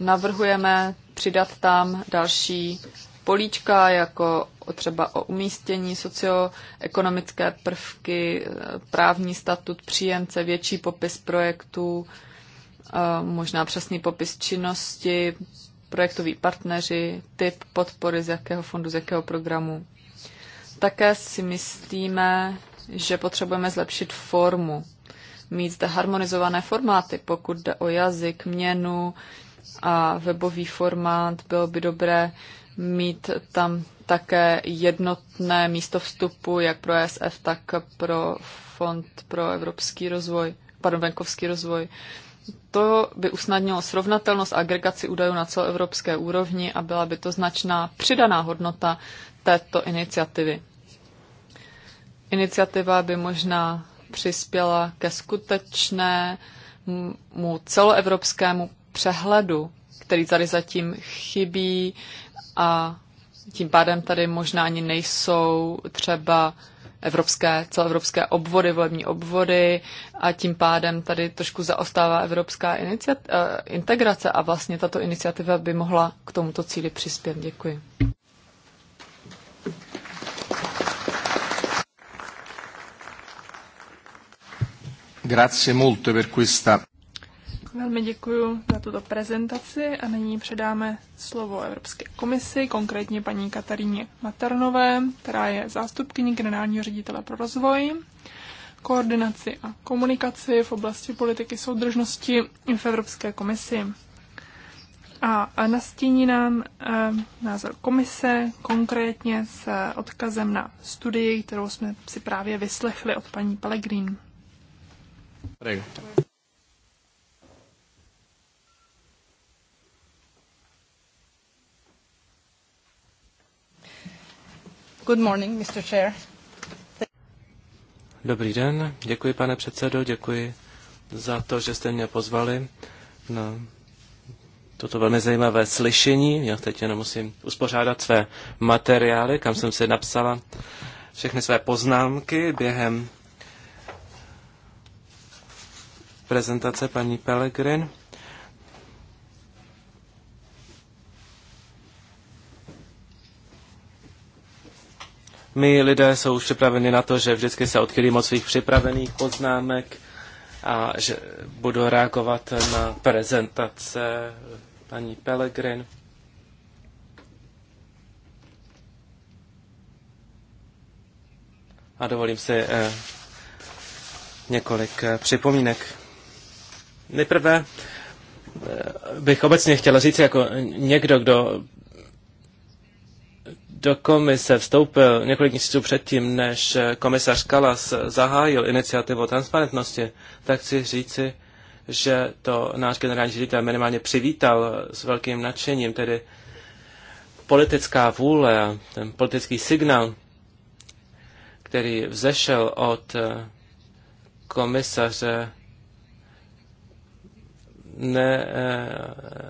navrhujeme přidat tam další políčka, jako třeba o umístění, socioekonomické prvky, právní statut příjemce, větší popis projektů, Eh, možná přesný popis činnosti, projektoví partneři, typ podpory z jakého fondu, z jakého programu. Také si myslíme, že potřebujeme zlepšit formu, mít zde harmonizované formáty, pokud jde o jazyk, měnu a webový formát, bylo by dobré mít tam také jednotné místo vstupu, jak pro ESF, tak pro Fond pro evropský rozvoj, pardon, venkovský rozvoj. To by usnadnilo srovnatelnost agregaci údajů na celoevropské úrovni a byla by to značná přidaná hodnota této iniciativy. Iniciativa by možná přispěla ke skutečnému celoevropskému přehledu, který tady zatím chybí a tím pádem tady možná ani nejsou třeba evropské, celoevropské obvody, volební obvody a tím pádem tady trošku zaostává evropská eh, integrace a vlastně tato iniciativa by mohla k tomuto cíli přispět. Děkuji. Grazie molto per questa Velmi děkuji za tuto prezentaci a nyní předáme slovo Evropské komisi, konkrétně paní Kataríně Maternové, která je zástupkyní generálního ředitele pro rozvoj, koordinaci a komunikaci v oblasti politiky soudržnosti v Evropské komisi. A nastíní nám eh, názor komise, konkrétně s odkazem na studii, kterou jsme si právě vyslechli od paní Pellegrin. Dobrý den, děkuji pane předsedo, děkuji za to, že jste mě pozvali na toto velmi zajímavé slyšení. Já teď jenom musím uspořádat své materiály, kam jsem si napsala všechny své poznámky během prezentace paní Pellegrin. My lidé jsou už připraveni na to, že vždycky se odchylím od svých připravených poznámek a že budu reagovat na prezentace paní Pelegrin. A dovolím si eh, několik eh, připomínek. Nejprve eh, bych obecně chtěla říct, jako někdo, kdo do komise vstoupil několik měsíců předtím, než eh, komisař Kalas zahájil iniciativu o transparentnosti, tak chci říci, že to náš generální ředitel minimálně přivítal eh, s velkým nadšením, tedy politická vůle a ten politický signál, který vzešel od eh, komisaře, ne,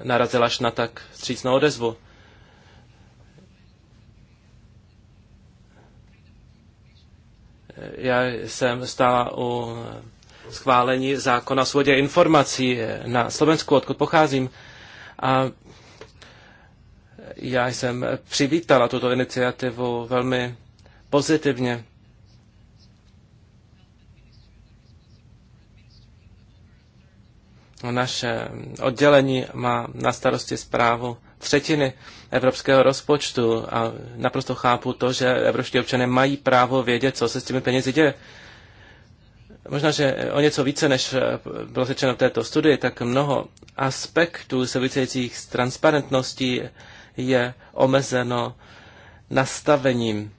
narazil až na tak střícnou odezvu. Já jsem stála u schválení zákona o svobodě informací na Slovensku, odkud pocházím. A já jsem přivítala tuto iniciativu velmi pozitivně. Naše oddělení má na starosti zprávu třetiny evropského rozpočtu a naprosto chápu to, že evropští občané mají právo vědět, co se s těmi penězi děje. Možná, že o něco více, než bylo řečeno v této studii, tak mnoho aspektů souvisejících s transparentností je omezeno nastavením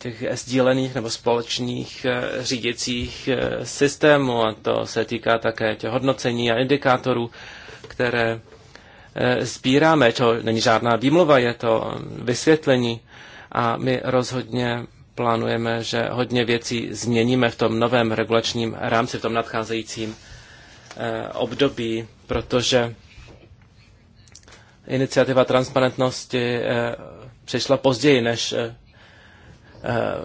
těch sdílených nebo společných eh, řídicích eh, systémů a to se týká také těch hodnocení a indikátorů, které Eh, sbíráme. To není žádná výmluva, je to vysvětlení. A my rozhodně plánujeme, že hodně věcí změníme v tom novém regulačním rámci, v tom nadcházejícím eh, období, protože iniciativa transparentnosti eh, přišla později, než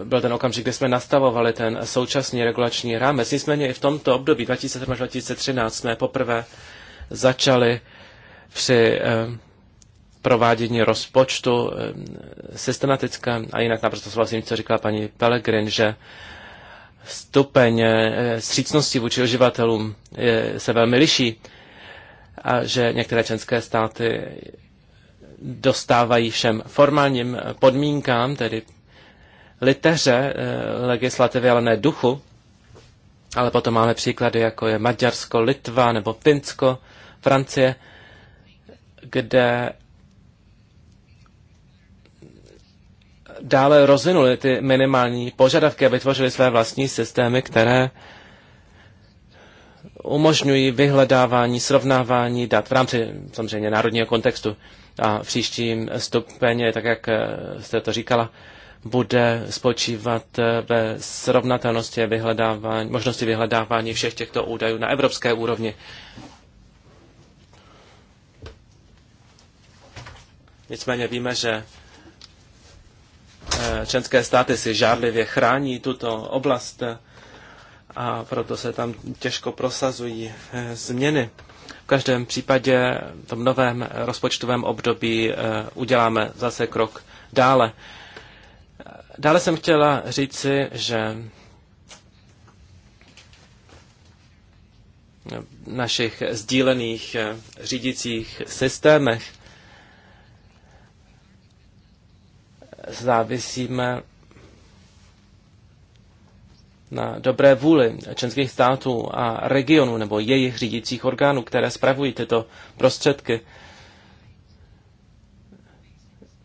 byl ten okamžik, kdy jsme nastavovali ten současný regulační rámec. Nicméně i v tomto období 2007 až 2013 jsme poprvé začali při eh, provádění rozpočtu eh, systematická. A jinak naprosto souhlasím, co říkala paní Pelegrin, že stupeň eh, střícnosti vůči uživatelům se velmi liší a že některé členské státy dostávají všem formálním podmínkám, tedy liteře legislativy, ale ne duchu. Ale potom máme příklady, jako je Maďarsko, Litva nebo Finsko, Francie – kde dále rozvinuli ty minimální požadavky a vytvořili své vlastní systémy, které umožňují vyhledávání, srovnávání dat v rámci samozřejmě národního kontextu. A v příštím stupně, tak jak jste to říkala, bude spočívat ve srovnatelnosti vyhledávání, možnosti vyhledávání všech těchto údajů na evropské úrovni. Nicméně víme, že eh, členské státy si žádlivě chrání tuto oblast eh, a proto se tam těžko prosazují eh, změny. V každém případě v tom novém rozpočtovém období uděláme zase krok dále. Dále jsem chtěla říci, že v našich sdílených řídicích systémech závisíme na dobré vůli členských států a regionů nebo jejich řídících orgánů, které spravují tyto prostředky.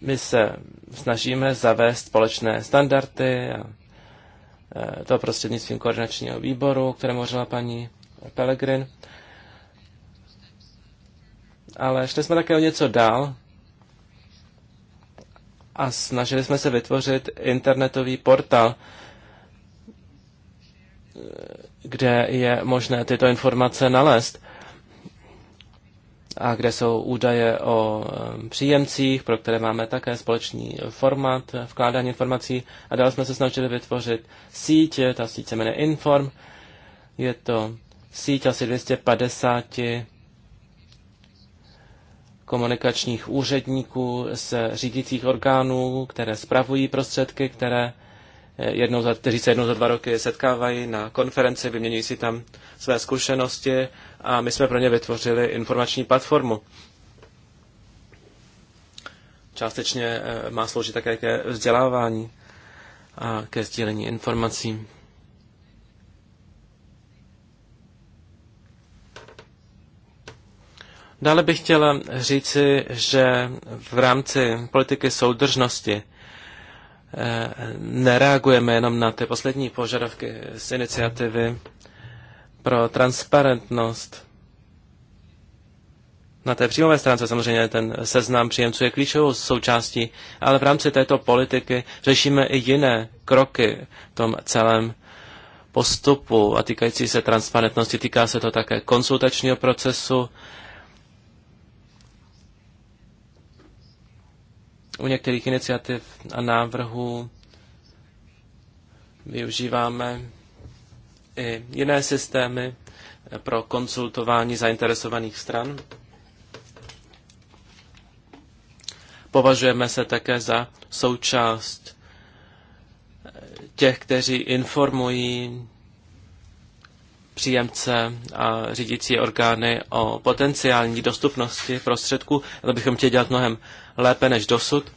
My se snažíme zavést společné standardy a e, to prostřednictvím koordinačního výboru, které kterém paní Pellegrin. Ale šli jsme také o něco dál a snažili jsme se vytvořit internetový portál, kde je možné tyto informace nalézt a kde jsou údaje o eh, příjemcích, pro které máme také společný formát vkládání informací. A dále jsme se snažili vytvořit síť, ta síť se jmenuje Inform. Je to síť asi 250 komunikačních úředníků, z řídících orgánů, které spravují prostředky, které eh, jednou za, kteří se jednou za dva roky setkávají na konferenci, vyměňují si tam své zkušenosti a my jsme pro ně vytvořili informační platformu. Částečně eh, má sloužit také ke vzdělávání a ke sdílení informací. Dále bych chtěla říci, že v rámci politiky soudržnosti eh, nereagujeme jenom na ty poslední požadavky z iniciativy pro transparentnost. Na té příjmové stránce samozřejmě ten seznam příjemců je klíčovou součástí, ale v rámci této politiky řešíme i jiné kroky v tom celém postupu a týkající se transparentnosti. Týká se to také konsultačního procesu, u některých iniciativ a návrhů využíváme i jiné systémy pro konsultování zainteresovaných stran. Považujeme se také za součást těch, kteří informují příjemce a řídící orgány o potenciální dostupnosti prostředků. ale bychom chtěli dělat mnohem lépe než dosud.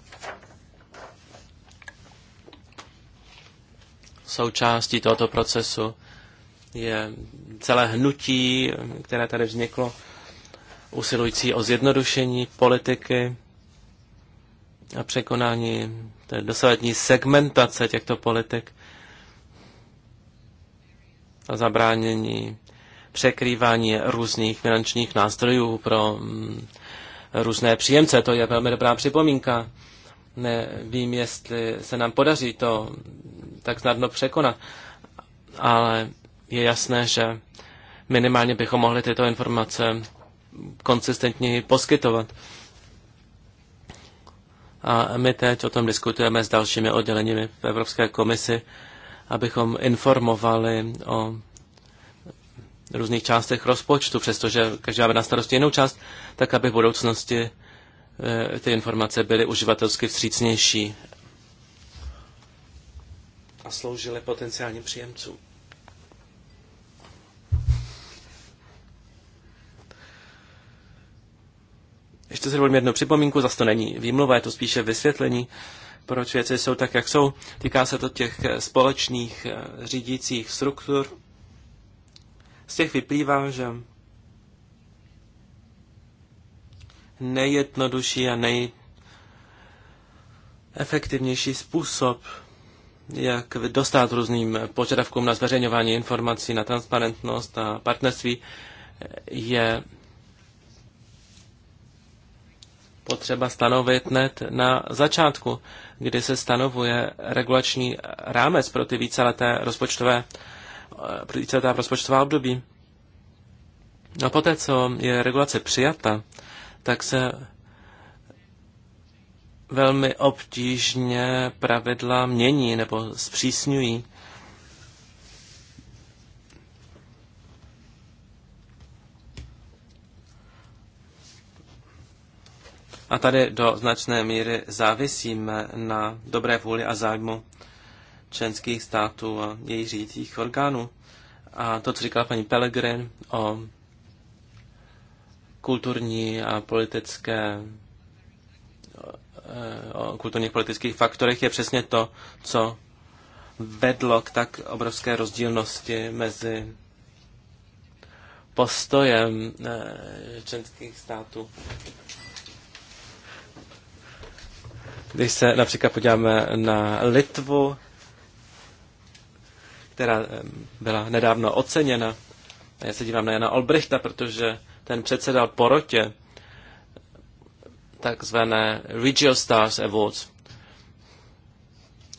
Součástí tohoto procesu je celé hnutí, které tady vzniklo, usilující o zjednodušení politiky a překonání té dosavadní segmentace těchto politik a zabránění překrývání různých finančních nástrojů pro mm, různé příjemce. To je velmi dobrá připomínka. Nevím, jestli se nám podaří to tak snadno překonat, ale je jasné, že minimálně bychom mohli tyto informace konsistentně poskytovat. A my teď o tom diskutujeme s dalšími odděleními v Evropské komisi, abychom informovali o různých částech rozpočtu, přestože každá má na starosti jinou část, tak aby v budoucnosti eh, ty informace byly uživatelsky vstřícnější a sloužily potenciálním příjemcům. Ještě se dovolím jednu připomínku, zase to není výmluva, je to spíše vysvětlení, proč věci jsou tak, jak jsou. Týká se to těch společných eh, řídících struktur, z těch vyplývá, že nejjednodušší a nejefektivnější způsob, jak dostat různým požadavkům na zveřejňování informací, na transparentnost a partnerství, je potřeba stanovit net na začátku, kdy se stanovuje regulační rámec pro ty víceleté rozpočtové Eh, víceletá rozpočtová období. A poté, co je regulace přijata, tak se velmi obtížně pravidla mění nebo zpřísňují. A tady do značné míry závisíme na dobré vůli a zájmu členských států a jejich řídících orgánů. A to, co říkala paní Pellegrin o kulturní a politické o kulturních politických faktorech je přesně to, co vedlo k tak obrovské rozdílnosti mezi postojem e, členských států. Když se například podíváme na Litvu, která byla nedávno oceněna. A já se dívám na Jana Olbrichta, protože ten předsedal porotě takzvané Regio Stars Awards.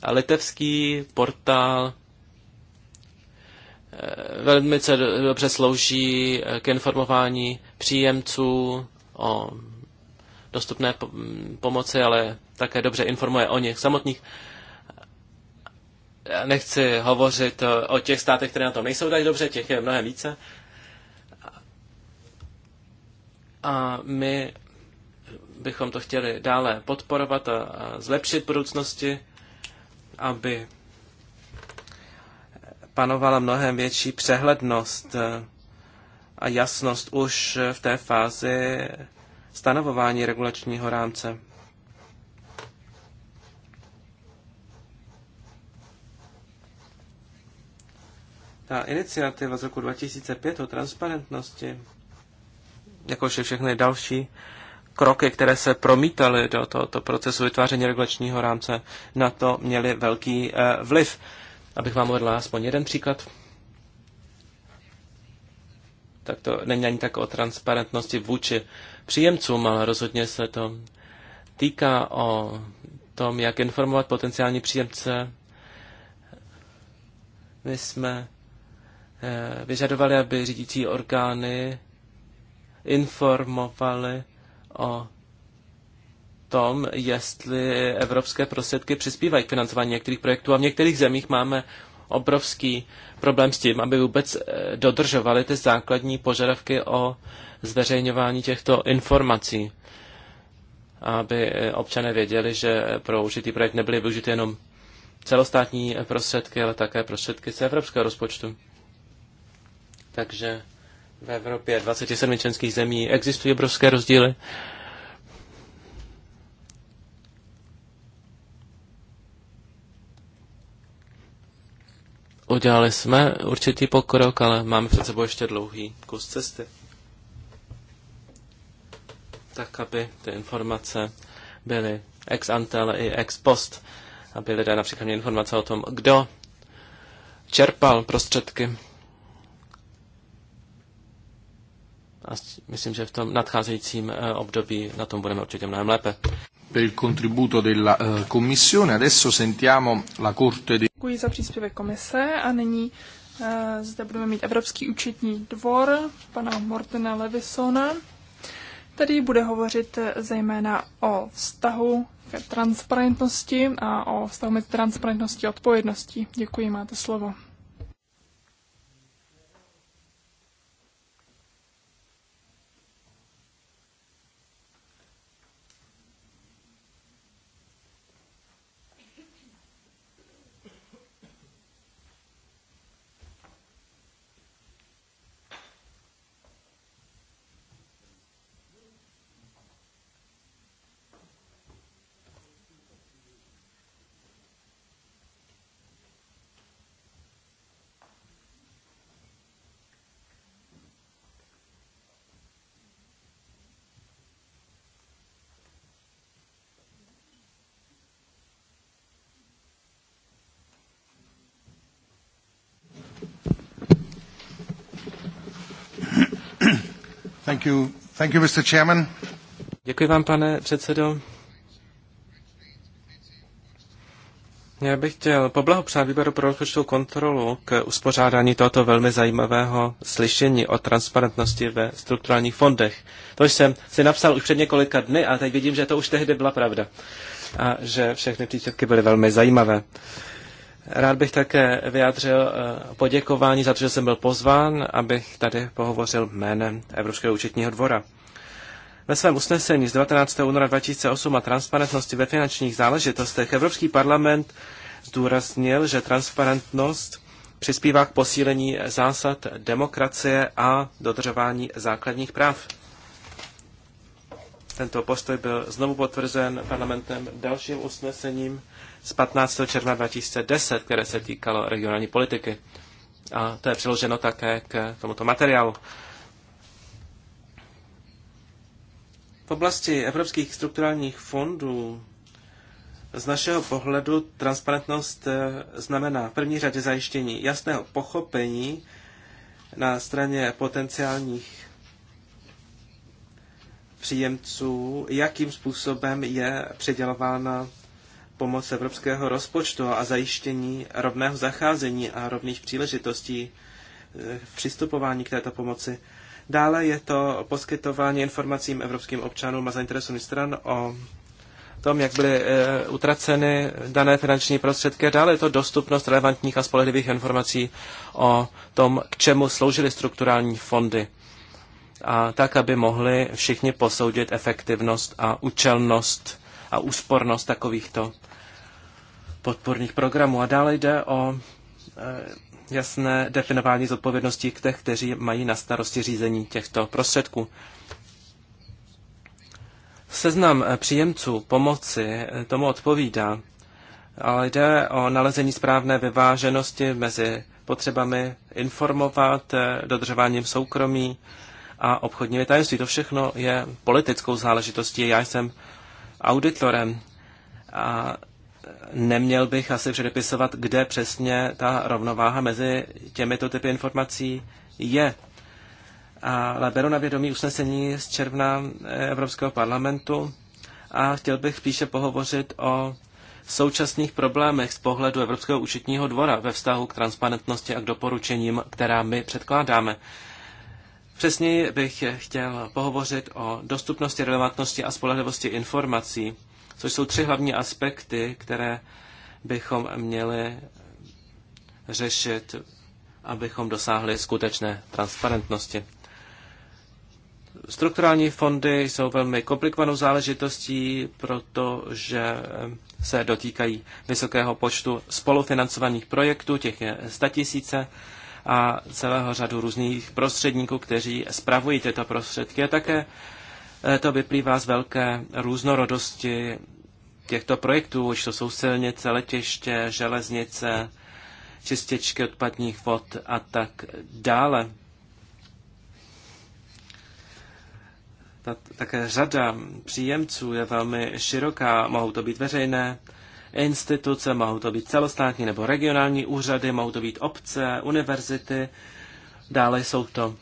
A litevský portál eh, velmi se dobře slouží eh, k informování příjemců o dostupné mm, pomoci, ale také dobře informuje o nich samotných nechci hovořit o těch státech, které na tom nejsou tak dobře, těch je mnohem více. A my bychom to chtěli dále podporovat a, a zlepšit budoucnosti, aby panovala mnohem větší přehlednost a jasnost už v té fázi stanovování regulačního rámce. ta iniciativa z roku 2005 o transparentnosti, jakož i všechny další kroky, které se promítaly do tohoto procesu vytváření regulačního rámce, na to měly velký eh, vliv. Abych vám uvedla aspoň jeden příklad. Tak to není ani tak o transparentnosti vůči příjemcům, ale rozhodně se to týká o tom, jak informovat potenciální příjemce. My jsme Eh, vyžadovali, aby řídící orgány informovaly o tom, jestli evropské prostředky přispívají k financování některých projektů. A v některých zemích máme obrovský problém s tím, aby vůbec eh, dodržovali ty základní požadavky o zveřejňování těchto informací. Aby eh, občané věděli, že pro určitý projekt nebyly využity jenom celostátní prostředky, ale také prostředky z evropského rozpočtu. Takže v Evropě 27 členských zemí existují obrovské rozdíly. Udělali jsme určitý pokrok, ale máme před sebou ještě dlouhý kus cesty. Tak, aby ty informace byly ex ante, ale i ex post, aby lidé například měli informace o tom, kdo čerpal prostředky a myslím, že v tom nadcházejícím eh, období na tom budeme určitě mnohem lépe. il della eh, commissione, adesso sentiamo la Corte Děkuji za příspěvek komise a nyní eh, zde budeme mít Evropský účetní dvor pana Mortena Levisona, který bude hovořit zejména o vztahu k transparentnosti a o vztahu mezi transparentností a odpovědností. Děkuji, máte slovo. Thank you. Thank you, Mr. Chairman. Děkuji vám, pane předsedo. Já bych chtěl poblahopřát výboru pro rozpočtovou kontrolu k uspořádání tohoto velmi zajímavého slyšení o transparentnosti ve strukturálních fondech. To jsem si napsal už před několika dny a teď vidím, že to už tehdy byla pravda a že všechny příspěvky byly velmi zajímavé. Uh, Rád bych také vyjádřil eh, poděkování za to, že jsem byl pozván, abych tady pohovořil jménem Evropského účetního dvora. Ve svém usnesení z 19. února 2008 a transparentnosti ve finančních záležitostech Evropský parlament zdůraznil, že transparentnost přispívá k posílení zásad demokracie a dodržování základních práv. Tento postoj byl znovu potvrzen parlamentem dalším usnesením z 15. června 2010, které se týkalo regionální politiky. A to je přiloženo také k tomuto materiálu. V oblasti evropských strukturálních fondů z našeho pohledu transparentnost eh, znamená v první řadě zajištění jasného pochopení na straně potenciálních příjemců, jakým způsobem je předělována pomoc evropského rozpočtu a zajištění rovného zacházení a rovných příležitostí eh, v přistupování k této pomoci. Dále je to poskytování informacím evropským občanům a zainteresovaným stran o tom, jak byly eh, utraceny dané finanční prostředky. Dále je to dostupnost relevantních a spolehlivých informací o tom, k čemu sloužily strukturální fondy a tak, aby mohli všichni posoudit efektivnost a účelnost a úspornost takovýchto podporných programů. A dále jde o eh, jasné definování zodpovědností k těch, kteří mají na starosti řízení těchto prostředků. Seznam eh, příjemců pomoci eh, tomu odpovídá, ale jde o nalezení správné vyváženosti mezi potřebami informovat, dodržováním soukromí, a obchodními tajemství. To všechno je politickou záležitostí. Já jsem auditorem a neměl bych asi předepisovat, kde přesně ta rovnováha mezi těmito typy informací je. Ale beru na vědomí usnesení z června Evropského parlamentu a chtěl bych spíše pohovořit o současných problémech z pohledu Evropského účetního dvora ve vztahu k transparentnosti a k doporučením, která my předkládáme. Přesněji bych chtěl pohovořit o dostupnosti, relevantnosti a spolehlivosti informací, což jsou tři hlavní aspekty, které bychom měli řešit, abychom dosáhli skutečné transparentnosti. Strukturální fondy jsou velmi komplikovanou záležitostí, protože se dotýkají vysokého počtu spolufinancovaných projektů, těch je statisíce a celého řadu různých prostředníků, kteří spravují tyto prostředky. A také eh, to vyplývá z velké různorodosti těchto projektů, už to jsou silnice, letiště, železnice, čističky odpadních vod a tak dále. také řada příjemců je velmi široká, mohou to být veřejné instituce, mohou to být celostátní nebo regionální úřady, mohou to být obce, univerzity, dále jsou to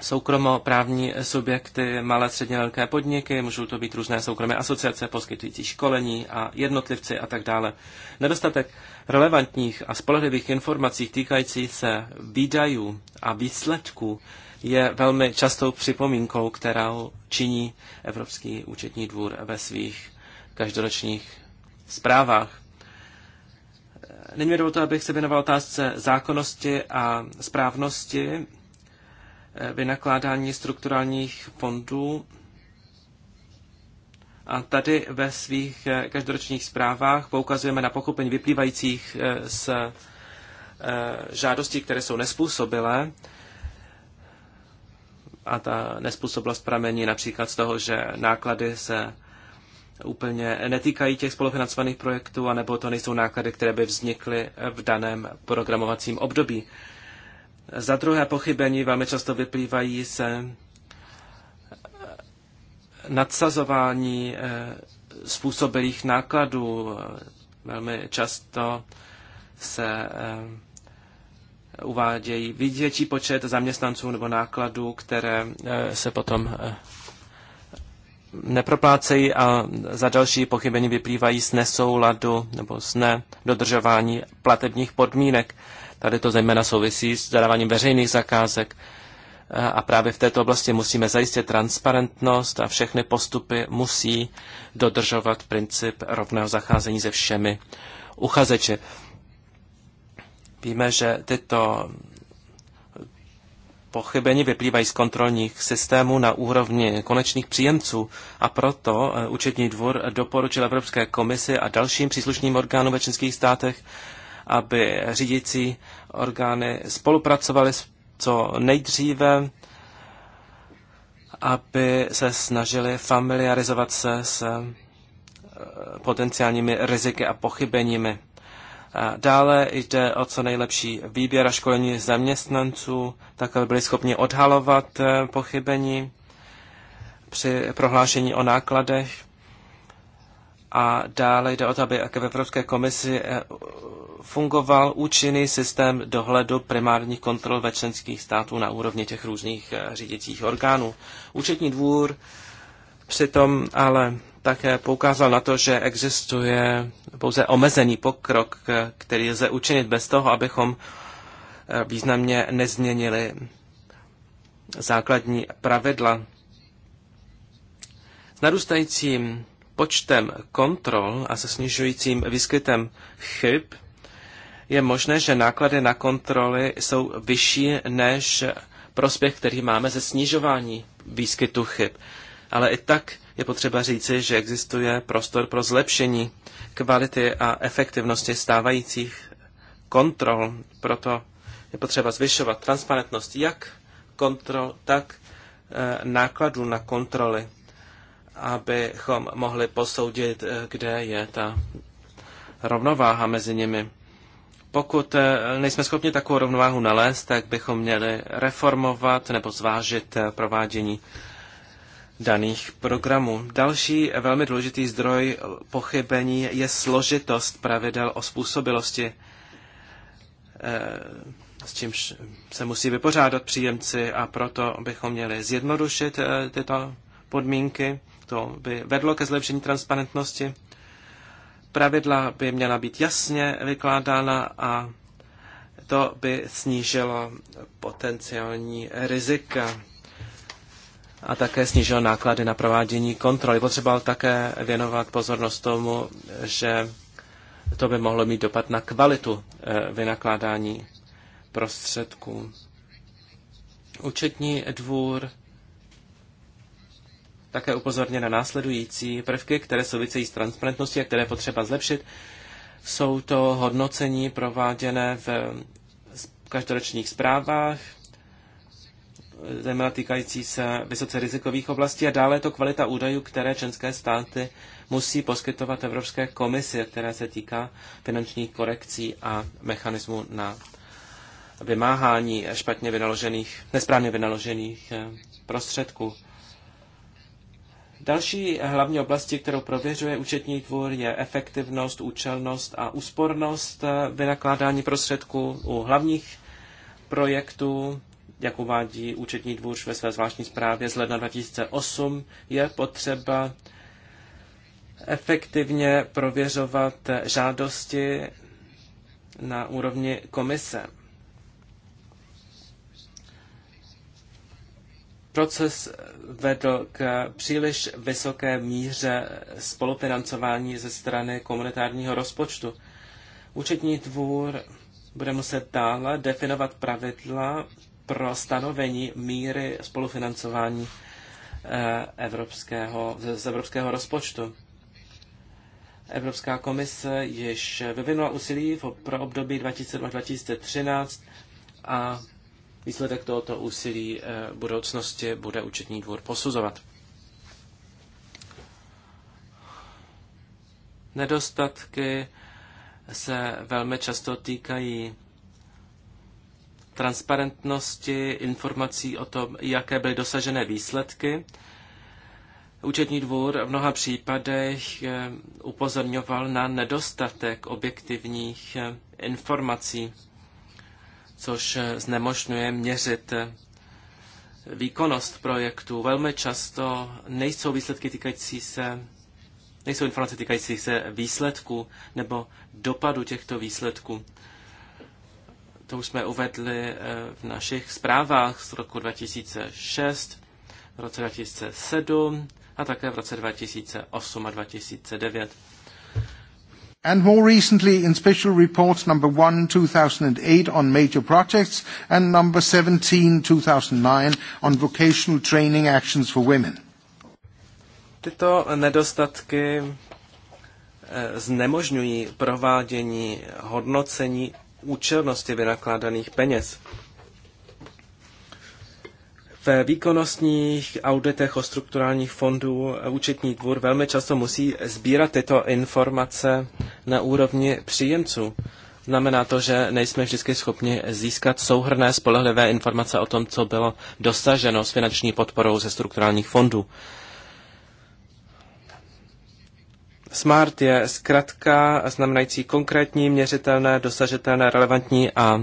soukromoprávní subjekty, malé středně velké podniky, můžou to být různé soukromé asociace poskytující školení a jednotlivci a tak dále. Nedostatek relevantních a spolehlivých informací týkající se výdajů a výsledků je velmi častou připomínkou, kterou činí Evropský účetní dvůr ve svých každoročních zprávách. Nyní mi dovolte, abych se věnoval otázce zákonnosti a správnosti eh, vynakládání strukturálních fondů. A tady ve svých eh, každoročních zprávách poukazujeme na pochopení vyplývajících eh, z žádostí, které jsou nespůsobilé. A ta nespůsobilost pramení například z toho, že náklady se úplně netýkají těch spolufinancovaných projektů, anebo to nejsou náklady, které by vznikly v daném programovacím období. Za druhé pochybení velmi často vyplývají se eh, nadsazování eh, způsobilých nákladů. Velmi často se eh, uvádějí větší počet zaměstnanců nebo nákladů, které se potom neproplácejí a za další pochybení vyplývají z nesouladu nebo z nedodržování platebních podmínek. Tady to zejména souvisí s zadáváním veřejných zakázek. A právě v této oblasti musíme zajistit transparentnost a všechny postupy musí dodržovat princip rovného zacházení se všemi uchazeči. Víme, že tyto pochybení vyplývají z kontrolních systémů na úrovni konečných příjemců a proto eh, účetní dvůr doporučil Evropské komisi a dalším příslušným orgánům ve členských státech, aby řídící orgány spolupracovaly co nejdříve, aby se snažili familiarizovat se s eh, potenciálními riziky a pochybeními a dále jde o co nejlepší výběr a školení zaměstnanců, tak aby byli schopni odhalovat eh, pochybení při prohlášení o nákladech. A dále jde o to, aby v Evropské komisi eh, fungoval účinný systém dohledu primárních kontrol ve členských států na úrovni těch různých eh, řídicích orgánů. Účetní dvůr přitom ale také poukázal na to, že existuje pouze omezený pokrok, který lze učinit bez toho, abychom eh, významně nezměnili základní pravidla. S narůstajícím počtem kontrol a se snižujícím výskytem chyb je možné, že náklady na kontroly jsou vyšší než prospěch, který máme ze snižování výskytu chyb. Ale i tak je potřeba říci, že existuje prostor pro zlepšení kvality a efektivnosti stávajících kontrol. Proto je potřeba zvyšovat transparentnost jak kontrol, tak eh, nákladů na kontroly, abychom mohli posoudit, eh, kde je ta rovnováha mezi nimi. Pokud eh, nejsme schopni takovou rovnováhu nalézt, tak bychom měli reformovat nebo zvážit provádění daných programů. Další velmi důležitý zdroj pochybení je složitost pravidel o způsobilosti, eh, s čímž se musí vypořádat příjemci a proto bychom měli zjednodušit eh, tyto podmínky. To by vedlo ke zlepšení transparentnosti. Pravidla by měla být jasně vykládána a to by snížilo potenciální rizika a také snížil náklady na provádění kontroly. Potřeboval také věnovat pozornost tomu, že to by mohlo mít dopad na kvalitu eh, vynakládání prostředků. Účetní dvůr také upozorně na následující prvky, které souvisejí s transparentností a které potřeba zlepšit. Jsou to hodnocení prováděné v každoročních zprávách, zejména týkající se vysoce rizikových oblastí a dále je to kvalita údajů, které členské státy musí poskytovat Evropské komisi, které se týká finančních korekcí a mechanismu na vymáhání špatně vynaložených, nesprávně vynaložených eh, prostředků. Další hlavní oblasti, kterou prověřuje účetní dvůr, je efektivnost, účelnost a úspornost eh, vynakládání prostředků u hlavních projektů jak uvádí účetní dvůr ve své zvláštní zprávě z ledna 2008, je potřeba efektivně prověřovat žádosti na úrovni komise. Proces vedl k příliš vysoké míře spolufinancování ze strany komunitárního rozpočtu. Účetní dvůr bude muset dále definovat pravidla pro stanovení míry spolufinancování eh, evropského, z evropského rozpočtu. Evropská komise již vyvinula úsilí pro období 2002-2013 a výsledek tohoto úsilí eh, v budoucnosti bude účetní dvůr posuzovat. Nedostatky se velmi často týkají transparentnosti informací o tom, jaké byly dosažené výsledky. Účetní dvůr v mnoha případech eh, upozorňoval na nedostatek objektivních eh, informací, což eh, znemožňuje měřit výkonnost projektu. Velmi často nejsou výsledky týkající se nejsou informace týkající se výsledků nebo dopadu těchto výsledků. To už jsme uvedli eh, v našich zprávách z roku 2006, v roce 2007 a také v roce 2008 a 2009. And more recently in special reports number 1 2008 on major projects and number 17 2009 on vocational training actions for women. Tyto nedostatky eh, znemožňují provádění hodnocení účelnosti vynakládaných peněz. Ve výkonnostních auditech o strukturálních fondů účetní dvůr velmi často musí sbírat tyto informace na úrovni příjemců. Znamená to, že nejsme vždycky schopni získat souhrné spolehlivé informace o tom, co bylo dosaženo s finanční podporou ze strukturálních fondů. SMART je zkratka znamenající konkrétní, měřitelné, dosažitelné, relevantní a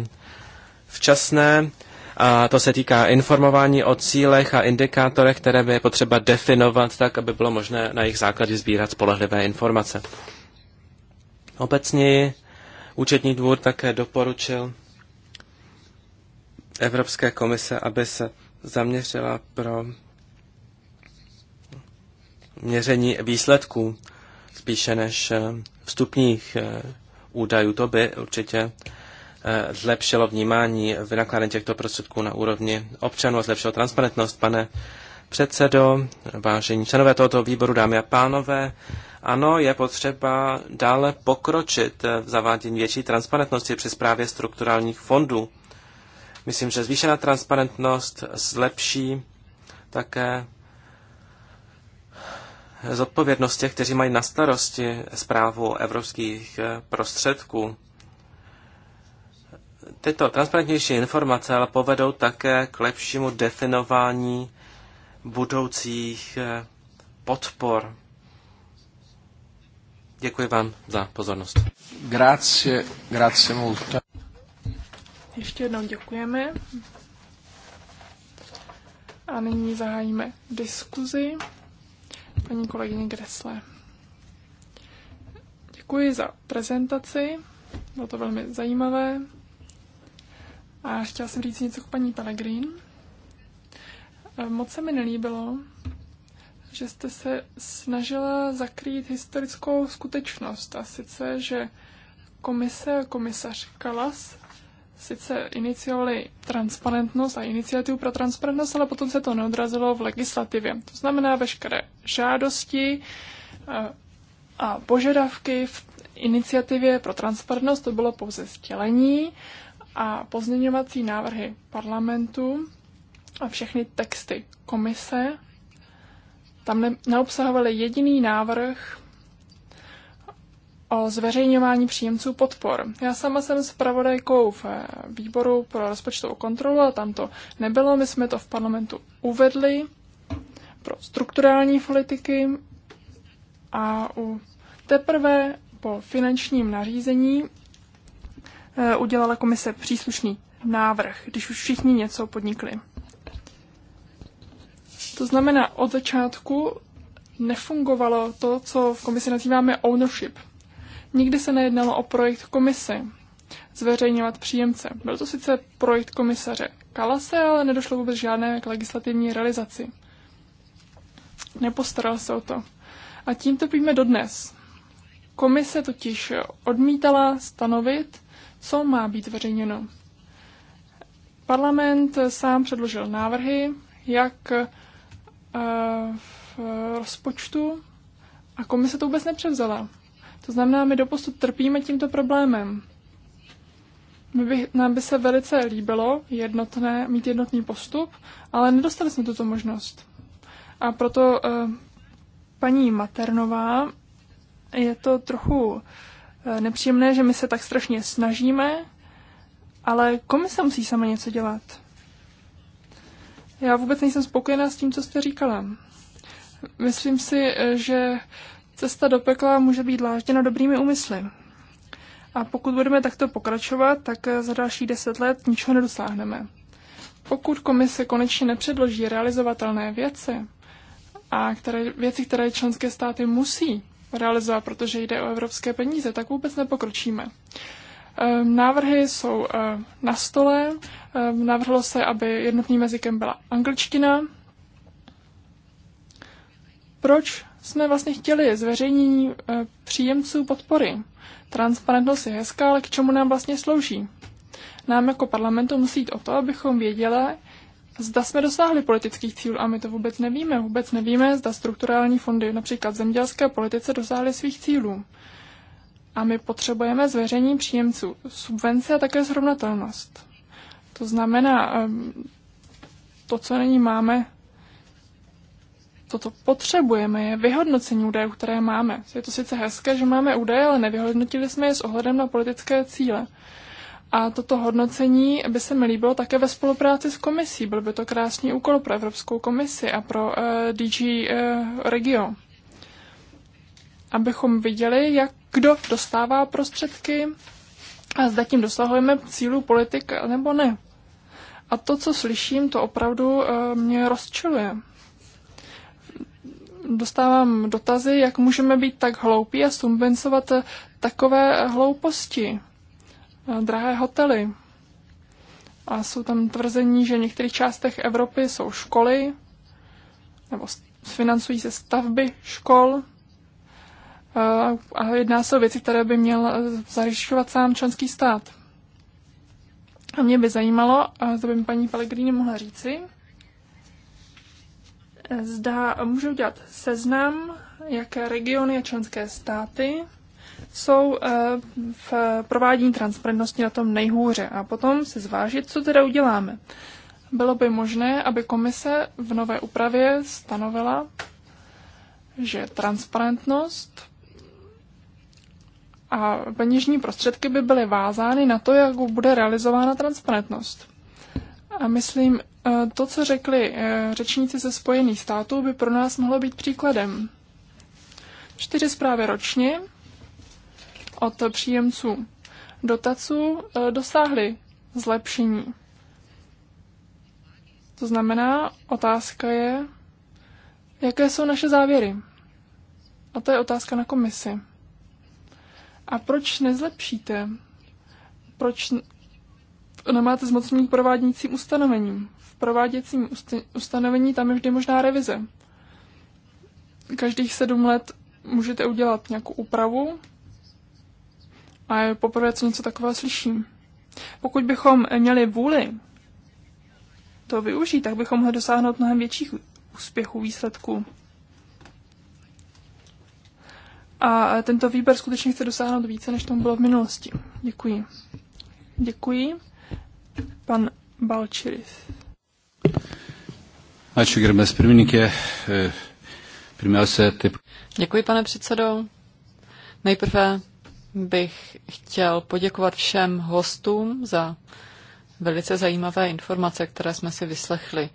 včasné. A to se týká informování o cílech a indikátorech, které by je potřeba definovat tak, aby bylo možné na jejich základě sbírat spolehlivé informace. Obecně účetní dvůr také doporučil Evropské komise, aby se zaměřila pro měření výsledků spíše než eh, vstupních eh, údajů. To by určitě eh, zlepšilo vnímání vynakládání těchto prostředků na úrovni občanů a zlepšilo transparentnost. Pane předsedo, vážení členové tohoto výboru, dámy a pánové, ano, je potřeba dále pokročit v zavádění větší transparentnosti při zprávě strukturálních fondů. Myslím, že zvýšená transparentnost zlepší také zodpovědnost těch, kteří mají na starosti zprávu evropských eh, prostředků. Tyto transparentnější informace ale povedou také k lepšímu definování budoucích eh, podpor. Děkuji vám za pozornost. Grazie, grazie molto. Ještě jednou děkujeme. A nyní zahájíme diskuzi paní kolegyně Gresle. Děkuji za prezentaci, bylo to velmi zajímavé. A chtěla jsem říct něco k paní Pellegrin. Moc se mi nelíbilo, že jste se snažila zakrýt historickou skutečnost, a sice, že komise a komisař Kalas sice iniciovali transparentnost a iniciativu pro transparentnost, ale potom se to neodrazilo v legislativě. To znamená, veškeré žádosti eh, a požadavky v iniciativě pro transparentnost to bylo pouze sdělení a pozměňovací návrhy parlamentu a všechny texty komise tam neobsahovaly jediný návrh o zveřejňování příjemců podpor. Já sama jsem pravodajkou v eh, výboru pro rozpočtovou kontrolu a tam to nebylo. My jsme to v parlamentu uvedli pro strukturální politiky a u teprve po finančním nařízení eh, udělala komise příslušný návrh, když už všichni něco podnikli. To znamená, od začátku nefungovalo to, co v komisi nazýváme ownership – Nikdy se nejednalo o projekt komise zveřejňovat příjemce. Byl to sice projekt komisaře Kalase, ale nedošlo vůbec žádné k legislativní realizaci. Nepostaral se o to. A tím to píme dodnes. Komise totiž odmítala stanovit, co má být veřejněno. Parlament sám předložil návrhy, jak eh, v rozpočtu a komise to vůbec nepřevzala. To znamená, my doposud trpíme tímto problémem. My by, nám by se velice líbilo jednotné, mít jednotný postup, ale nedostali jsme tuto možnost. A proto eh, paní Maternová je to trochu eh, nepříjemné, že my se tak strašně snažíme, ale komise musí sama něco dělat. Já vůbec nejsem spokojená s tím, co jste říkala. Myslím si, eh, že Cesta do pekla může být dlážděna dobrými úmysly. A pokud budeme takto pokračovat, tak za další deset let ničeho nedosáhneme. Pokud komise konečně nepředloží realizovatelné věci, a které, věci, které členské státy musí realizovat, protože jde o evropské peníze, tak vůbec nepokročíme. Ehm, návrhy jsou eh, na stole. Ehm, navrhlo se, aby jednotným jazykem byla angličtina. Proč jsme vlastně chtěli zveřejnění eh, příjemců podpory. Transparentnost je hezká, ale k čemu nám vlastně slouží? Nám jako parlamentu musí jít o to, abychom věděli, zda jsme dosáhli politických cílů a my to vůbec nevíme. Vůbec nevíme, zda strukturální fondy, například zemědělské politice, dosáhly svých cílů. A my potřebujeme zveřejnění příjemců, subvence a také srovnatelnost. To znamená, ehm, to, co není máme, to, co potřebujeme, je vyhodnocení údajů, které máme. Je to sice hezké, že máme údaje, ale nevyhodnotili jsme je s ohledem na politické cíle. A toto hodnocení by se mi líbilo také ve spolupráci s komisí. Byl by to krásný úkol pro Evropskou komisi a pro uh, eh, DG uh, eh, Regio. Abychom viděli, jak kdo dostává prostředky a zda tím dosahujeme cílů politik nebo ne. A to, co slyším, to opravdu uh, mě rozčiluje dostávám dotazy, jak můžeme být tak hloupí a subvencovat takové hlouposti, eh, drahé hotely. A jsou tam tvrzení, že v některých částech Evropy jsou školy, nebo financují se stavby škol, eh, a jedná se o věci, které by měl eh, zajišťovat sám členský stát. A mě by zajímalo, a to by mi paní Pellegrini mohla říci, zda můžu udělat seznam, jaké regiony a členské státy jsou eh, v provádění transparentnosti na tom nejhůře a potom si zvážit, co teda uděláme. Bylo by možné, aby komise v nové úpravě stanovila, že transparentnost a peněžní prostředky by byly vázány na to, jak bude realizována transparentnost. A myslím, Eh, to, co řekli eh, řečníci ze Spojených států, by pro nás mohlo být příkladem. Čtyři zprávy ročně od příjemců dotaců eh, dosáhly zlepšení. To znamená, otázka je, jaké jsou naše závěry. A to je otázka na komisi. A proč nezlepšíte? Proč nemáte zmocnění k prováděnícím ustanovením? prováděcím ustanovení tam je vždy možná revize. Každých sedm let můžete udělat nějakou úpravu a je poprvé, co něco takového slyším. Pokud bychom měli vůli to využít, tak bychom mohli dosáhnout mnohem větších úspěchů, výsledků. A tento výběr skutečně chce dosáhnout více, než tomu bylo v minulosti. Děkuji. Děkuji. Pan Balčiris. Ačiū, gerbiamas pirmininkė. E, pirmiausia, taip. Děkuji, pane předsedo. Nejprve bych chtěl poděkovat všem hostům za velice zajímavé informace, které jsme si vyslechli.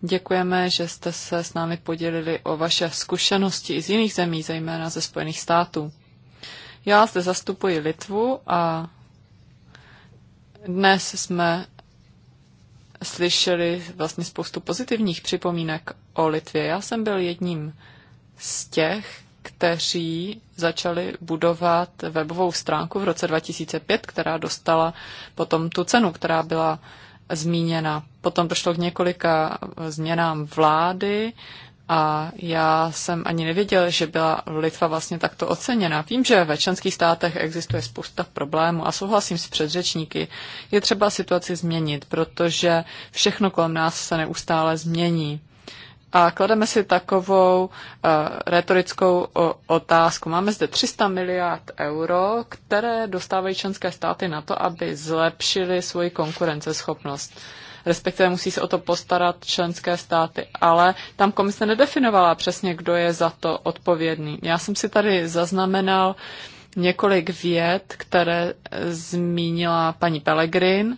Děkujeme, že jste se s námi podělili o vaše zkušenosti i z jiných zemí, zejména ze Spojených států. Já zde zastupuji Litvu a dnes jsme slyšeli vlastně spoustu pozitivních připomínek o Litvě. Já jsem byl jedním z těch, kteří začali budovat webovou stránku v roce 2005, která dostala potom tu cenu, která byla zmíněna. Potom došlo k několika změnám vlády a já jsem ani nevěděl, že byla Litva vlastně takto oceněna. Vím, že ve členských státech existuje spousta problémů a souhlasím s předřečníky. Je třeba situaci změnit, protože všechno kolem nás se neustále změní. A klademe si takovou uh, retorickou o, otázku. Máme zde 300 miliard euro, které dostávají členské státy na to, aby zlepšili svoji konkurenceschopnost. Uh, respektive musí se o to postarat členské státy. Ale tam komise nedefinovala přesně, kdo je za to odpovědný. Já jsem si tady zaznamenal několik vět, které eh, zmínila paní Pellegrin.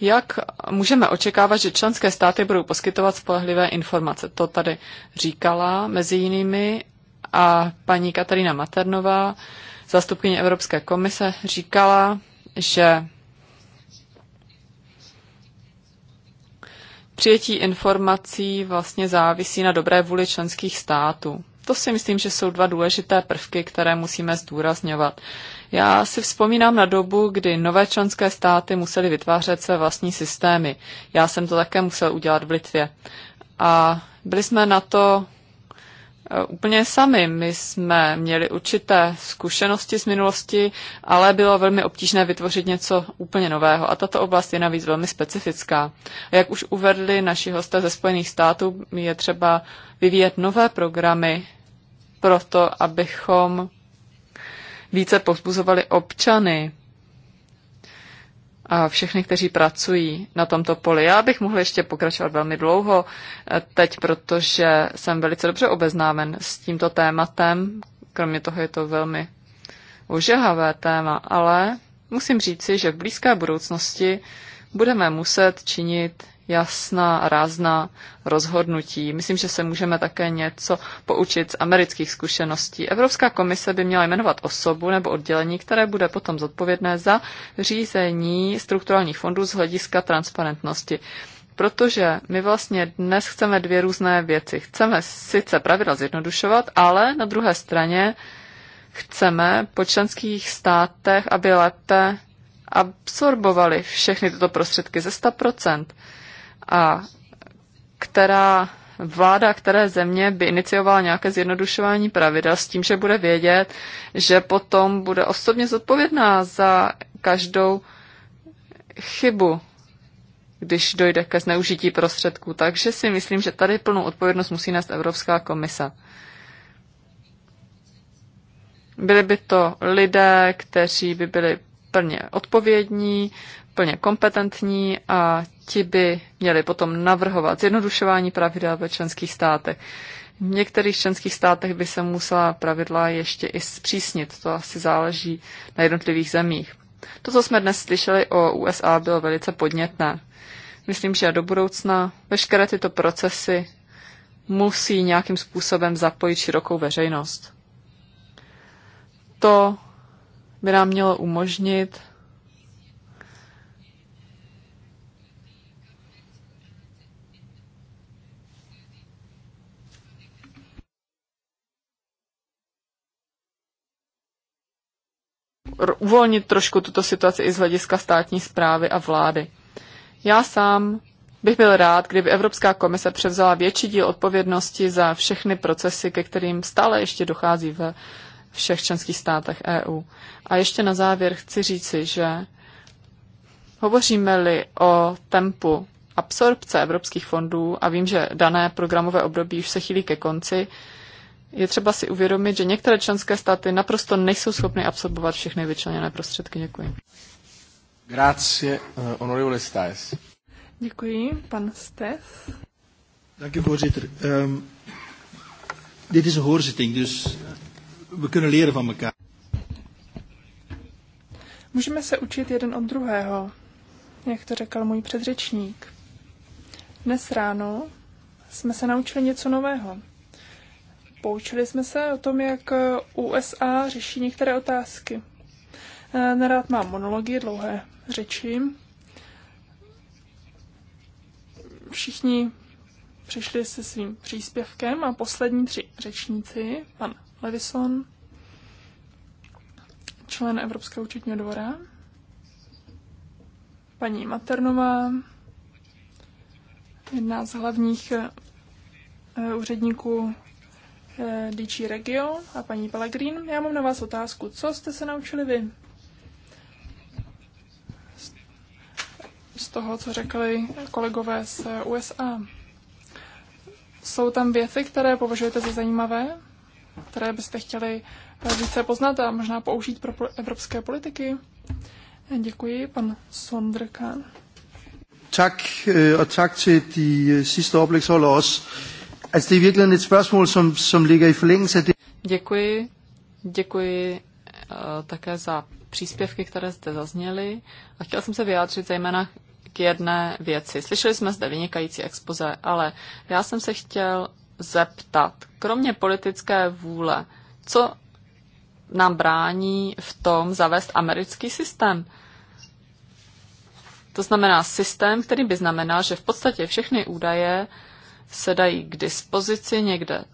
Jak můžeme očekávat, že členské státy budou poskytovat spolehlivé informace? To tady říkala mezi jinými a paní Katarína Maternová, zástupkyně Evropské komise, říkala, že přijetí informací vlastně závisí na dobré vůli členských států. To si myslím, že jsou dva důležité prvky, které musíme zdůrazňovat. Já si vzpomínám na dobu, kdy nové členské státy musely vytvářet své vlastní systémy. Já jsem to také musel udělat v Litvě. A byli jsme na to Eh, úplně sami. My jsme měli určité zkušenosti z minulosti, ale bylo velmi obtížné vytvořit něco úplně nového. A tato oblast je navíc velmi specifická. A jak už uvedli naši hosté ze Spojených států, je třeba vyvíjet nové programy proto, abychom více povzbuzovali občany a všechny, kteří pracují na tomto poli. Já bych mohl ještě pokračovat velmi dlouho eh, teď, protože jsem velice dobře obeznámen s tímto tématem. Kromě toho je to velmi ožehavé téma, ale musím říci, že v blízké budoucnosti budeme muset činit jasná a rázná rozhodnutí. Myslím, že se můžeme také něco poučit z amerických zkušeností. Evropská komise by měla jmenovat osobu nebo oddělení, které bude potom zodpovědné za řízení strukturálních fondů z hlediska transparentnosti. Protože my vlastně dnes chceme dvě různé věci. Chceme sice pravidla zjednodušovat, ale na druhé straně chceme po členských státech, aby lépe absorbovali všechny tyto prostředky ze 100% a která vláda které země by iniciovala nějaké zjednodušování pravidel s tím, že bude vědět, že potom bude osobně zodpovědná za každou chybu, když dojde ke zneužití prostředků. Takže si myslím, že tady plnou odpovědnost musí nést Evropská komisa. Byli by to lidé, kteří by byli plně odpovědní, plně kompetentní a ti by měli potom navrhovat zjednodušování pravidel ve členských státech. V některých členských státech by se musela pravidla ještě i zpřísnit, to asi záleží na jednotlivých zemích. To, co jsme dnes slyšeli o USA, bylo velice podnětné. Myslím, že do budoucna veškeré tyto procesy musí nějakým způsobem zapojit širokou veřejnost. To by nám mělo umožnit uvolnit trošku tuto situaci i z hlediska státní zprávy a vlády. Já sám bych byl rád, kdyby Evropská komise převzala větší díl odpovědnosti za všechny procesy, ke kterým stále ještě dochází ve všech členských státech EU. A ještě na závěr chci říci, že hovoříme-li o tempu absorpce evropských fondů, a vím, že dané programové období už se chýlí ke konci, je třeba si uvědomit, že některé členské státy naprosto nejsou schopny absorbovat všechny vyčleněné prostředky. Děkuji. Grazie, eh, onorevole Stes. Děkuji, pan Stes. Děkuji, voorzitter. Um, dit is een hoorzitting, dus eh, we kunnen leren van elkaar. Můžeme se učit jeden od druhého, jak to řekl můj předřečník. Dnes ráno jsme se naučili něco nového poučili jsme se o tom, jak USA řeší některé otázky. Eh, Nerád mám monology, dlouhé řeči. Všichni přišli se svým příspěvkem a poslední tři řečníci, pan Levison, člen Evropského účetního dvora, paní Maternová, jedna z hlavních eh, úředníků Eh, DG Regio a paní Pellegrin. Já mám na vás otázku. Co jste se naučili vy? Z toho, co řekli kolegové z USA. Jsou tam věci, které považujete za zajímavé, které byste chtěli eh, více poznat a možná použít pro evropské politiky? Eh, děkuji, pan Sondrka. Tak, a tak til de sidste oplægsholder også. Er Děkuji. Děkuji eh, také za příspěvky, které zde zazněly. A chtěla jsem se vyjádřit zejména k jedné věci. Slyšeli jsme zde vynikající expoze, ale já jsem se chtěl zeptat, kromě politické vůle, co nám brání v tom zavést americký systém? To znamená systém, který by znamenal, že v podstatě všechny údaje se dají k dispozici někde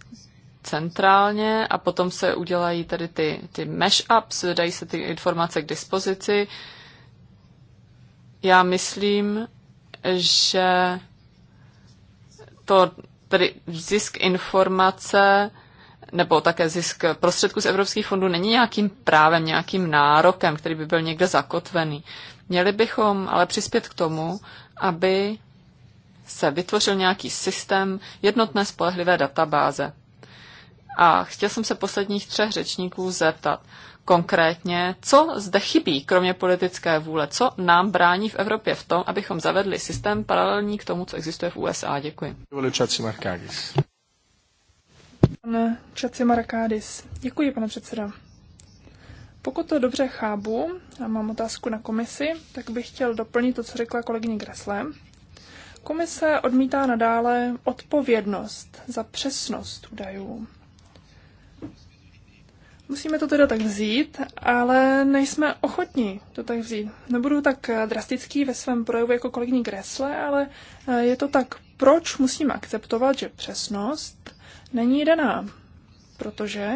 centrálně a potom se udělají tady ty, ty mashups, dají se ty informace k dispozici. Já myslím, že to tedy zisk informace nebo také zisk prostředků z evropských fondů není nějakým právem, nějakým nárokem, který by byl někde zakotvený. Měli bychom ale přispět k tomu, aby se vytvořil nějaký systém jednotné spolehlivé databáze. A chtěl jsem se posledních třech řečníků zeptat konkrétně, co zde chybí, kromě politické vůle, co nám brání v Evropě v tom, abychom zavedli systém paralelní k tomu, co existuje v USA. Děkuji. Pane Markádis, děkuji, pane předseda. Pokud to dobře chápu, a mám otázku na komisi, tak bych chtěl doplnit to, co řekla kolegyně Greslem. Komise odmítá nadále odpovědnost za přesnost údajů. Musíme to teda tak vzít, ale nejsme ochotní to tak vzít. Nebudu tak drastický ve svém projevu jako kolegyní Gressle, ale eh, je to tak, proč musíme akceptovat, že přesnost není daná. Protože,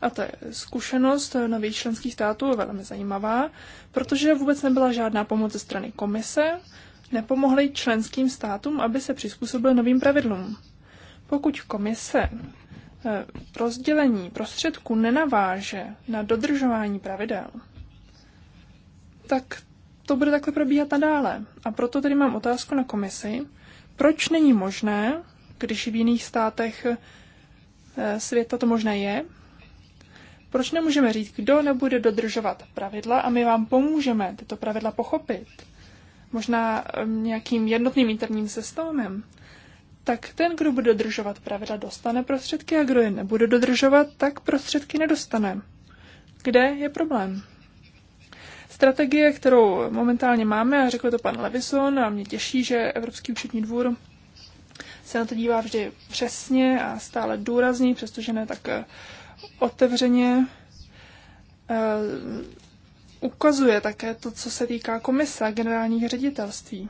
a to je zkušenost nových členských států velmi zajímavá, protože vůbec nebyla žádná pomoc ze strany komise, nepomohly členským státům, aby se přizpůsobily novým pravidlům. Pokud komise eh, rozdělení prostředků nenaváže na dodržování pravidel, tak to bude takhle probíhat nadále. A proto tedy mám otázku na komisi, proč není možné, když v jiných státech eh, světa to možné je, proč nemůžeme říct, kdo nebude dodržovat pravidla a my vám pomůžeme tyto pravidla pochopit? možná nějakým jednotným interním systémem, tak ten, kdo bude dodržovat pravidla, dostane prostředky a kdo je nebude dodržovat, tak prostředky nedostane. Kde je problém? Strategie, kterou momentálně máme, a řekl to pan Levison, a mě těší, že Evropský účetní dvůr se na to dívá vždy přesně a stále důrazně, přestože ne tak eh, otevřeně. Eh, ukazuje také to, co se týká komise generálních ředitelství.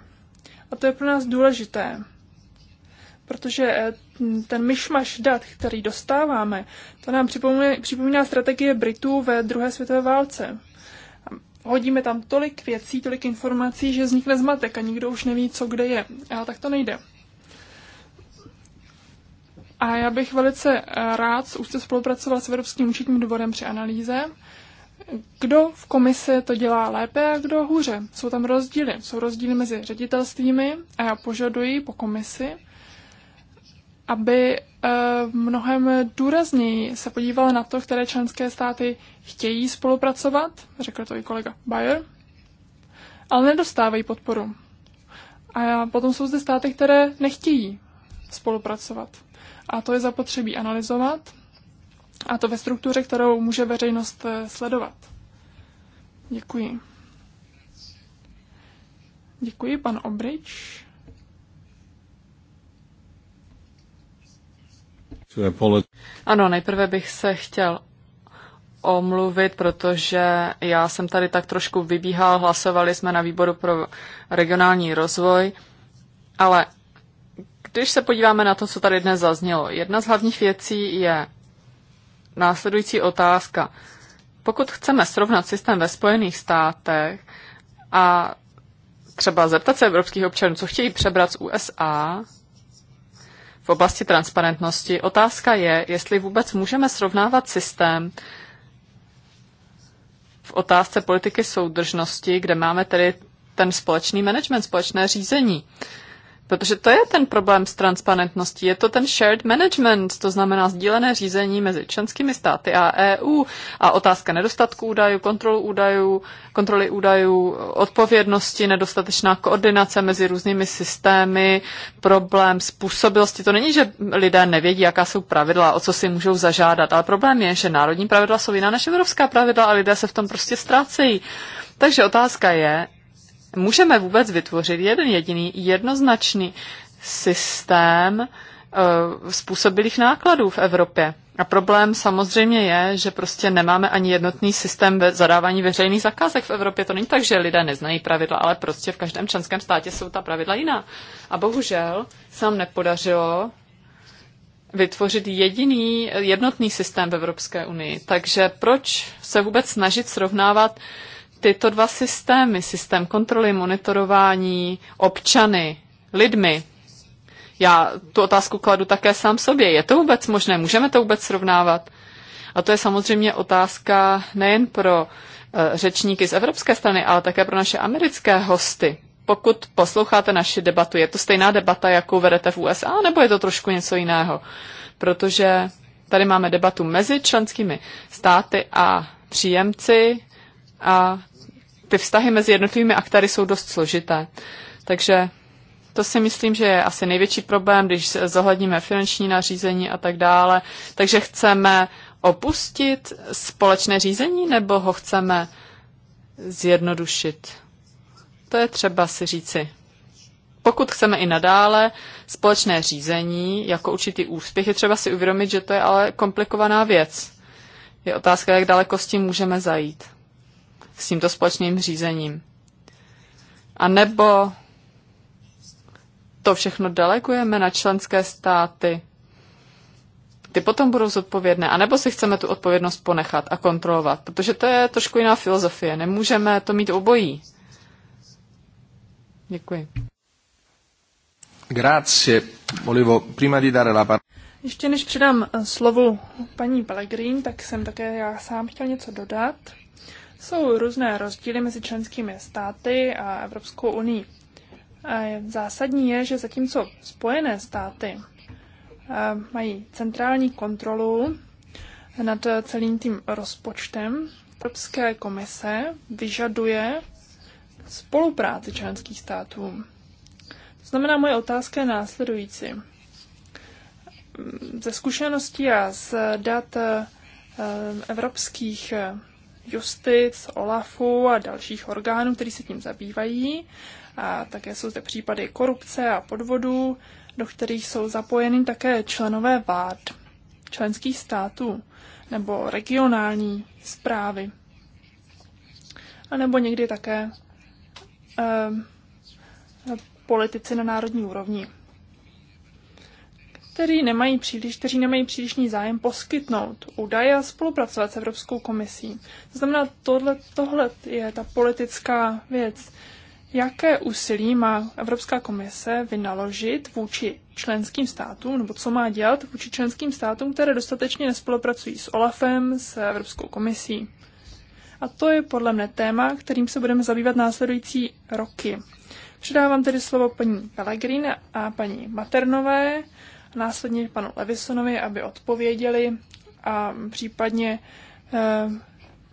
A to je pro nás důležité, protože eh, ten myšmaš dat, který dostáváme, to nám připomíná, připomíná strategie Britů ve druhé světové válce. Hodíme tam tolik věcí, tolik informací, že vznikne zmatek a nikdo už neví, co kde je. Ale tak to nejde. A já bych velice eh, rád úzce spolupracoval s Evropským účetním dvorem při analýze kdo v komisi to dělá lépe a kdo hůře. Jsou tam rozdíly. Jsou rozdíly mezi ředitelstvími a já požaduji po komisi, aby eh, mnohem důrazněji se podívala na to, které členské státy chtějí spolupracovat, řekl to i kolega Bayer, ale nedostávají podporu. A potom jsou zde státy, které nechtějí spolupracovat. A to je zapotřebí analyzovat a to ve struktuře, kterou může veřejnost eh, sledovat. Děkuji. Děkuji, pan Obrič. Ano, nejprve bych se chtěl omluvit, protože já jsem tady tak trošku vybíhal, hlasovali jsme na výboru pro regionální rozvoj, ale když se podíváme na to, co tady dnes zaznělo, jedna z hlavních věcí je následující otázka. Pokud chceme srovnat systém ve Spojených státech a třeba zeptat se evropských občanů, co chtějí přebrat z USA v oblasti transparentnosti, otázka je, jestli vůbec můžeme srovnávat systém v otázce politiky soudržnosti, kde máme tedy ten společný management, společné řízení. Uh, Protože to je ten problém s transparentností. Je to ten shared management, to znamená sdílené řízení mezi členskými státy a EU a otázka nedostatku údajů, kontrolu údajů, kontroly údajů, odpovědnosti, nedostatečná koordinace mezi různými systémy, problém způsobilosti. To není, že lidé nevědí, jaká jsou pravidla, o co si můžou zažádat, ale problém je, že národní pravidla jsou jiná než evropská pravidla a lidé se v tom prostě ztrácejí. Takže otázka je, můžeme vůbec vytvořit jeden jediný jednoznačný systém eh, způsobilých nákladů v Evropě. A problém samozřejmě je, že prostě nemáme ani jednotný systém ve zadávání veřejných zakázek v Evropě. To není tak, že lidé neznají pravidla, ale prostě v každém členském státě jsou ta pravidla jiná. A bohužel se nám nepodařilo vytvořit jediný jednotný systém v Evropské unii. Takže proč se vůbec snažit srovnávat tyto dva systémy, systém kontroly, monitorování občany, lidmi, já tu otázku kladu také sám sobě. Je to vůbec možné? Můžeme to vůbec srovnávat? A to je samozřejmě otázka nejen pro eh, řečníky z evropské strany, ale také pro naše americké hosty. Pokud posloucháte naši debatu, je to stejná debata, jakou vedete v USA, nebo je to trošku něco jiného? Protože tady máme debatu mezi členskými státy a příjemci a ty vztahy mezi jednotlivými aktéry jsou dost složité. Takže to si myslím, že je asi největší problém, když zohledníme finanční nařízení a tak dále. Takže chceme opustit společné řízení nebo ho chceme zjednodušit? To je třeba si říci. Pokud chceme i nadále společné řízení jako určitý úspěch, je třeba si uvědomit, že to je ale komplikovaná věc. Je otázka, jak daleko s tím můžeme zajít s tímto společným řízením. A nebo to všechno delegujeme na členské státy. Ty potom budou zodpovědné, anebo si chceme tu odpovědnost ponechat a kontrolovat, protože to je trošku jiná filozofie. Nemůžeme to mít obojí. Děkuji. Grazie. Volevo prima di dare la parola. Ještě než předám slovo paní Pellegrin, tak jsem také já sám chtěl něco dodat. Jsou různé rozdíly mezi členskými státy a Evropskou unii. A zásadní je, že zatímco Spojené státy eh, mají centrální kontrolu nad celým tím rozpočtem, Evropské komise vyžaduje spolupráci členských států. To znamená, moje otázka je následující. Ze zkušeností a z dat eh, evropských eh, Justic, OLAFu a dalších orgánů, kteří se tím zabývají. A také jsou zde případy korupce a podvodů, do kterých jsou zapojeny také členové vlád členských států nebo regionální zprávy. A nebo někdy také eh, politici na národní úrovni kteří nemají příliš, kteří nemají přílišný zájem poskytnout údaje a spolupracovat s Evropskou komisí. To znamená, tohle, tohle je ta politická věc. Jaké úsilí má Evropská komise vynaložit vůči členským státům, nebo co má dělat vůči členským státům, které dostatečně nespolupracují s OLAFem, s Evropskou komisí? A to je podle mne téma, kterým se budeme zabývat následující roky. Předávám tedy slovo paní Pellegrin a paní Maternové následně panu Levisonovi, aby odpověděli a případně, eh,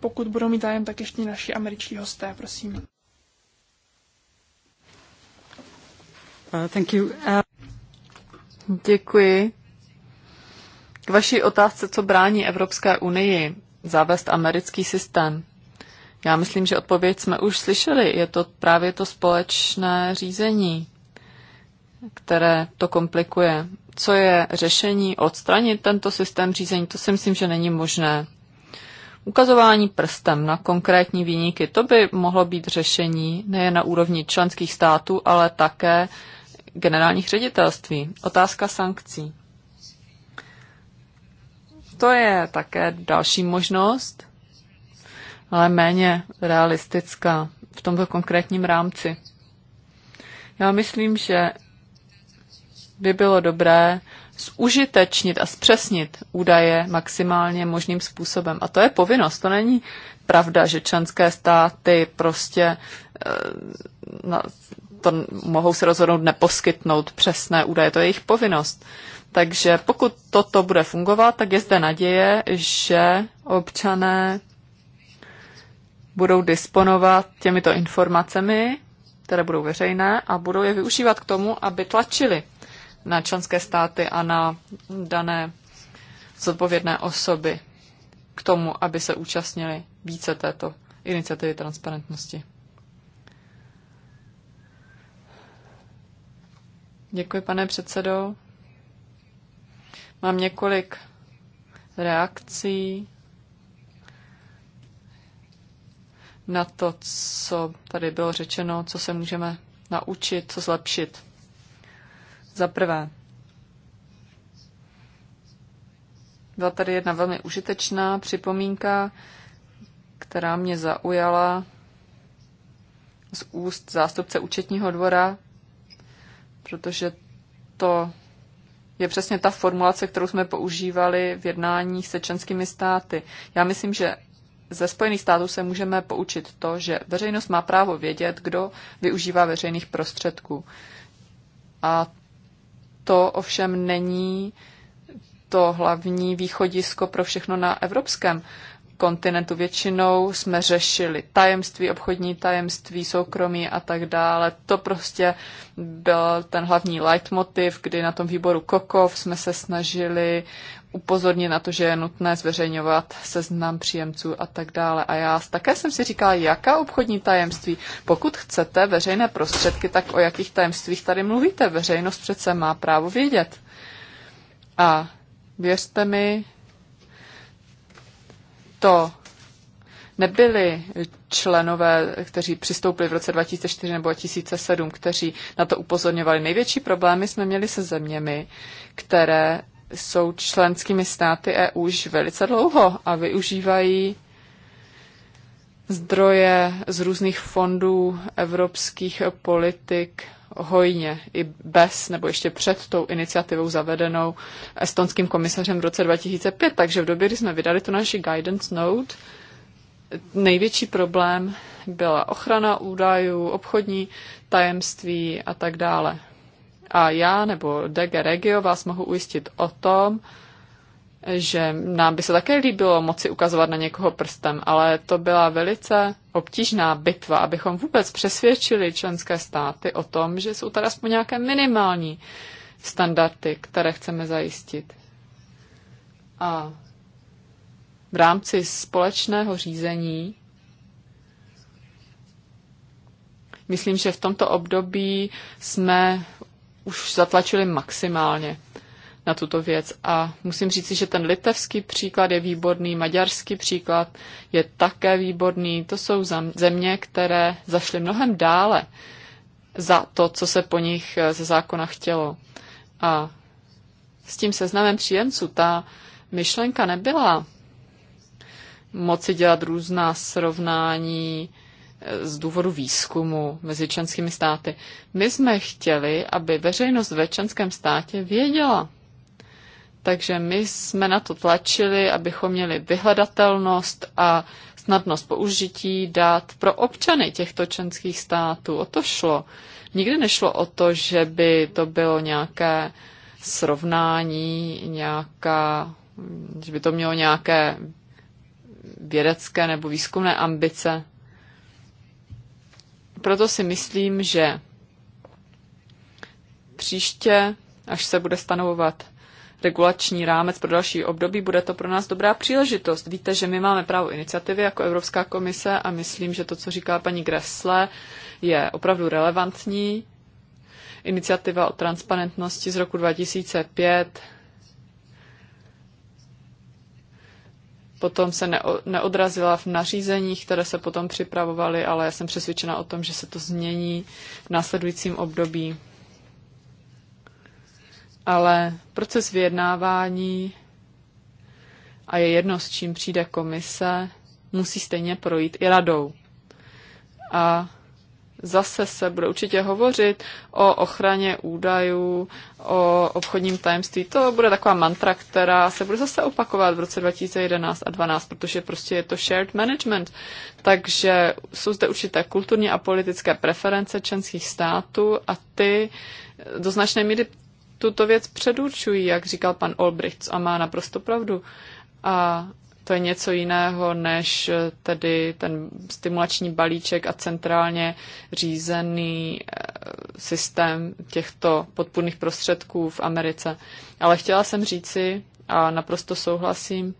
pokud budou mít zájem, tak ještě naši američtí hosté, prosím. Uh, thank you. Uh... Děkuji. K vaší otázce, co brání Evropské unii zavést americký systém. Já myslím, že odpověď jsme už slyšeli. Je to právě to společné řízení, které to komplikuje co je řešení, odstranit tento systém řízení, to si myslím, že není možné. Ukazování prstem na konkrétní výniky, to by mohlo být řešení nejen na úrovni členských států, ale také generálních ředitelství. Otázka sankcí. To je také další možnost, ale méně realistická v tomto konkrétním rámci. Já myslím, že by bylo dobré zužitečnit a zpřesnit údaje maximálně možným způsobem. A to je povinnost, to není pravda, že členské státy prostě eh, na, to mohou se rozhodnout neposkytnout přesné údaje, to je jejich povinnost. Takže pokud toto bude fungovat, tak je zde naděje, že občané budou disponovat těmito informacemi, které budou veřejné a budou je využívat k tomu, aby tlačili na členské státy a na dané zodpovědné osoby k tomu, aby se účastnili více této iniciativy transparentnosti. Děkuji, pane předsedo. Mám několik reakcí na to, co tady bylo řečeno, co se můžeme naučit, co zlepšit. Za prvé, byla tady jedna velmi užitečná připomínka, která mě zaujala z úst zástupce účetního dvora, protože to je přesně ta formulace, kterou jsme používali v jednáních se členskými státy. Já myslím, že ze Spojených států se můžeme poučit to, že veřejnost má právo vědět, kdo využívá veřejných prostředků. A to ovšem není to hlavní východisko pro všechno na evropském kontinentu. Většinou jsme řešili tajemství, obchodní tajemství, soukromí a tak dále. To prostě byl ten hlavní leitmotiv, kdy na tom výboru Kokov jsme se snažili upozornit na to, že je nutné zveřejňovat seznam příjemců a tak dále. A já také jsem si říkala, jaká obchodní tajemství. Pokud chcete veřejné prostředky, tak o jakých tajemstvích tady mluvíte? Veřejnost přece má právo vědět. A věřte mi, to nebyli členové, kteří přistoupili v roce 2004 nebo 2007, kteří na to upozorňovali. Největší problémy jsme měli se zeměmi, které jsou členskými státy EU už velice dlouho a využívají zdroje z různých fondů evropských politik hojně i bez nebo ještě před tou iniciativou zavedenou estonským komisařem v roce 2005. Takže v době, kdy jsme vydali tu naši guidance note, největší problém byla ochrana údajů, obchodní tajemství a tak dále. A já nebo DG Regio vás mohu ujistit o tom, že nám by se také líbilo moci ukazovat na někoho prstem, ale to byla velice obtížná bitva, abychom vůbec přesvědčili členské státy o tom, že jsou tady aspoň nějaké minimální standardy, které chceme zajistit. A v rámci společného řízení myslím, že v tomto období jsme už zatlačili maximálně na tuto věc. A musím říci, že ten litevský příklad je výborný, maďarský příklad je také výborný. To jsou země, které zašly mnohem dále za to, co se po nich eh, ze zákona chtělo. A s tím seznamem příjemců ta myšlenka nebyla moci dělat různá srovnání eh, z důvodu výzkumu mezi členskými státy. My jsme chtěli, aby veřejnost ve členském státě věděla, takže my jsme na to tlačili, abychom měli vyhledatelnost a snadnost použití dát pro občany těchto členských států. O to šlo. Nikdy nešlo o to, že by to bylo nějaké srovnání, nějaká, že by to mělo nějaké vědecké nebo výzkumné ambice. Proto si myslím, že příště, až se bude stanovovat regulační rámec pro další období, bude to pro nás dobrá příležitost. Víte, že my máme právo iniciativy jako Evropská komise a myslím, že to, co říká paní Gressle, je opravdu relevantní. Iniciativa o transparentnosti z roku 2005 potom se neodrazila v nařízeních, které se potom připravovaly, ale já jsem přesvědčena o tom, že se to změní v následujícím období ale proces vyjednávání a je jedno, s čím přijde komise, musí stejně projít i radou. A zase se bude určitě hovořit o ochraně údajů, o obchodním tajemství. To bude taková mantra, která se bude zase opakovat v roce 2011 a 2012, protože prostě je to shared management. Takže jsou zde určité kulturní a politické preference členských států a ty do značné míry tuto věc předurčují, jak říkal pan Olbricht a má naprosto pravdu. A to je něco jiného než eh, tedy ten stimulační balíček a centrálně řízený eh, systém těchto podpůrných prostředků v Americe. Ale chtěla jsem říci, a naprosto souhlasím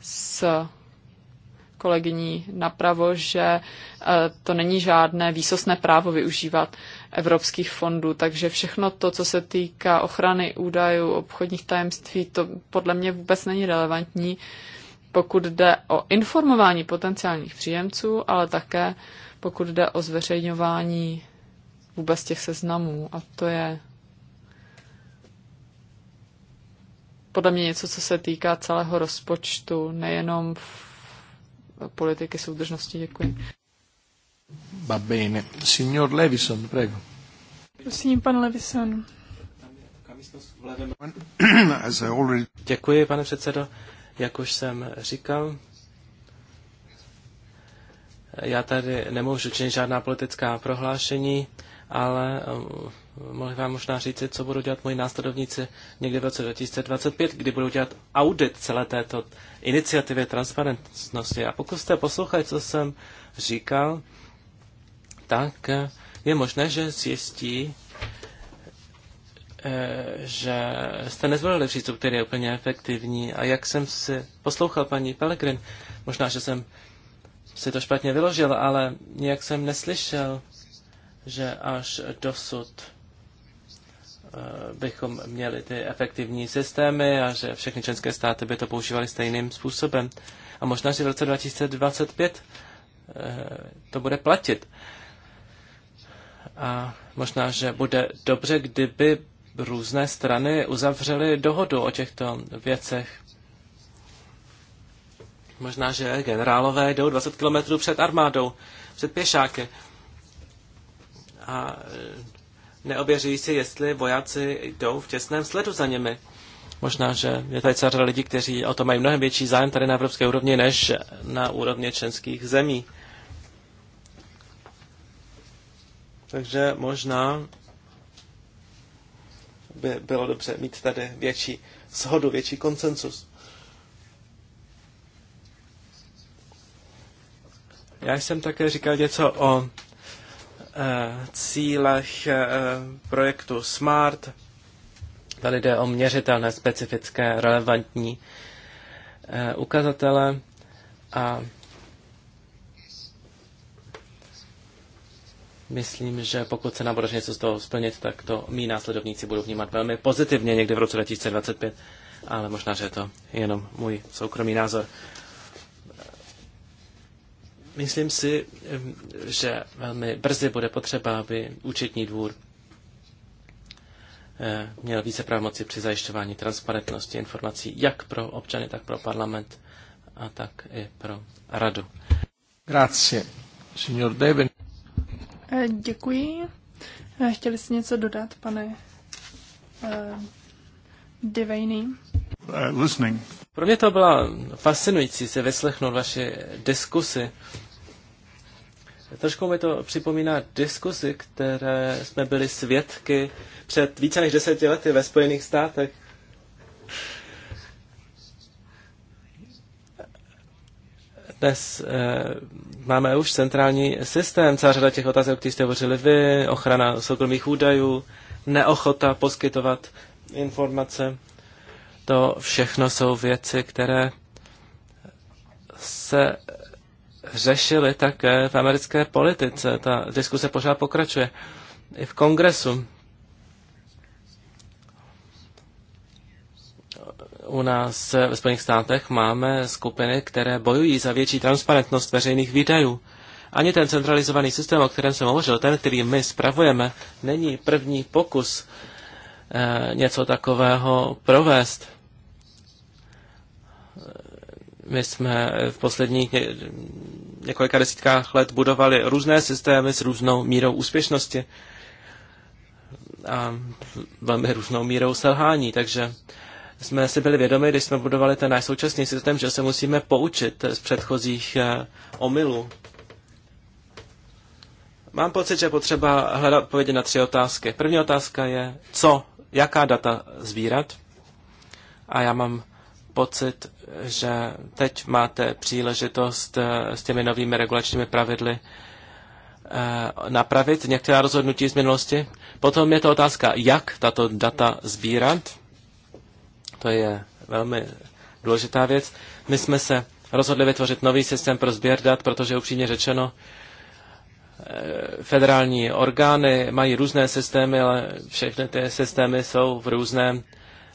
s kolegyní napravo, že eh, to není žádné výsostné právo využívat evropských fondů. Takže všechno to, co se týká ochrany údajů, obchodních tajemství, to podle mě vůbec není relevantní, pokud jde o informování potenciálních příjemců, ale také pokud jde o zveřejňování vůbec těch seznamů. A to je podle mě něco, co se týká celého rozpočtu, nejenom politiky soudržnosti. Děkuji. Va bene. Signor Levison, prego. Prosím, pan Levison. Děkuji, pane předsedo. Jak už jsem říkal, já tady nemůžu činit žádná politická prohlášení, ale eh, mohli vám možná říct, co budou dělat moji následovníci někdy v roce 2025, kdy budou dělat audit celé této iniciativy transparentnosti. A pokud jste poslouchali, co jsem říkal, tak je možné, že zjistí, eh, že jste nezvolili přístup, který je úplně efektivní. A jak jsem si poslouchal paní Pelegrin, možná, že jsem si to špatně vyložil, ale nějak jsem neslyšel, že až dosud eh, bychom měli ty efektivní systémy a že všechny členské státy by to používaly stejným způsobem. A možná, že v roce 2025 eh, to bude platit. A možná, že bude dobře, kdyby různé strany uzavřely dohodu o těchto věcech. Možná, že generálové jdou 20 kilometrů před armádou, před pěšáky. A neověří si, jestli vojáci jdou v těsném sledu za nimi. Možná, že je tady celá řada lidí, kteří o to mají mnohem větší zájem tady na evropské úrovni, než na úrovni členských zemí. Takže možná by bylo dobře mít tady větší shodu, větší koncensus. Já jsem také říkal něco o e, cílech e, projektu SMART. Tady jde o měřitelné, specifické, relevantní e, ukazatele a Myslím, že pokud se nám podaří něco z toho splnit, tak to mý následovníci budou vnímat velmi pozitivně někdy v roce 2025, ale možná, že je to jenom můj soukromý názor. Myslím si, že velmi brzy bude potřeba, aby účetní dvůr eh, měl více pravomoci při zajišťování transparentnosti informací jak pro občany, tak pro parlament a tak i pro radu. Grazie, signor Deven. Eh, děkuji. Eh, chtěli jste něco dodat, pane eh, Divejný? Listening. Pro mě to byla fascinující se vyslechnout vaše diskusy. Trošku mi to připomíná diskusy, které jsme byli svědky před více než deseti lety ve Spojených státech. Dnes e, máme už centrální systém, celá řada těch otázek, o kterých jste hovořili vy, ochrana soukromých údajů, neochota poskytovat informace. To všechno jsou věci, které se řešily také v americké politice. Ta diskuse pořád pokračuje. I v kongresu u nás ve Spojených státech máme skupiny, které bojují za větší transparentnost veřejných výdajů. Ani ten centralizovaný systém, o kterém jsem hovořil, ten, který my spravujeme, není první pokus eh, něco takového provést. My jsme v posledních několika desítkách let budovali různé systémy s různou mírou úspěšnosti a velmi různou mírou selhání, takže jsme si byli vědomi, když jsme budovali ten náš současný systém, že se musíme poučit z předchozích eh, omylů. Mám pocit, že je potřeba hledat odpovědi na tři otázky. První otázka je, co, jaká data sbírat. A já mám pocit, že teď máte příležitost eh, s těmi novými regulačními pravidly eh, napravit některá rozhodnutí z minulosti. Potom je to otázka, jak tato data sbírat. To je velmi důležitá věc. My jsme se rozhodli vytvořit nový systém pro sběr dat, protože upřímně řečeno, eh, federální orgány mají různé systémy, ale všechny ty systémy jsou v různém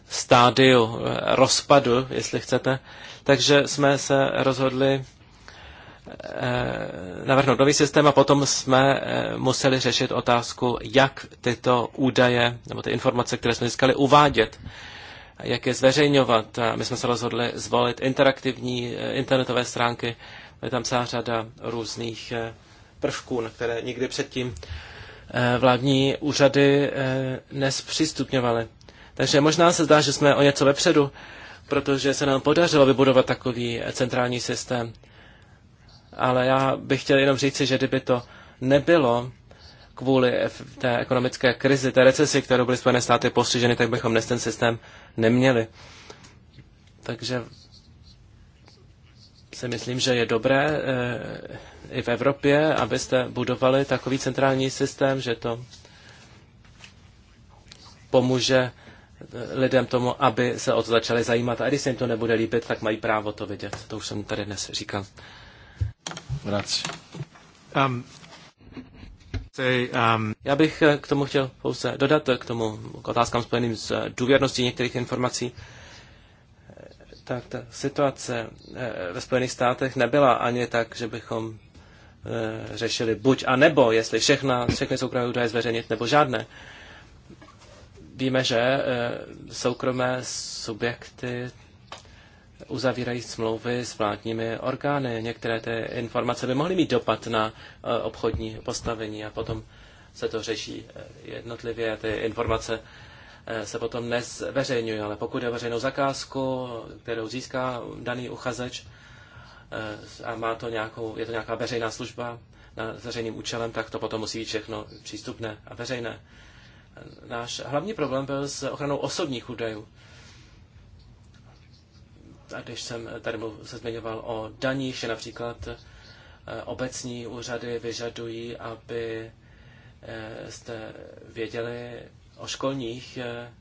stádiu eh, rozpadu, jestli chcete. Takže jsme se rozhodli eh, navrhnout nový systém a potom jsme museli řešit otázku, jak tyto údaje nebo ty informace, které jsme získali, uvádět jak je zveřejňovat. A my jsme se rozhodli zvolit interaktivní eh, internetové stránky. Je tam celá řada různých eh, prvků, na které nikdy předtím eh, vládní úřady nespřístupňovaly. Takže možná se zdá, že jsme o něco vepředu, protože se nám podařilo vybudovat takový centrální systém. Ale já bych chtěl jenom říci, že kdyby to nebylo, kvůli té ekonomické krizi, té recesi, kterou byly Spojené státy postiženy, tak bychom dnes ten systém neměli. Takže si myslím, že je dobré e, i v Evropě, abyste budovali takový centrální systém, že to pomůže eh, lidem tomu, aby se o to začali zajímat. A když se jim to nebude líbit, tak mají právo to vidět. To už jsem tady dnes říkal. Grazie. Um, Um, Já bych eh, k tomu chtěl pouze dodat, eh, k tomu k otázkám spojeným s eh, důvěrností některých informací. Tak ta situace ve Spojených státech nebyla ani tak, že bychom řešili buď a nebo, jestli všechna, všechny soukromé údaje zveřejnit nebo žádné. Víme, že soukromé subjekty uzavírají smlouvy s vládními orgány. Některé té informace by mohly mít dopad na eh, obchodní postavení a potom se to řeší eh, jednotlivě. Ty informace eh, se potom nezveřejňují, ale pokud je veřejnou zakázku, kterou získá daný uchazeč a má to nějakou, je to nějaká veřejná služba na veřejným účelem, tak to potom musí být všechno přístupné a veřejné. Náš hlavní problém byl s ochranou osobních údajů a když jsem tady se zmiňoval o daních, že například eh, obecní úřady vyžadují, aby eh, jste věděli o školních, eh,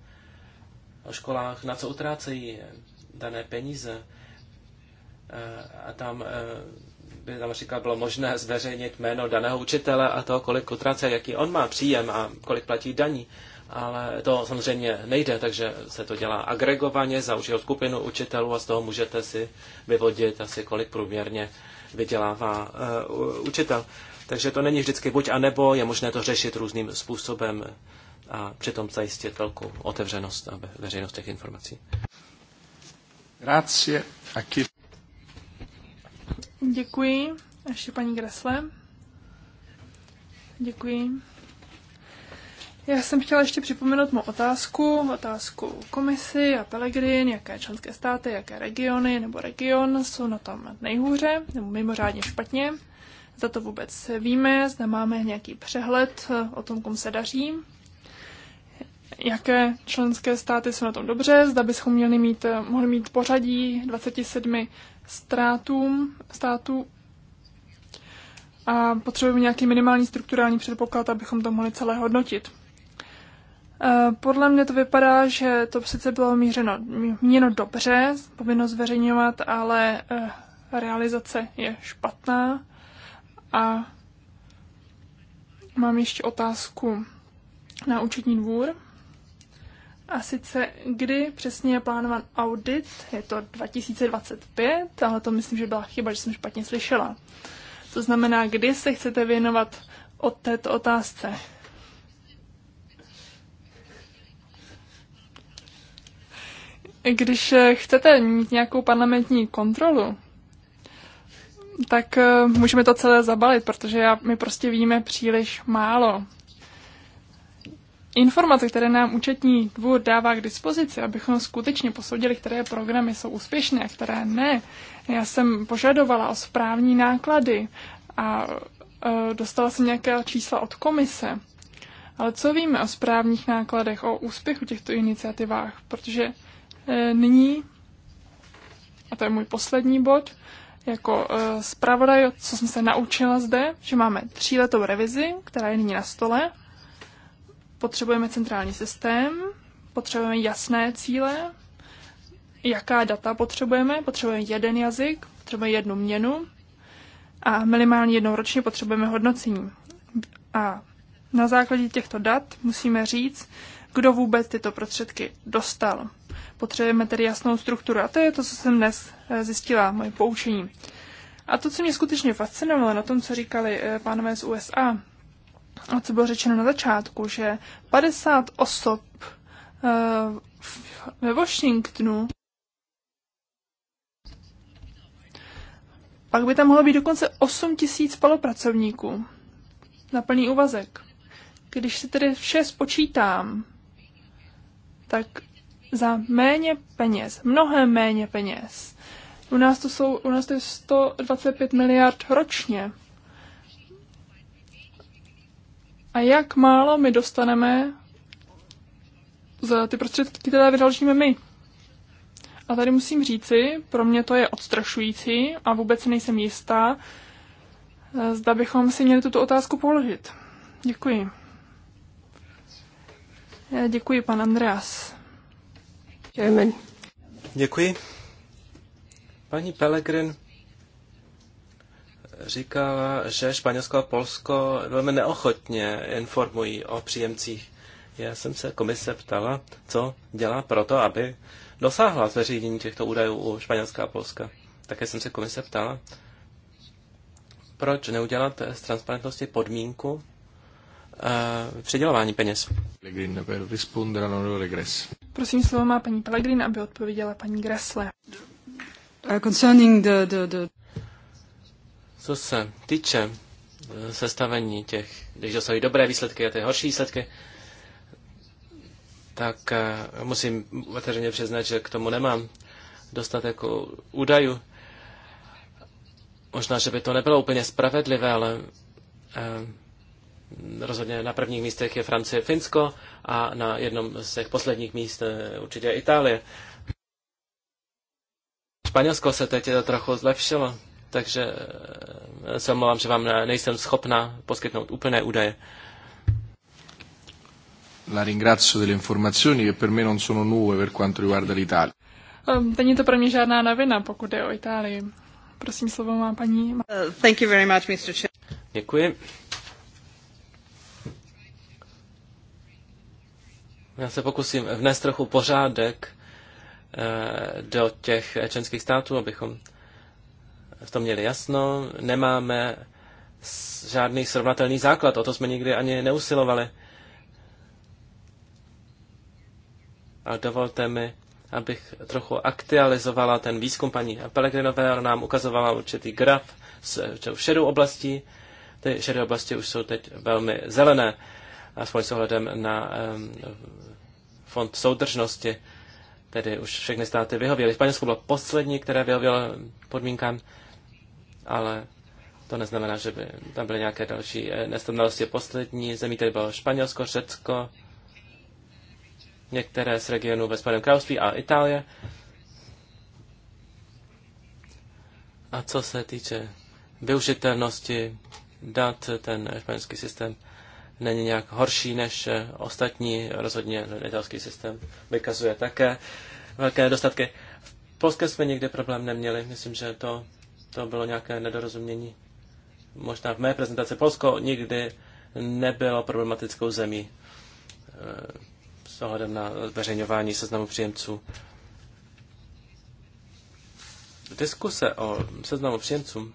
o školách, na co utrácejí dané peníze. A tam by tam například bylo možné zveřejnit jméno daného učitele a to, kolik utrácí, jaký on má příjem a kolik platí daní ale to samozřejmě nejde, takže se to dělá agregovaně za užího skupinu učitelů a z toho můžete si vyvodit asi kolik průměrně vydělává uh, učitel. Takže to není vždycky buď a nebo, je možné to řešit různým způsobem a přitom zajistit velkou otevřenost a veřejnost těch informací. Grazie. Děkuji. Ještě paní Gresle. Děkuji. Já jsem chtěla ještě připomenout mou otázku, otázku komisi a Pelegrin, jaké členské státy, jaké regiony nebo region jsou na tom nejhůře nebo mimořádně špatně. Za to vůbec víme, zda máme nějaký přehled o tom, kom se daří. Jaké členské státy jsou na tom dobře, zda bychom měli mít, mohli mít pořadí 27 ztrátům, států a potřebujeme nějaký minimální strukturální předpoklad, abychom to mohli celé hodnotit. Eh, podle mě to vypadá, že to sice bylo mířeno, měno dobře, povinnost zveřejňovat, ale eh, realizace je špatná. A mám ještě otázku na účetní dvůr. A sice, kdy přesně je plánovan audit, je to 2025, ale to myslím, že byla chyba, že jsem špatně slyšela. To znamená, kdy se chcete věnovat od této otázce Když eh, chcete mít nějakou parlamentní kontrolu, tak eh, můžeme to celé zabalit, protože já, my prostě víme příliš málo. Informace, které nám účetní dvůr dává k dispozici, abychom skutečně posoudili, které programy jsou úspěšné a které ne. Já jsem požadovala o správní náklady a eh, dostala jsem nějaké čísla od komise. Ale co víme o správních nákladech, o úspěchu těchto iniciativách? Protože Eh, nyní, a to je můj poslední bod, jako eh, zpravodaj, co jsem se naučila zde, že máme tříletou revizi, která je nyní na stole. Potřebujeme centrální systém, potřebujeme jasné cíle, jaká data potřebujeme, potřebujeme jeden jazyk, potřebujeme jednu měnu a minimálně jednou ročně potřebujeme hodnocení. A na základě těchto dat musíme říct, kdo vůbec tyto prostředky dostal. Potřebujeme tedy jasnou strukturu a to je to, co jsem dnes eh, zjistila, moje poučení. A to, co mě skutečně fascinovalo na tom, co říkali eh, pánové z USA, a co bylo řečeno na začátku, že 50 osob eh, ve Washingtonu pak by tam mohlo být dokonce 8 tisíc palopracovníků na plný úvazek. Když si tedy vše spočítám, tak za méně peněz, mnohem méně peněz. U nás to, jsou, u nás to je 125 miliard ročně. A jak málo my dostaneme za ty prostředky, které vydalžíme my. A tady musím říci, pro mě to je odstrašující a vůbec nejsem jistá, zda bychom si měli tuto otázku položit. Děkuji. Děkuji, pan Andreas. Děkuji. Paní Pelegrin říkala, že Španělsko a Polsko velmi neochotně informují o příjemcích. Já jsem se komise ptala, co dělá proto, aby dosáhla zveřejnění těchto údajů u Španělska a Polska. Také jsem se komise ptala, proč neudělat z transparentnosti podmínku Eh, předělování peněz. Prosím, slovo má paní Pellegrin, aby odpověděla paní Gressle. Uh, concerning the, the, the... Co se týče eh, sestavení těch, když dosahují dobré výsledky a ty horší výsledky, tak eh, musím otevřeně přiznat, že k tomu nemám dostatek údajů. Možná, že by to nebylo úplně spravedlivé, ale rozhodně na prvních místech je Francie, Finsko a na jednom z těch posledních míst eh, určitě Itálie. Španělsko se teď trochu zlepšilo, takže eh, se omlouvám, že vám nejsem schopna poskytnout úplné údaje. La ringrazio delle informazioni che per me non sono nuove per quanto riguarda l'Italia. Eh, není to pro mě žádná novina, pokud je o Itálii. Prosím, slovo má paní. Uh, thank you very much, Mr. Chair. Děkuji. Já se pokusím vnést trochu pořádek eh, do těch členských států, abychom v tom měli jasno. Nemáme žádný srovnatelný základ, o to jsme nikdy ani neusilovali. A dovolte mi, abych trochu aktualizovala ten výzkum paní Pelegrinové. Ona nám ukazovala určitý graf s šedou oblastí. Ty šedé oblasti už jsou teď velmi zelené aspoň s ohledem na fond soudržnosti, tedy už všechny státy vyhověly. Španělsko bylo poslední, které vyhovělo podmínkám, ale to neznamená, že by tam byly nějaké další eh, nesrovnalosti. Poslední zemí tedy bylo Španělsko, Řecko, některé z regionů ve Spojeném království a Itálie. A co se týče využitelnosti dat, ten španělský systém není nějak horší než eh, ostatní. Rozhodně italský systém vykazuje také velké nedostatky. V Polsku jsme nikdy problém neměli. Myslím, že to, to bylo nějaké nedorozumění. Možná v mé prezentaci Polsko nikdy nebylo problematickou zemí eh, s ohledem na zveřejňování seznamu příjemců. Diskuse o seznamu příjemců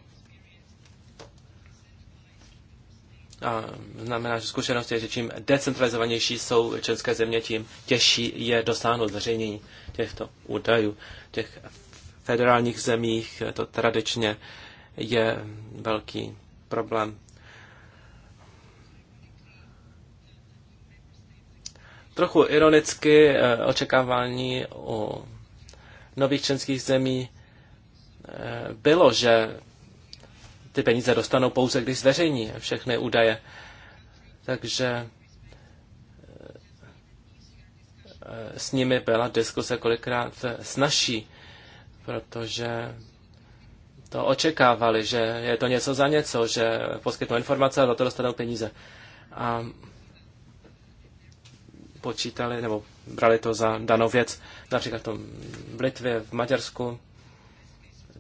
A znamená, že zkušenost je, že čím decentralizovanější jsou české země, tím těžší je dosáhnout zveřejnění těchto údajů. V těch federálních zemích to tradičně je velký problém. Trochu ironicky eh, očekávání u nových členských zemí eh, bylo, že ty peníze dostanou pouze, když zveřejní všechny údaje. Takže eh, s nimi byla diskuse kolikrát snažší, protože to očekávali, že je to něco za něco, že poskytnou informace a do toho dostanou peníze. A počítali nebo brali to za danou věc, například v tom v Litvě, v Maďarsku,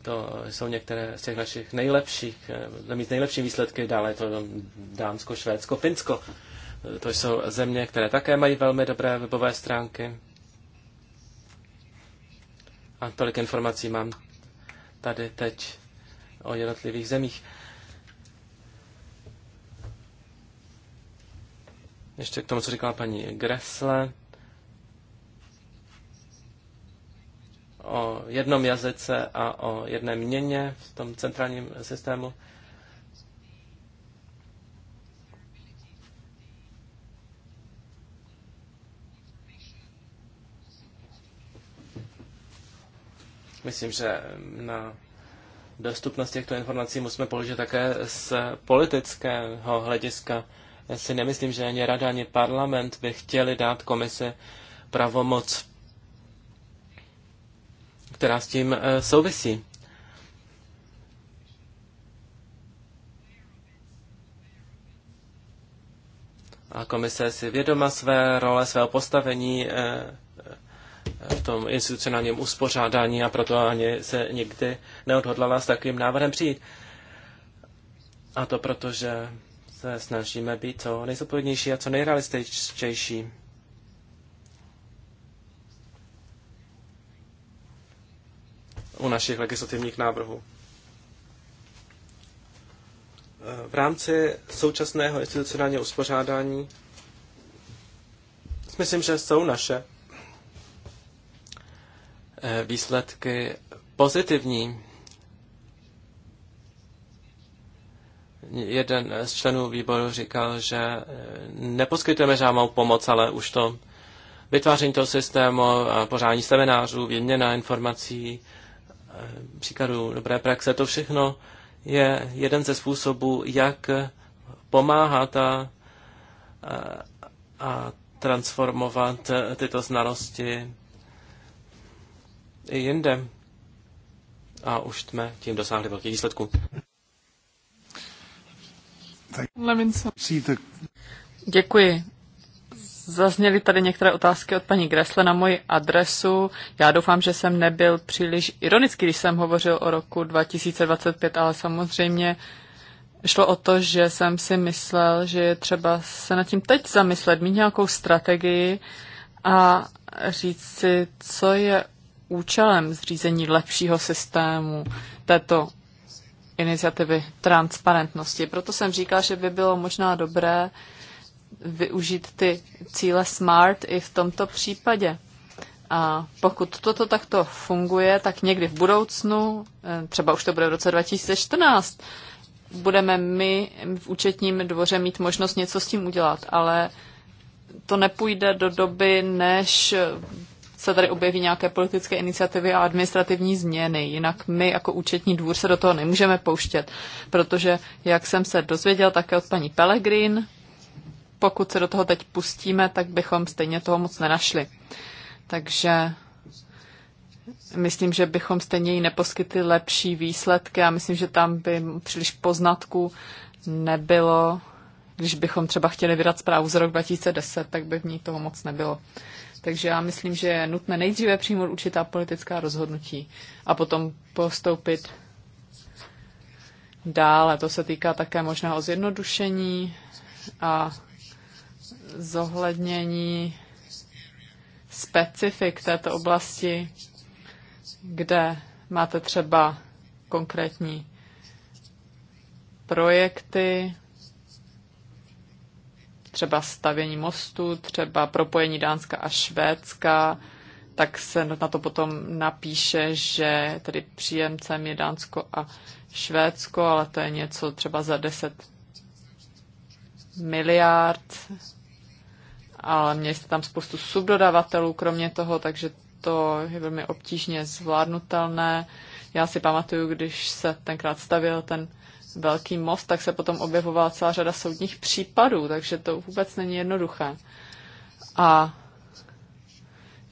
to jsou některé z těch našich nejlepších, eh, mít nejlepší výsledky, dále je to Dánsko, Švédsko, Finsko. To jsou země, které také mají velmi dobré webové stránky. A tolik informací mám tady teď o jednotlivých zemích. Ještě k tomu, co říkala paní Gressle. o jednom jazyce a o jedné měně v tom centrálním systému. Myslím, že na dostupnost těchto informací musíme položit také z politického hlediska. Já si nemyslím, že ani rada, ani parlament by chtěli dát komisi pravomoc která s tím eh, souvisí. A komise si vědoma své role, svého postavení eh, eh, v tom institucionálním uspořádání a proto ani se nikdy neodhodlala s takovým návrhem přijít. A to proto, že se snažíme být co nejzodpovědnější a co nejrealističtější. u našich legislativních návrhů. V rámci současného institucionálního uspořádání myslím, že jsou naše eh, výsledky pozitivní. Jeden z členů výboru říkal, že eh, neposkytujeme žádnou pomoc, ale už to vytváření toho systému, pořádání seminářů, výměna informací, Eh, příkladů dobré praxe. To všechno je jeden ze způsobů, jak pomáhat a, eh, a transformovat tyto znalosti i jinde. A už jsme tím dosáhli velkých výsledků. Děkuji. Zazněly tady některé otázky od paní Gresle na moji adresu. Já doufám, že jsem nebyl příliš ironický, když jsem hovořil o roku 2025, ale samozřejmě šlo o to, že jsem si myslel, že je třeba se nad tím teď zamyslet, mít nějakou strategii a říct si, co je účelem zřízení lepšího systému této iniciativy transparentnosti. Proto jsem říkal, že by bylo možná dobré využít ty cíle SMART i v tomto případě. A pokud toto takto funguje, tak někdy v budoucnu, eh, třeba už to bude v roce 2014, budeme my v účetním dvoře mít možnost něco s tím udělat, ale to nepůjde do doby, než se tady objeví nějaké politické iniciativy a administrativní změny. Jinak my jako účetní dvůr se do toho nemůžeme pouštět, protože, jak jsem se dozvěděl také od paní Pellegrin, pokud se do toho teď pustíme, tak bychom stejně toho moc nenašli. Takže myslím, že bychom stejně jí neposkytli lepší výsledky a myslím, že tam by příliš poznatků nebylo. Když bychom třeba chtěli vydat zprávu z rok 2010, tak by v ní toho moc nebylo. Takže já myslím, že je nutné nejdříve přijmout určitá politická rozhodnutí a potom postoupit dále. To se týká také možného zjednodušení a zohlednění specifik této oblasti, kde máte třeba konkrétní projekty, třeba stavění mostu, třeba propojení Dánska a Švédska, tak se na to potom napíše, že tedy příjemcem je Dánsko a Švédsko, ale to je něco třeba za 10 miliard ale měli jste tam spoustu subdodavatelů kromě toho, takže to je velmi obtížně zvládnutelné. Já si pamatuju, když se tenkrát stavil ten velký most, tak se potom objevovala celá řada soudních případů, takže to vůbec není jednoduché. A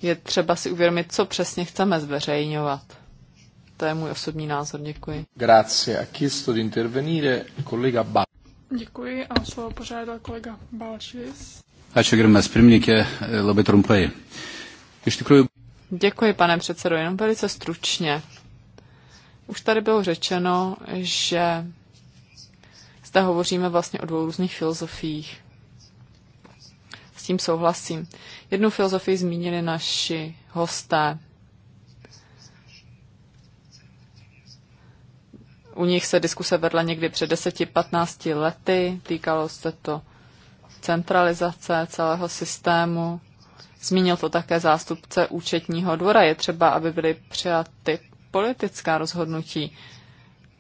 je třeba si uvědomit, co přesně chceme zveřejňovat. To je můj osobní názor. Děkuji. Grazie. a chiesto di intervenire kolega ba- Děkuji a slovo požádal kolega Balčis. Ačiū, gerbiamas pirmininkė, labai trumpai. Iš tikrųjų... Děkuji, pane předsedo, jenom velice stručně. Už tady bylo řečeno, že zde hovoříme vlastně o dvou různých filozofiích. S tím souhlasím. Jednu filozofii zmínili naši hosté. U nich se diskuse vedla někdy před 10-15 lety, týkalo se to centralizace celého systému. Zmínil to také zástupce účetního dvora. Je třeba, aby byly přijaty politická rozhodnutí.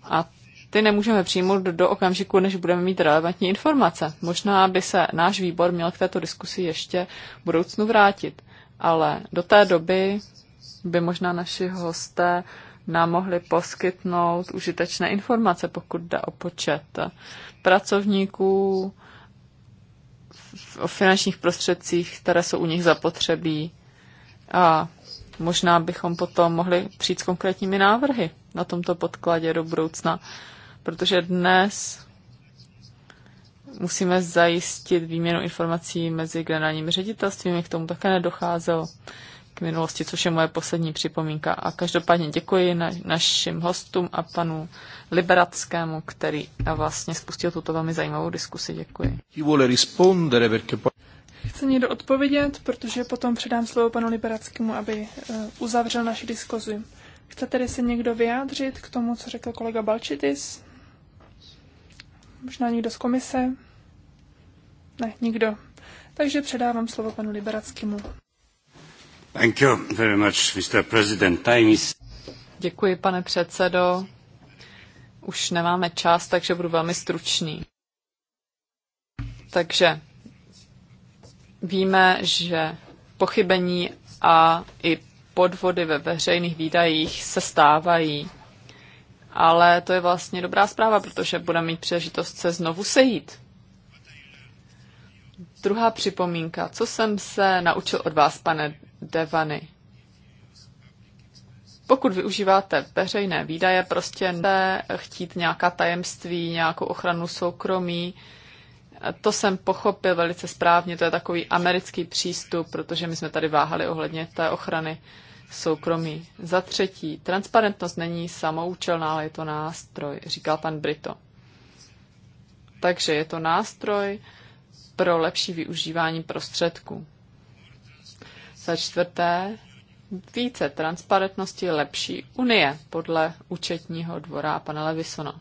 A ty nemůžeme přijmout do, do okamžiku, než budeme mít relevantní informace. Možná by se náš výbor měl k této diskusi ještě v budoucnu vrátit, ale do té doby by možná naši hosté nám mohli poskytnout užitečné informace, pokud jde o počet pracovníků, o finančních prostředcích, které jsou u nich zapotřebí. A možná bychom potom mohli přijít s konkrétními návrhy na tomto podkladě do budoucna, protože dnes musíme zajistit výměnu informací mezi generálními ředitelstvími, k tomu také nedocházelo minulosti, což je moje poslední připomínka. A každopádně děkuji na, našim hostům a panu Liberackému, který vlastně spustil tuto velmi zajímavou diskusi. Děkuji. Chce někdo odpovědět, protože potom předám slovo panu Liberackému, aby eh, uzavřel naši diskuzi. Chce tedy se někdo vyjádřit k tomu, co řekl kolega Balčitis? Možná někdo z komise? Ne, nikdo. Takže předávám slovo panu Liberackému. Děkuji, pane předsedo. Už nemáme čas, takže budu velmi stručný. Takže víme, že pochybení a i podvody ve veřejných výdajích se stávají. Ale to je vlastně dobrá zpráva, protože budeme mít příležitost se znovu sejít. Druhá připomínka. Co jsem se naučil od vás, pane devany. Pokud využíváte veřejné výdaje, prostě ne chtít nějaká tajemství, nějakou ochranu soukromí, to jsem pochopil velice správně, to je takový americký přístup, protože my jsme tady váhali ohledně té ochrany soukromí. Za třetí, transparentnost není samoučelná, ale je to nástroj, říkal pan Brito. Takže je to nástroj pro lepší využívání prostředků. Za čtvrté, více transparentnosti, lepší unie, podle účetního dvora pana Levisona.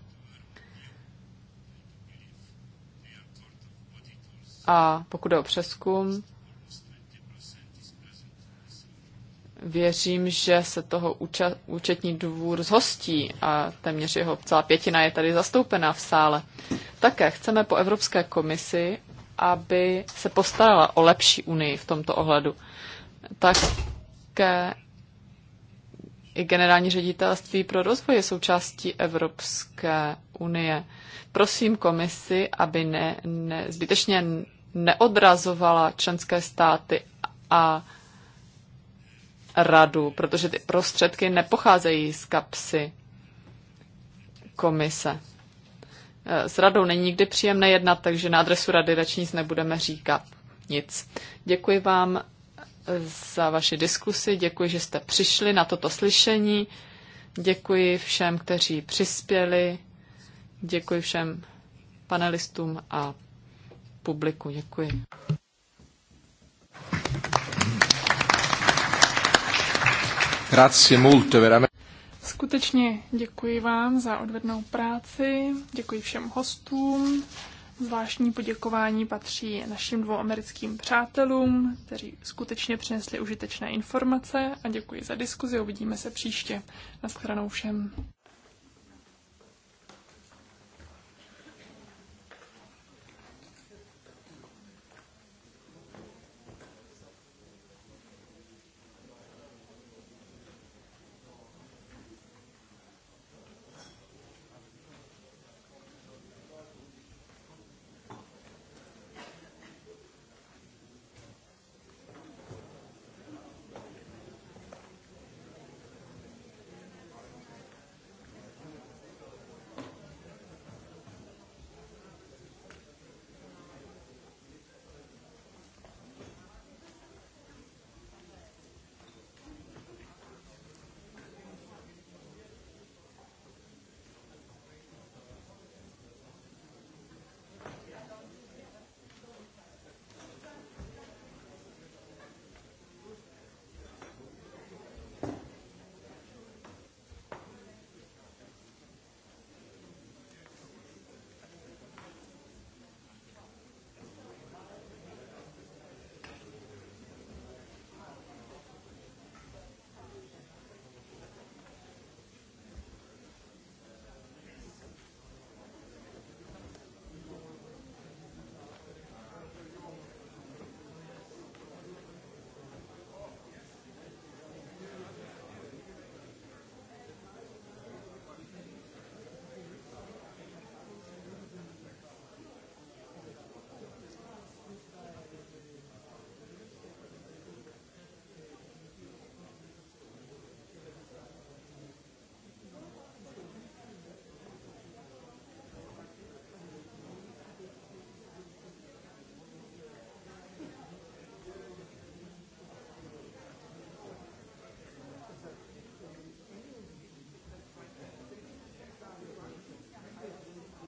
A pokud je o přeskum, věřím, že se toho účetní dvůr zhostí a téměř jeho celá pětina je tady zastoupená v sále. Také chceme po Evropské komisi, aby se postarala o lepší unii v tomto ohledu. Také i generální ředitelství pro rozvoj je součástí Evropské unie. Prosím komisi, aby ne, ne, zbytečně neodrazovala členské státy a radu, protože ty prostředky nepocházejí z kapsy komise. S radou není nikdy příjemné jednat, takže na adresu rady radši nic nebudeme říkat. Nic. Děkuji vám za vaši diskusi, děkuji, že jste přišli na toto slyšení, děkuji všem, kteří přispěli, děkuji všem panelistům a publiku. Děkuji. Skutečně děkuji vám za odvednou práci, děkuji všem hostům. Zvláštní poděkování patří našim dvou americkým přátelům, kteří skutečně přinesli užitečné informace a děkuji za diskuzi. Uvidíme se příště. na všem.